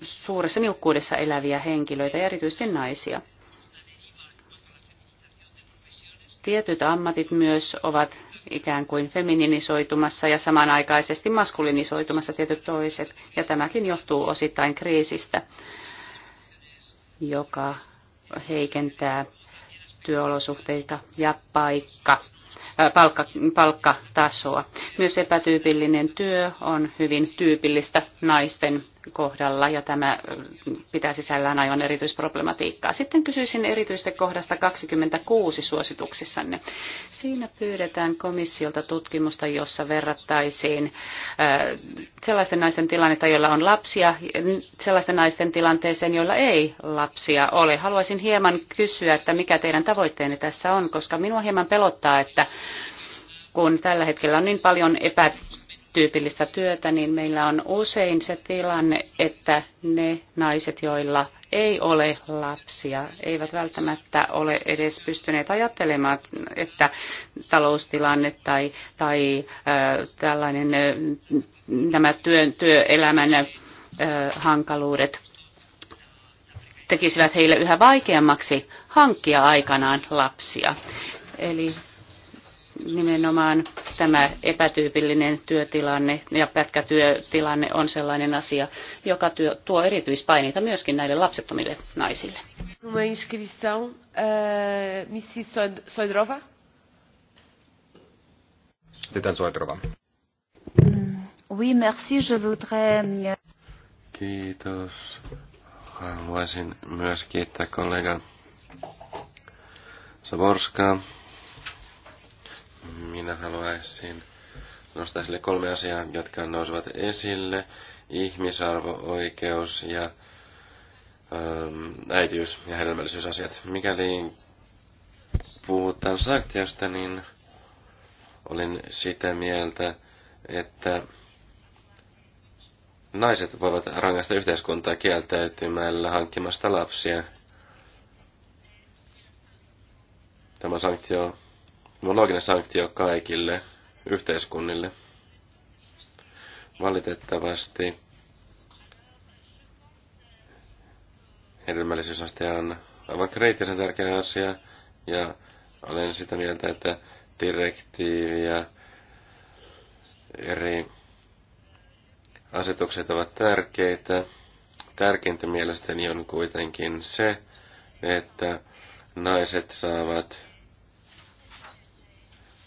suuressa niukkuudessa eläviä henkilöitä, ja erityisesti naisia. Tietyt ammatit myös ovat ikään kuin femininisoitumassa ja samanaikaisesti maskulinisoitumassa tietyt toiset. Ja tämäkin johtuu osittain kriisistä, joka heikentää työolosuhteita ja paikka, palkka, palkkatasoa. Myös epätyypillinen työ on hyvin tyypillistä naisten kohdalla ja tämä pitää sisällään aivan erityisproblematiikkaa. Sitten kysyisin erityistä kohdasta 26 suosituksissanne. Siinä pyydetään komissiolta tutkimusta, jossa verrattaisiin sellaisten naisten tilannetta, joilla on lapsia, sellaisten naisten tilanteeseen, joilla ei lapsia ole. Haluaisin hieman kysyä, että mikä teidän tavoitteenne tässä on, koska minua hieman pelottaa, että kun tällä hetkellä on niin paljon epä tyypillistä työtä, niin meillä on usein se tilanne, että ne naiset, joilla ei ole lapsia, eivät välttämättä ole edes pystyneet ajattelemaan, että taloustilanne tai, tai äh, tällainen nämä työn, työelämän äh, hankaluudet tekisivät heille yhä vaikeammaksi hankkia aikanaan lapsia. Eli nimenomaan tämä epätyypillinen työtilanne ja pätkätyötilanne on sellainen asia, joka työ, tuo erityispaineita myöskin näille lapsettomille naisille. Eh, Missi Soidrova. Sitten Soidrova. Mm, oui, merci, je voudrais... Euh, Kiitos. Haluaisin myös kiittää kollega Saborskaa minä haluaisin nostaa esille kolme asiaa, jotka nousevat esille. Ihmisarvo, oikeus ja ähm, äitiys- ja hedelmällisyysasiat. Mikäli puhutaan sanktiosta, niin olin sitä mieltä, että naiset voivat rangaista yhteiskuntaa kieltäytymällä hankkimasta lapsia. Tämä sanktio on sanktio kaikille yhteiskunnille. Valitettavasti hedelmällisyysaste on aivan kriittisen tärkeä asia, ja olen sitä mieltä, että direktiiviä eri asetukset ovat tärkeitä. Tärkeintä mielestäni on kuitenkin se, että naiset saavat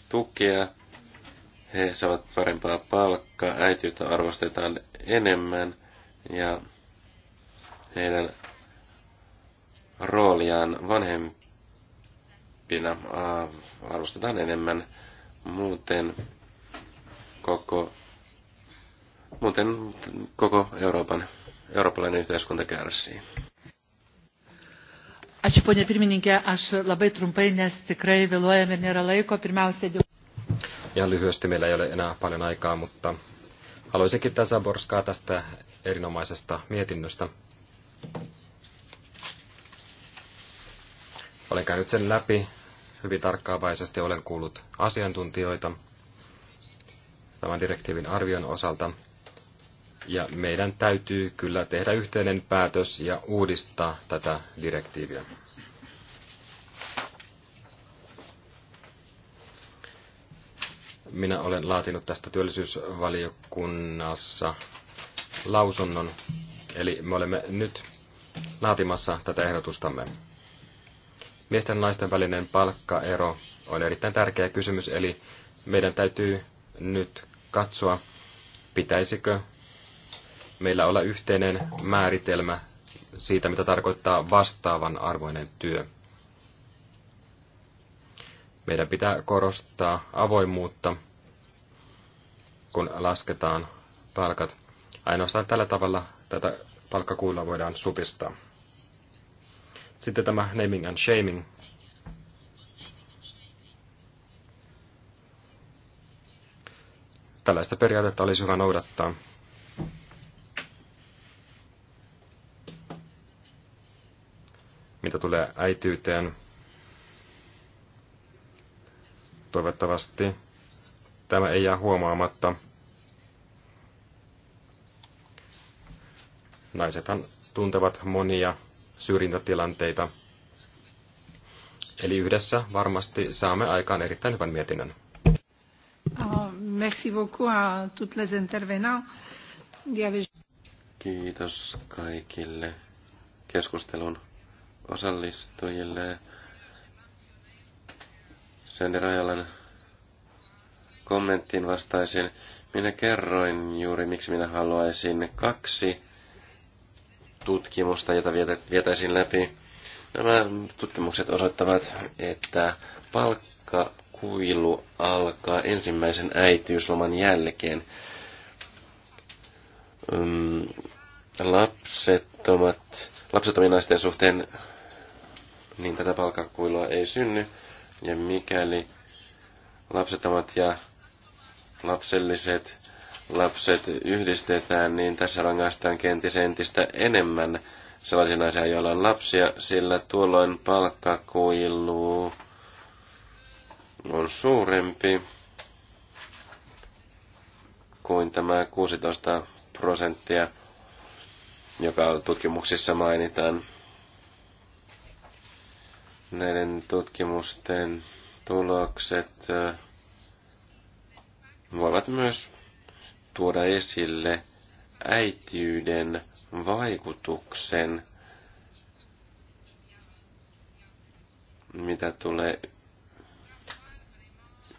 tukea, he saavat parempaa palkkaa, äitiyttä arvostetaan enemmän ja heidän rooliaan vanhempina arvostetaan enemmän. Muuten koko, muuten koko Euroopan, eurooppalainen yhteiskunta kärsii. Ačiū, Aš labai trumpai, nes tikrai vėluojame, nėra laiko. Pirmiausia, dėl... Ihan lyhyesti meillä ei ole enää paljon aikaa, mutta haluaisin kiittää Zaborskaa tästä erinomaisesta mietinnöstä. Olen käynyt sen läpi hyvin tarkkaavaisesti, olen kuullut asiantuntijoita tämän direktiivin arvion osalta ja meidän täytyy kyllä tehdä yhteinen päätös ja uudistaa tätä direktiiviä. Minä olen laatinut tästä työllisyysvaliokunnassa lausunnon, eli me olemme nyt laatimassa tätä ehdotustamme. Miesten ja naisten välinen palkkaero on erittäin tärkeä kysymys, eli meidän täytyy nyt katsoa, pitäisikö meillä olla yhteinen määritelmä siitä, mitä tarkoittaa vastaavan arvoinen työ. Meidän pitää korostaa avoimuutta, kun lasketaan palkat. Ainoastaan tällä tavalla tätä palkkakuilla voidaan supistaa. Sitten tämä naming and shaming. Tällaista periaatetta olisi hyvä noudattaa. mitä tulee äityyteen. Toivottavasti tämä ei jää huomaamatta. Naisethan tuntevat monia syrjintätilanteita. Eli yhdessä varmasti saamme aikaan erittäin hyvän mietinnön. Merci beaucoup à toutes les intervenants. Kiitos kaikille keskustelun osallistujille. Sandy Rajalan kommenttiin vastaisin. Minä kerroin juuri, miksi minä haluaisin kaksi tutkimusta, jota vietäisin läpi. Nämä tutkimukset osoittavat, että palkkakuilu alkaa ensimmäisen äitiysloman jälkeen. Mm, lapsettomat, lapsettomien naisten suhteen niin tätä palkakuilua ei synny. Ja mikäli lapsettomat ja lapselliset lapset yhdistetään, niin tässä rangaistaan kenties entistä enemmän sellaisia naisia, joilla on lapsia, sillä tuolloin palkkakuilu on suurempi kuin tämä 16 prosenttia, joka tutkimuksissa mainitaan näiden tutkimusten tulokset äh, voivat myös tuoda esille äitiyden vaikutuksen, mitä tulee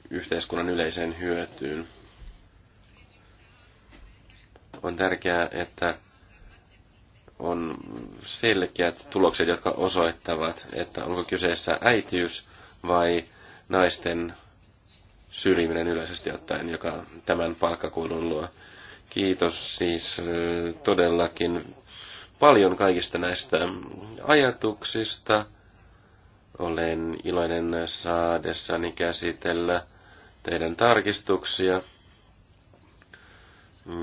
yhteiskunnan yleiseen hyötyyn. On tärkeää, että on selkeät tulokset, jotka osoittavat, että onko kyseessä äitiys vai naisten syrjiminen yleisesti ottaen, joka tämän palkkakuilun luo. Kiitos siis todellakin paljon kaikista näistä ajatuksista. Olen iloinen saadessani käsitellä teidän tarkistuksia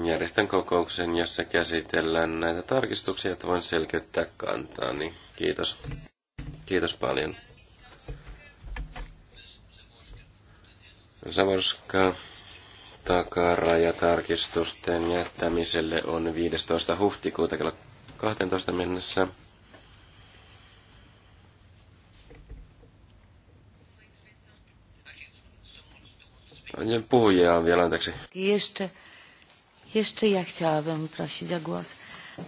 järjestän kokouksen, jossa käsitellään näitä tarkistuksia, että voin selkeyttää kantaa, niin kiitos. Kiitos paljon. Savorska takarajatarkistusten jättämiselle on 15. huhtikuuta kello 12 mennessä. Puhujia on vielä, anteeksi. Kiitos. Jeszcze ja chciałabym prosić o głos.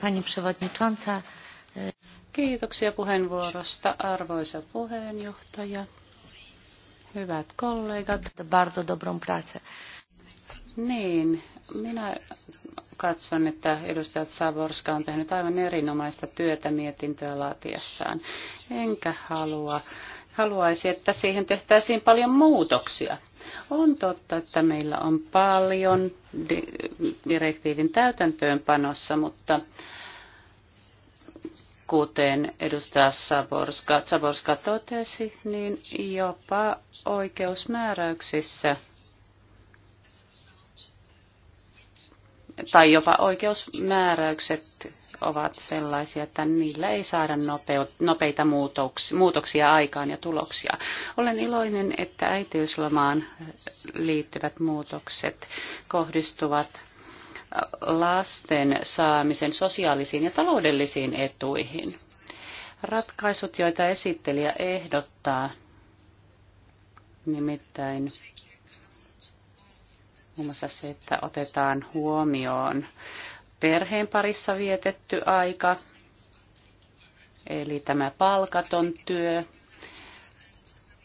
Pani przewodnicząca. E, Kiitoksia puheenvuorosta, arvoisa puheenjohtaja. Hyvät kollegat. Bardzo dobrą pracę. Niin, minä katson, että edustaja Saborska on tehnyt aivan erinomaista työtä mietintöä laatiessaan. Enkä halua äh, haluaisi, että siihen tehtäisiin paljon muutoksia. On totta, että meillä on paljon direktiivin täytäntöönpanossa, mutta kuten edustaja Saborska, Saborska totesi, niin jopa oikeusmääräyksissä tai jopa oikeusmääräykset ovat sellaisia, että niillä ei saada nopeita muutoksia aikaan ja tuloksia. Olen iloinen, että äitiyslomaan liittyvät muutokset kohdistuvat lasten saamisen sosiaalisiin ja taloudellisiin etuihin. Ratkaisut, joita esittelijä ehdottaa, nimittäin muun muassa se, että otetaan huomioon perheen parissa vietetty aika, eli tämä palkaton työ,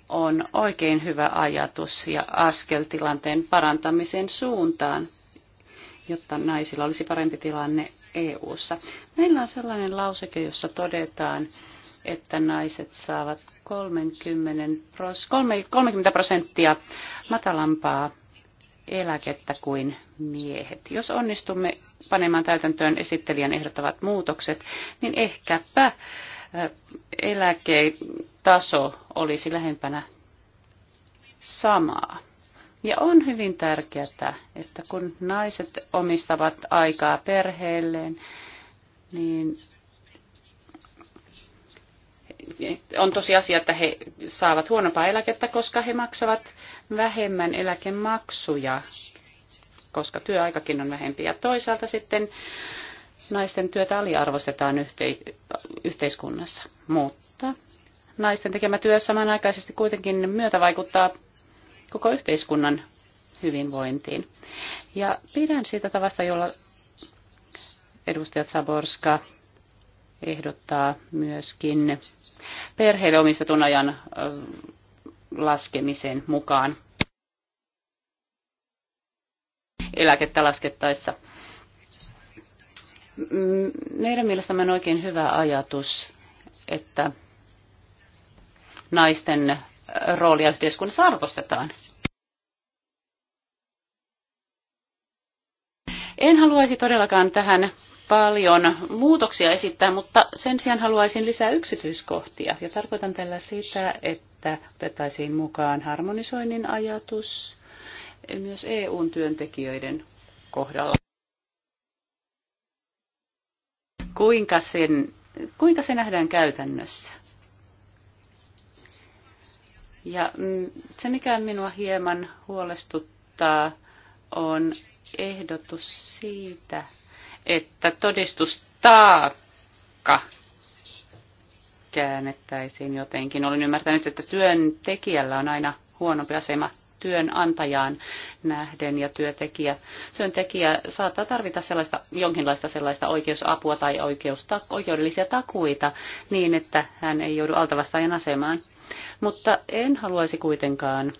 on oikein hyvä ajatus ja askel tilanteen parantamisen suuntaan, jotta naisilla olisi parempi tilanne EU:ssa. Meillä on sellainen lauseke, jossa todetaan, että naiset saavat 30 prosenttia matalampaa eläkettä kuin miehet. Jos onnistumme panemaan täytäntöön esittelijän ehdottavat muutokset, niin ehkäpä eh, eläketaso olisi lähempänä samaa. Ja on hyvin tärkeää, että kun naiset omistavat aikaa perheelleen, niin on tosi asia, että he saavat huonompaa eläkettä, koska he maksavat vähemmän eläkemaksuja, koska työaikakin on vähempi. Ja toisaalta sitten naisten työtä aliarvostetaan yhte- yhteiskunnassa. Mutta naisten tekemä työ samanaikaisesti kuitenkin myötä vaikuttaa koko yhteiskunnan hyvinvointiin. Ja pidän siitä tavasta, jolla edustajat Saborska ehdottaa myöskin perheille omistetun ajan laskemisen mukaan eläkettä laskettaessa. Meidän mielestämme on oikein hyvä ajatus, että naisten roolia yhteiskunnassa arvostetaan. En haluaisi todellakaan tähän paljon muutoksia esittää, mutta sen sijaan haluaisin lisää yksityiskohtia. Ja tarkoitan tällä sitä, että otettaisiin mukaan harmonisoinnin ajatus myös eu työntekijöiden kohdalla. Kuinka, sen, kuinka se nähdään käytännössä? Ja mm, se, mikä minua hieman huolestuttaa, on ehdotus siitä, että todistustaakka käännettäisiin jotenkin. Olen ymmärtänyt, että työntekijällä on aina huonompi asema työnantajaan nähden ja työntekijä. Työntekijä saattaa tarvita sellaista, jonkinlaista sellaista oikeusapua tai oikeusta, oikeudellisia takuita niin, että hän ei joudu altavastaajan asemaan. Mutta en haluaisi kuitenkaan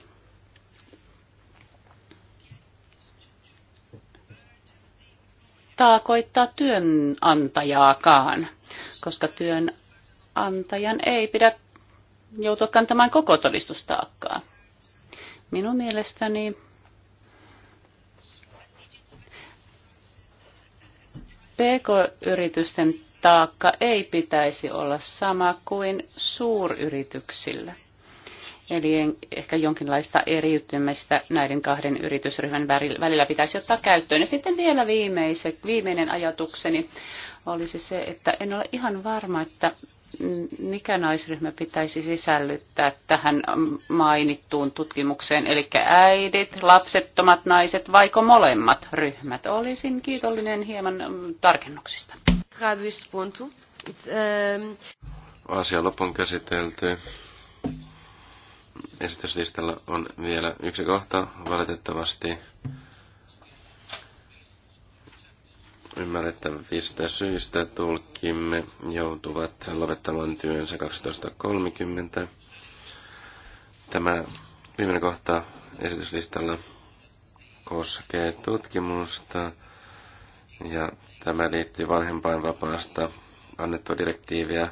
taakoittaa työnantajaakaan, koska työnantajan ei pidä joutua kantamaan koko todistustaakkaa. Minun mielestäni PK-yritysten taakka ei pitäisi olla sama kuin suuryrityksillä. Eli ehkä jonkinlaista eriytymistä näiden kahden yritysryhmän välillä pitäisi ottaa käyttöön. Ja sitten vielä viimeise, viimeinen ajatukseni olisi se, että en ole ihan varma, että mikä naisryhmä pitäisi sisällyttää tähän mainittuun tutkimukseen, eli äidit, lapsettomat naiset, vaiko molemmat ryhmät? Olisin kiitollinen hieman tarkennuksista. Um, Asia lopun käsitelty esityslistalla on vielä yksi kohta. Valitettavasti ymmärrettävistä syistä tulkimme joutuvat lopettamaan työnsä 12.30. Tämä viimeinen kohta esityslistalla koskee tutkimusta ja tämä liittyy vanhempainvapaasta annettua direktiiviä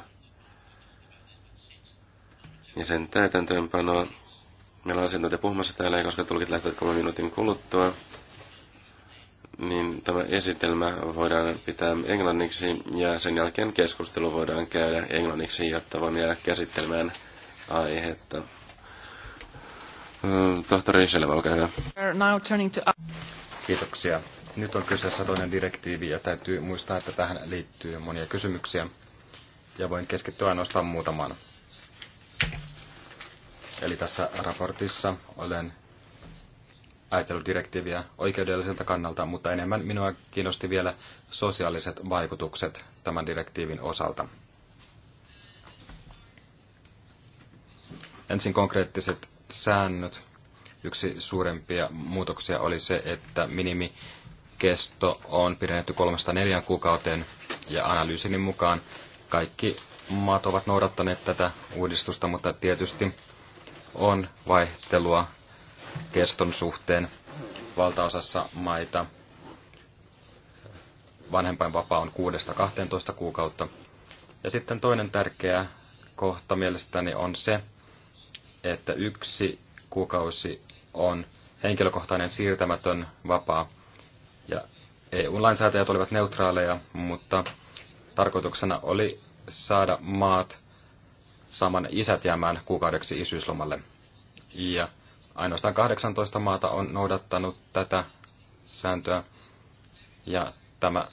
ja sen täytäntöönpanoa Meillä on asiantuntija puhumassa täällä, ja koska tulkit lähtevät kolme minuutin kuluttua, niin tämä esitelmä voidaan pitää englanniksi ja sen jälkeen keskustelu voidaan käydä englanniksi, jotta voi jäädä käsittelemään aihetta. Tohtori Selva, olkaa hyvä. Kiitoksia. Nyt on kyseessä toinen direktiivi ja täytyy muistaa, että tähän liittyy monia kysymyksiä ja voin keskittyä ainoastaan muutamaan. Eli tässä raportissa olen ajatellut direktiiviä oikeudelliselta kannalta, mutta enemmän minua kiinnosti vielä sosiaaliset vaikutukset tämän direktiivin osalta. Ensin konkreettiset säännöt. Yksi suurempia muutoksia oli se, että minimikesto on pidennetty 304 kuukauteen ja analyysini mukaan kaikki maat ovat noudattaneet tätä uudistusta, mutta tietysti on vaihtelua keston suhteen valtaosassa maita. Vanhempainvapaa on 6-12 kuukautta. Ja sitten toinen tärkeä kohta mielestäni on se, että yksi kuukausi on henkilökohtainen siirtämätön vapaa. Ja EU-lainsäätäjät olivat neutraaleja, mutta tarkoituksena oli saada maat saman isät jäämään kuukaudeksi isyyslomalle. Ja ainoastaan 18 maata on noudattanut tätä sääntöä. Ja tämä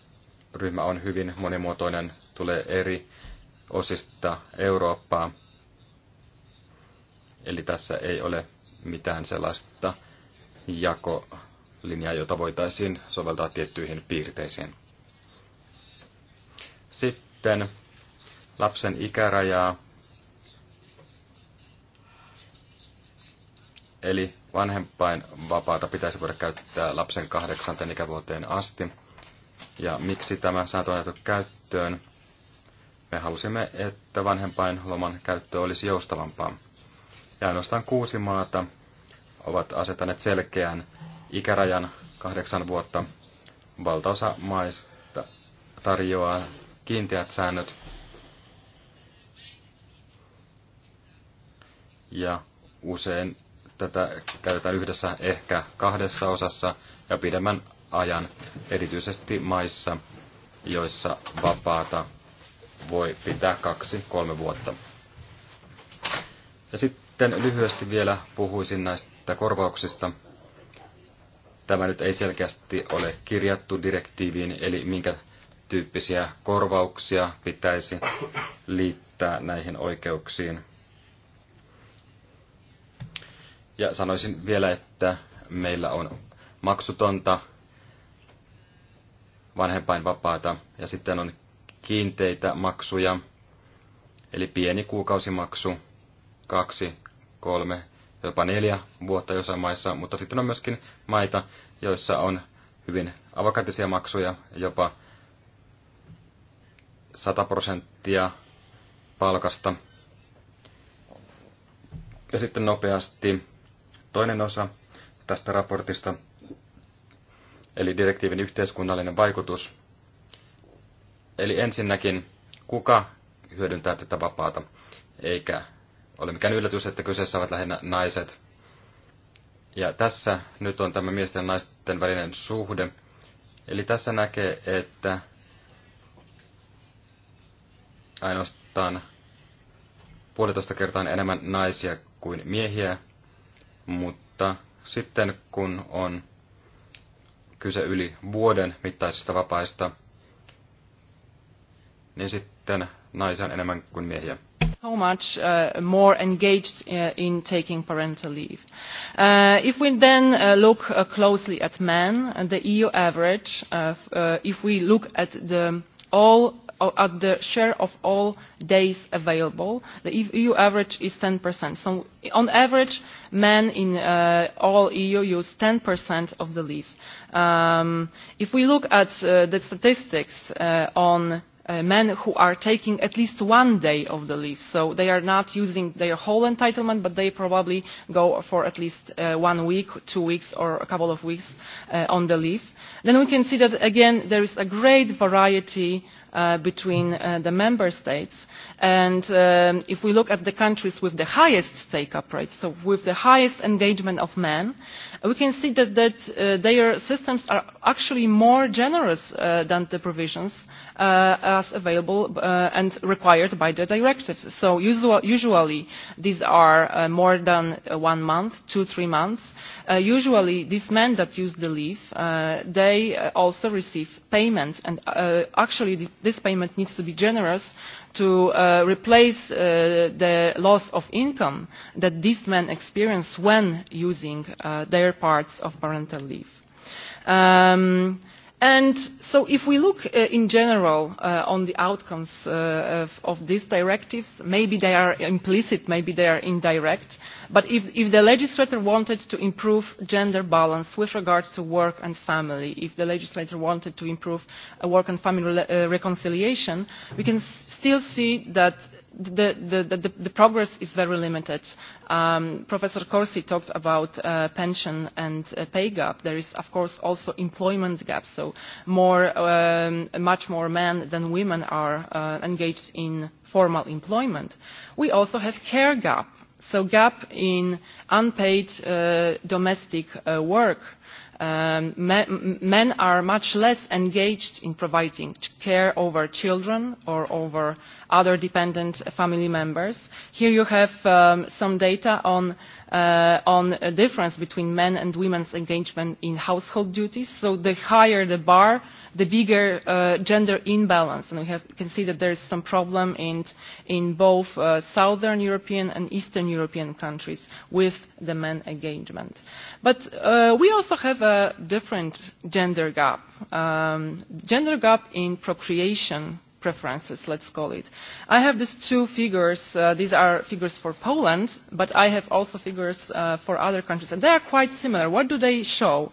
ryhmä on hyvin monimuotoinen, tulee eri osista Eurooppaa. Eli tässä ei ole mitään sellaista jakolinjaa, jota voitaisiin soveltaa tiettyihin piirteisiin. Sitten lapsen ikärajaa Eli vanhempain vapaata pitäisi voida käyttää lapsen kahdeksanteen ikävuoteen asti. Ja miksi tämä saatu ajatu käyttöön? Me halusimme, että vanhempainloman käyttö olisi joustavampaa. Ja ainoastaan kuusi maata ovat asettaneet selkeän ikärajan kahdeksan vuotta. Valtaosa maista tarjoaa kiinteät säännöt. Ja usein tätä käytetään yhdessä ehkä kahdessa osassa ja pidemmän ajan, erityisesti maissa, joissa vapaata voi pitää kaksi-kolme vuotta. Ja sitten lyhyesti vielä puhuisin näistä korvauksista. Tämä nyt ei selkeästi ole kirjattu direktiiviin, eli minkä tyyppisiä korvauksia pitäisi liittää näihin oikeuksiin Ja sanoisin vielä, että meillä on maksutonta vanhempainvapaata ja sitten on kiinteitä maksuja, eli pieni kuukausimaksu, kaksi, kolme, jopa neljä vuotta jossain maissa, mutta sitten on myöskin maita, joissa on hyvin avokatisia maksuja, jopa 100 prosenttia palkasta. Ja sitten nopeasti toinen osa tästä raportista, eli direktiivin yhteiskunnallinen vaikutus. Eli ensinnäkin, kuka hyödyntää tätä vapaata, eikä ole mikään yllätys, että kyseessä ovat lähinnä naiset. Ja tässä nyt on tämä miesten ja naisten välinen suhde. Eli tässä näkee, että ainoastaan puolitoista kertaa enemmän naisia kuin miehiä mutta sitten kun on kyse yli vuoden mittaisista vapaista, niin sitten naisia on enemmän kuin miehiä. How much uh, more engaged uh, in taking parental leave. Uh, if we then uh, look uh, closely at men, and the EU average, uh, uh, if we look at the all at the share of all days available. The EU e average is 10%. So on average, men in uh, all EU use 10% of the leave. Um, if we look at uh, the statistics uh, on uh, men who are taking at least one day of the leave. So they are not using their whole entitlement, but they probably go for at least uh, one week, two weeks, or a couple of weeks uh, on the leave. Then we can see that, again, there is a great variety uh, uh, between uh, the member states. And um, if we look at the countries with the highest take-up rates, so with the highest engagement of men, we can see that, that uh, their systems are actually more generous uh, than the provisions uh, as available uh, and required by the directive. So usual, usually these are uh, more than uh, one month, two, three months. Uh, usually these men that use the leave, uh, they uh, also receive payment and uh, actually this payment needs to be generous to uh, replace uh, the loss of income that these men experience when using uh, their parts of parental leave. Um, And so if we look uh, in general uh, on the outcomes uh, of, of these directives, maybe they are implicit, maybe they are indirect, but if, if the legislator wanted to improve gender balance with regard to work and family, if the legislator wanted to improve uh, work and family re uh, reconciliation, we can s still see that the, the, the, the progress is very limited. Um, Professor Corsi talked about uh, pension and uh, pay gap. There is, of course, also employment gap. So more, um, much more men than women are uh, engaged in formal employment. We also have care gap. So gap in unpaid uh, domestic uh, work. Um, men, men are much less engaged in providing care over children or over other dependent family members. Here you have um, some data on, uh, on a difference between men and women's engagement in household duties. So the higher the bar, the bigger uh, gender imbalance. And we have, can see that there is some problem in, in both uh, southern European and eastern European countries with the men engagement. But uh, we also have a different gender gap. Um, gender gap in procreation preferences, let's call it. I have these two figures. Uh, these are figures for Poland, but I have also figures uh, for other countries, and they are quite similar. What do they show?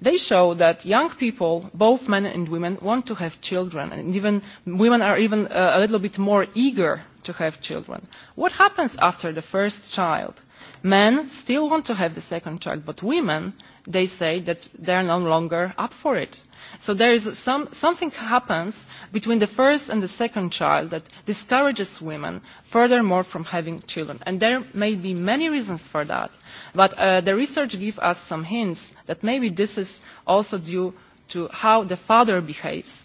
They show that young people, both men and women, want to have children, and even women are even uh, a little bit more eager to have children. What happens after the first child? men still want to have the second child but women they say that they are no longer up for it so there is some, something happens between the first and the second child that discourages women furthermore from having children and there may be many reasons for that but uh, the research gives us some hints that maybe this is also due to how the father behaves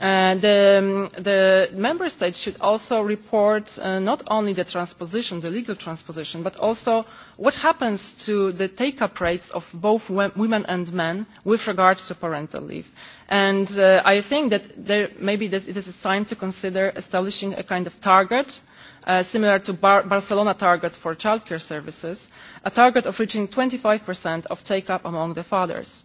Uh, the, the member states should also report uh, not only the transposition the legal transposition but also what happens to the take up rates of both women and men with regard to parental leave and uh, i think that there, maybe this, it is a time to consider establishing a kind of target Uh, similar to Bar Barcelona target for childcare services, a target of reaching 25% of take-up among the fathers.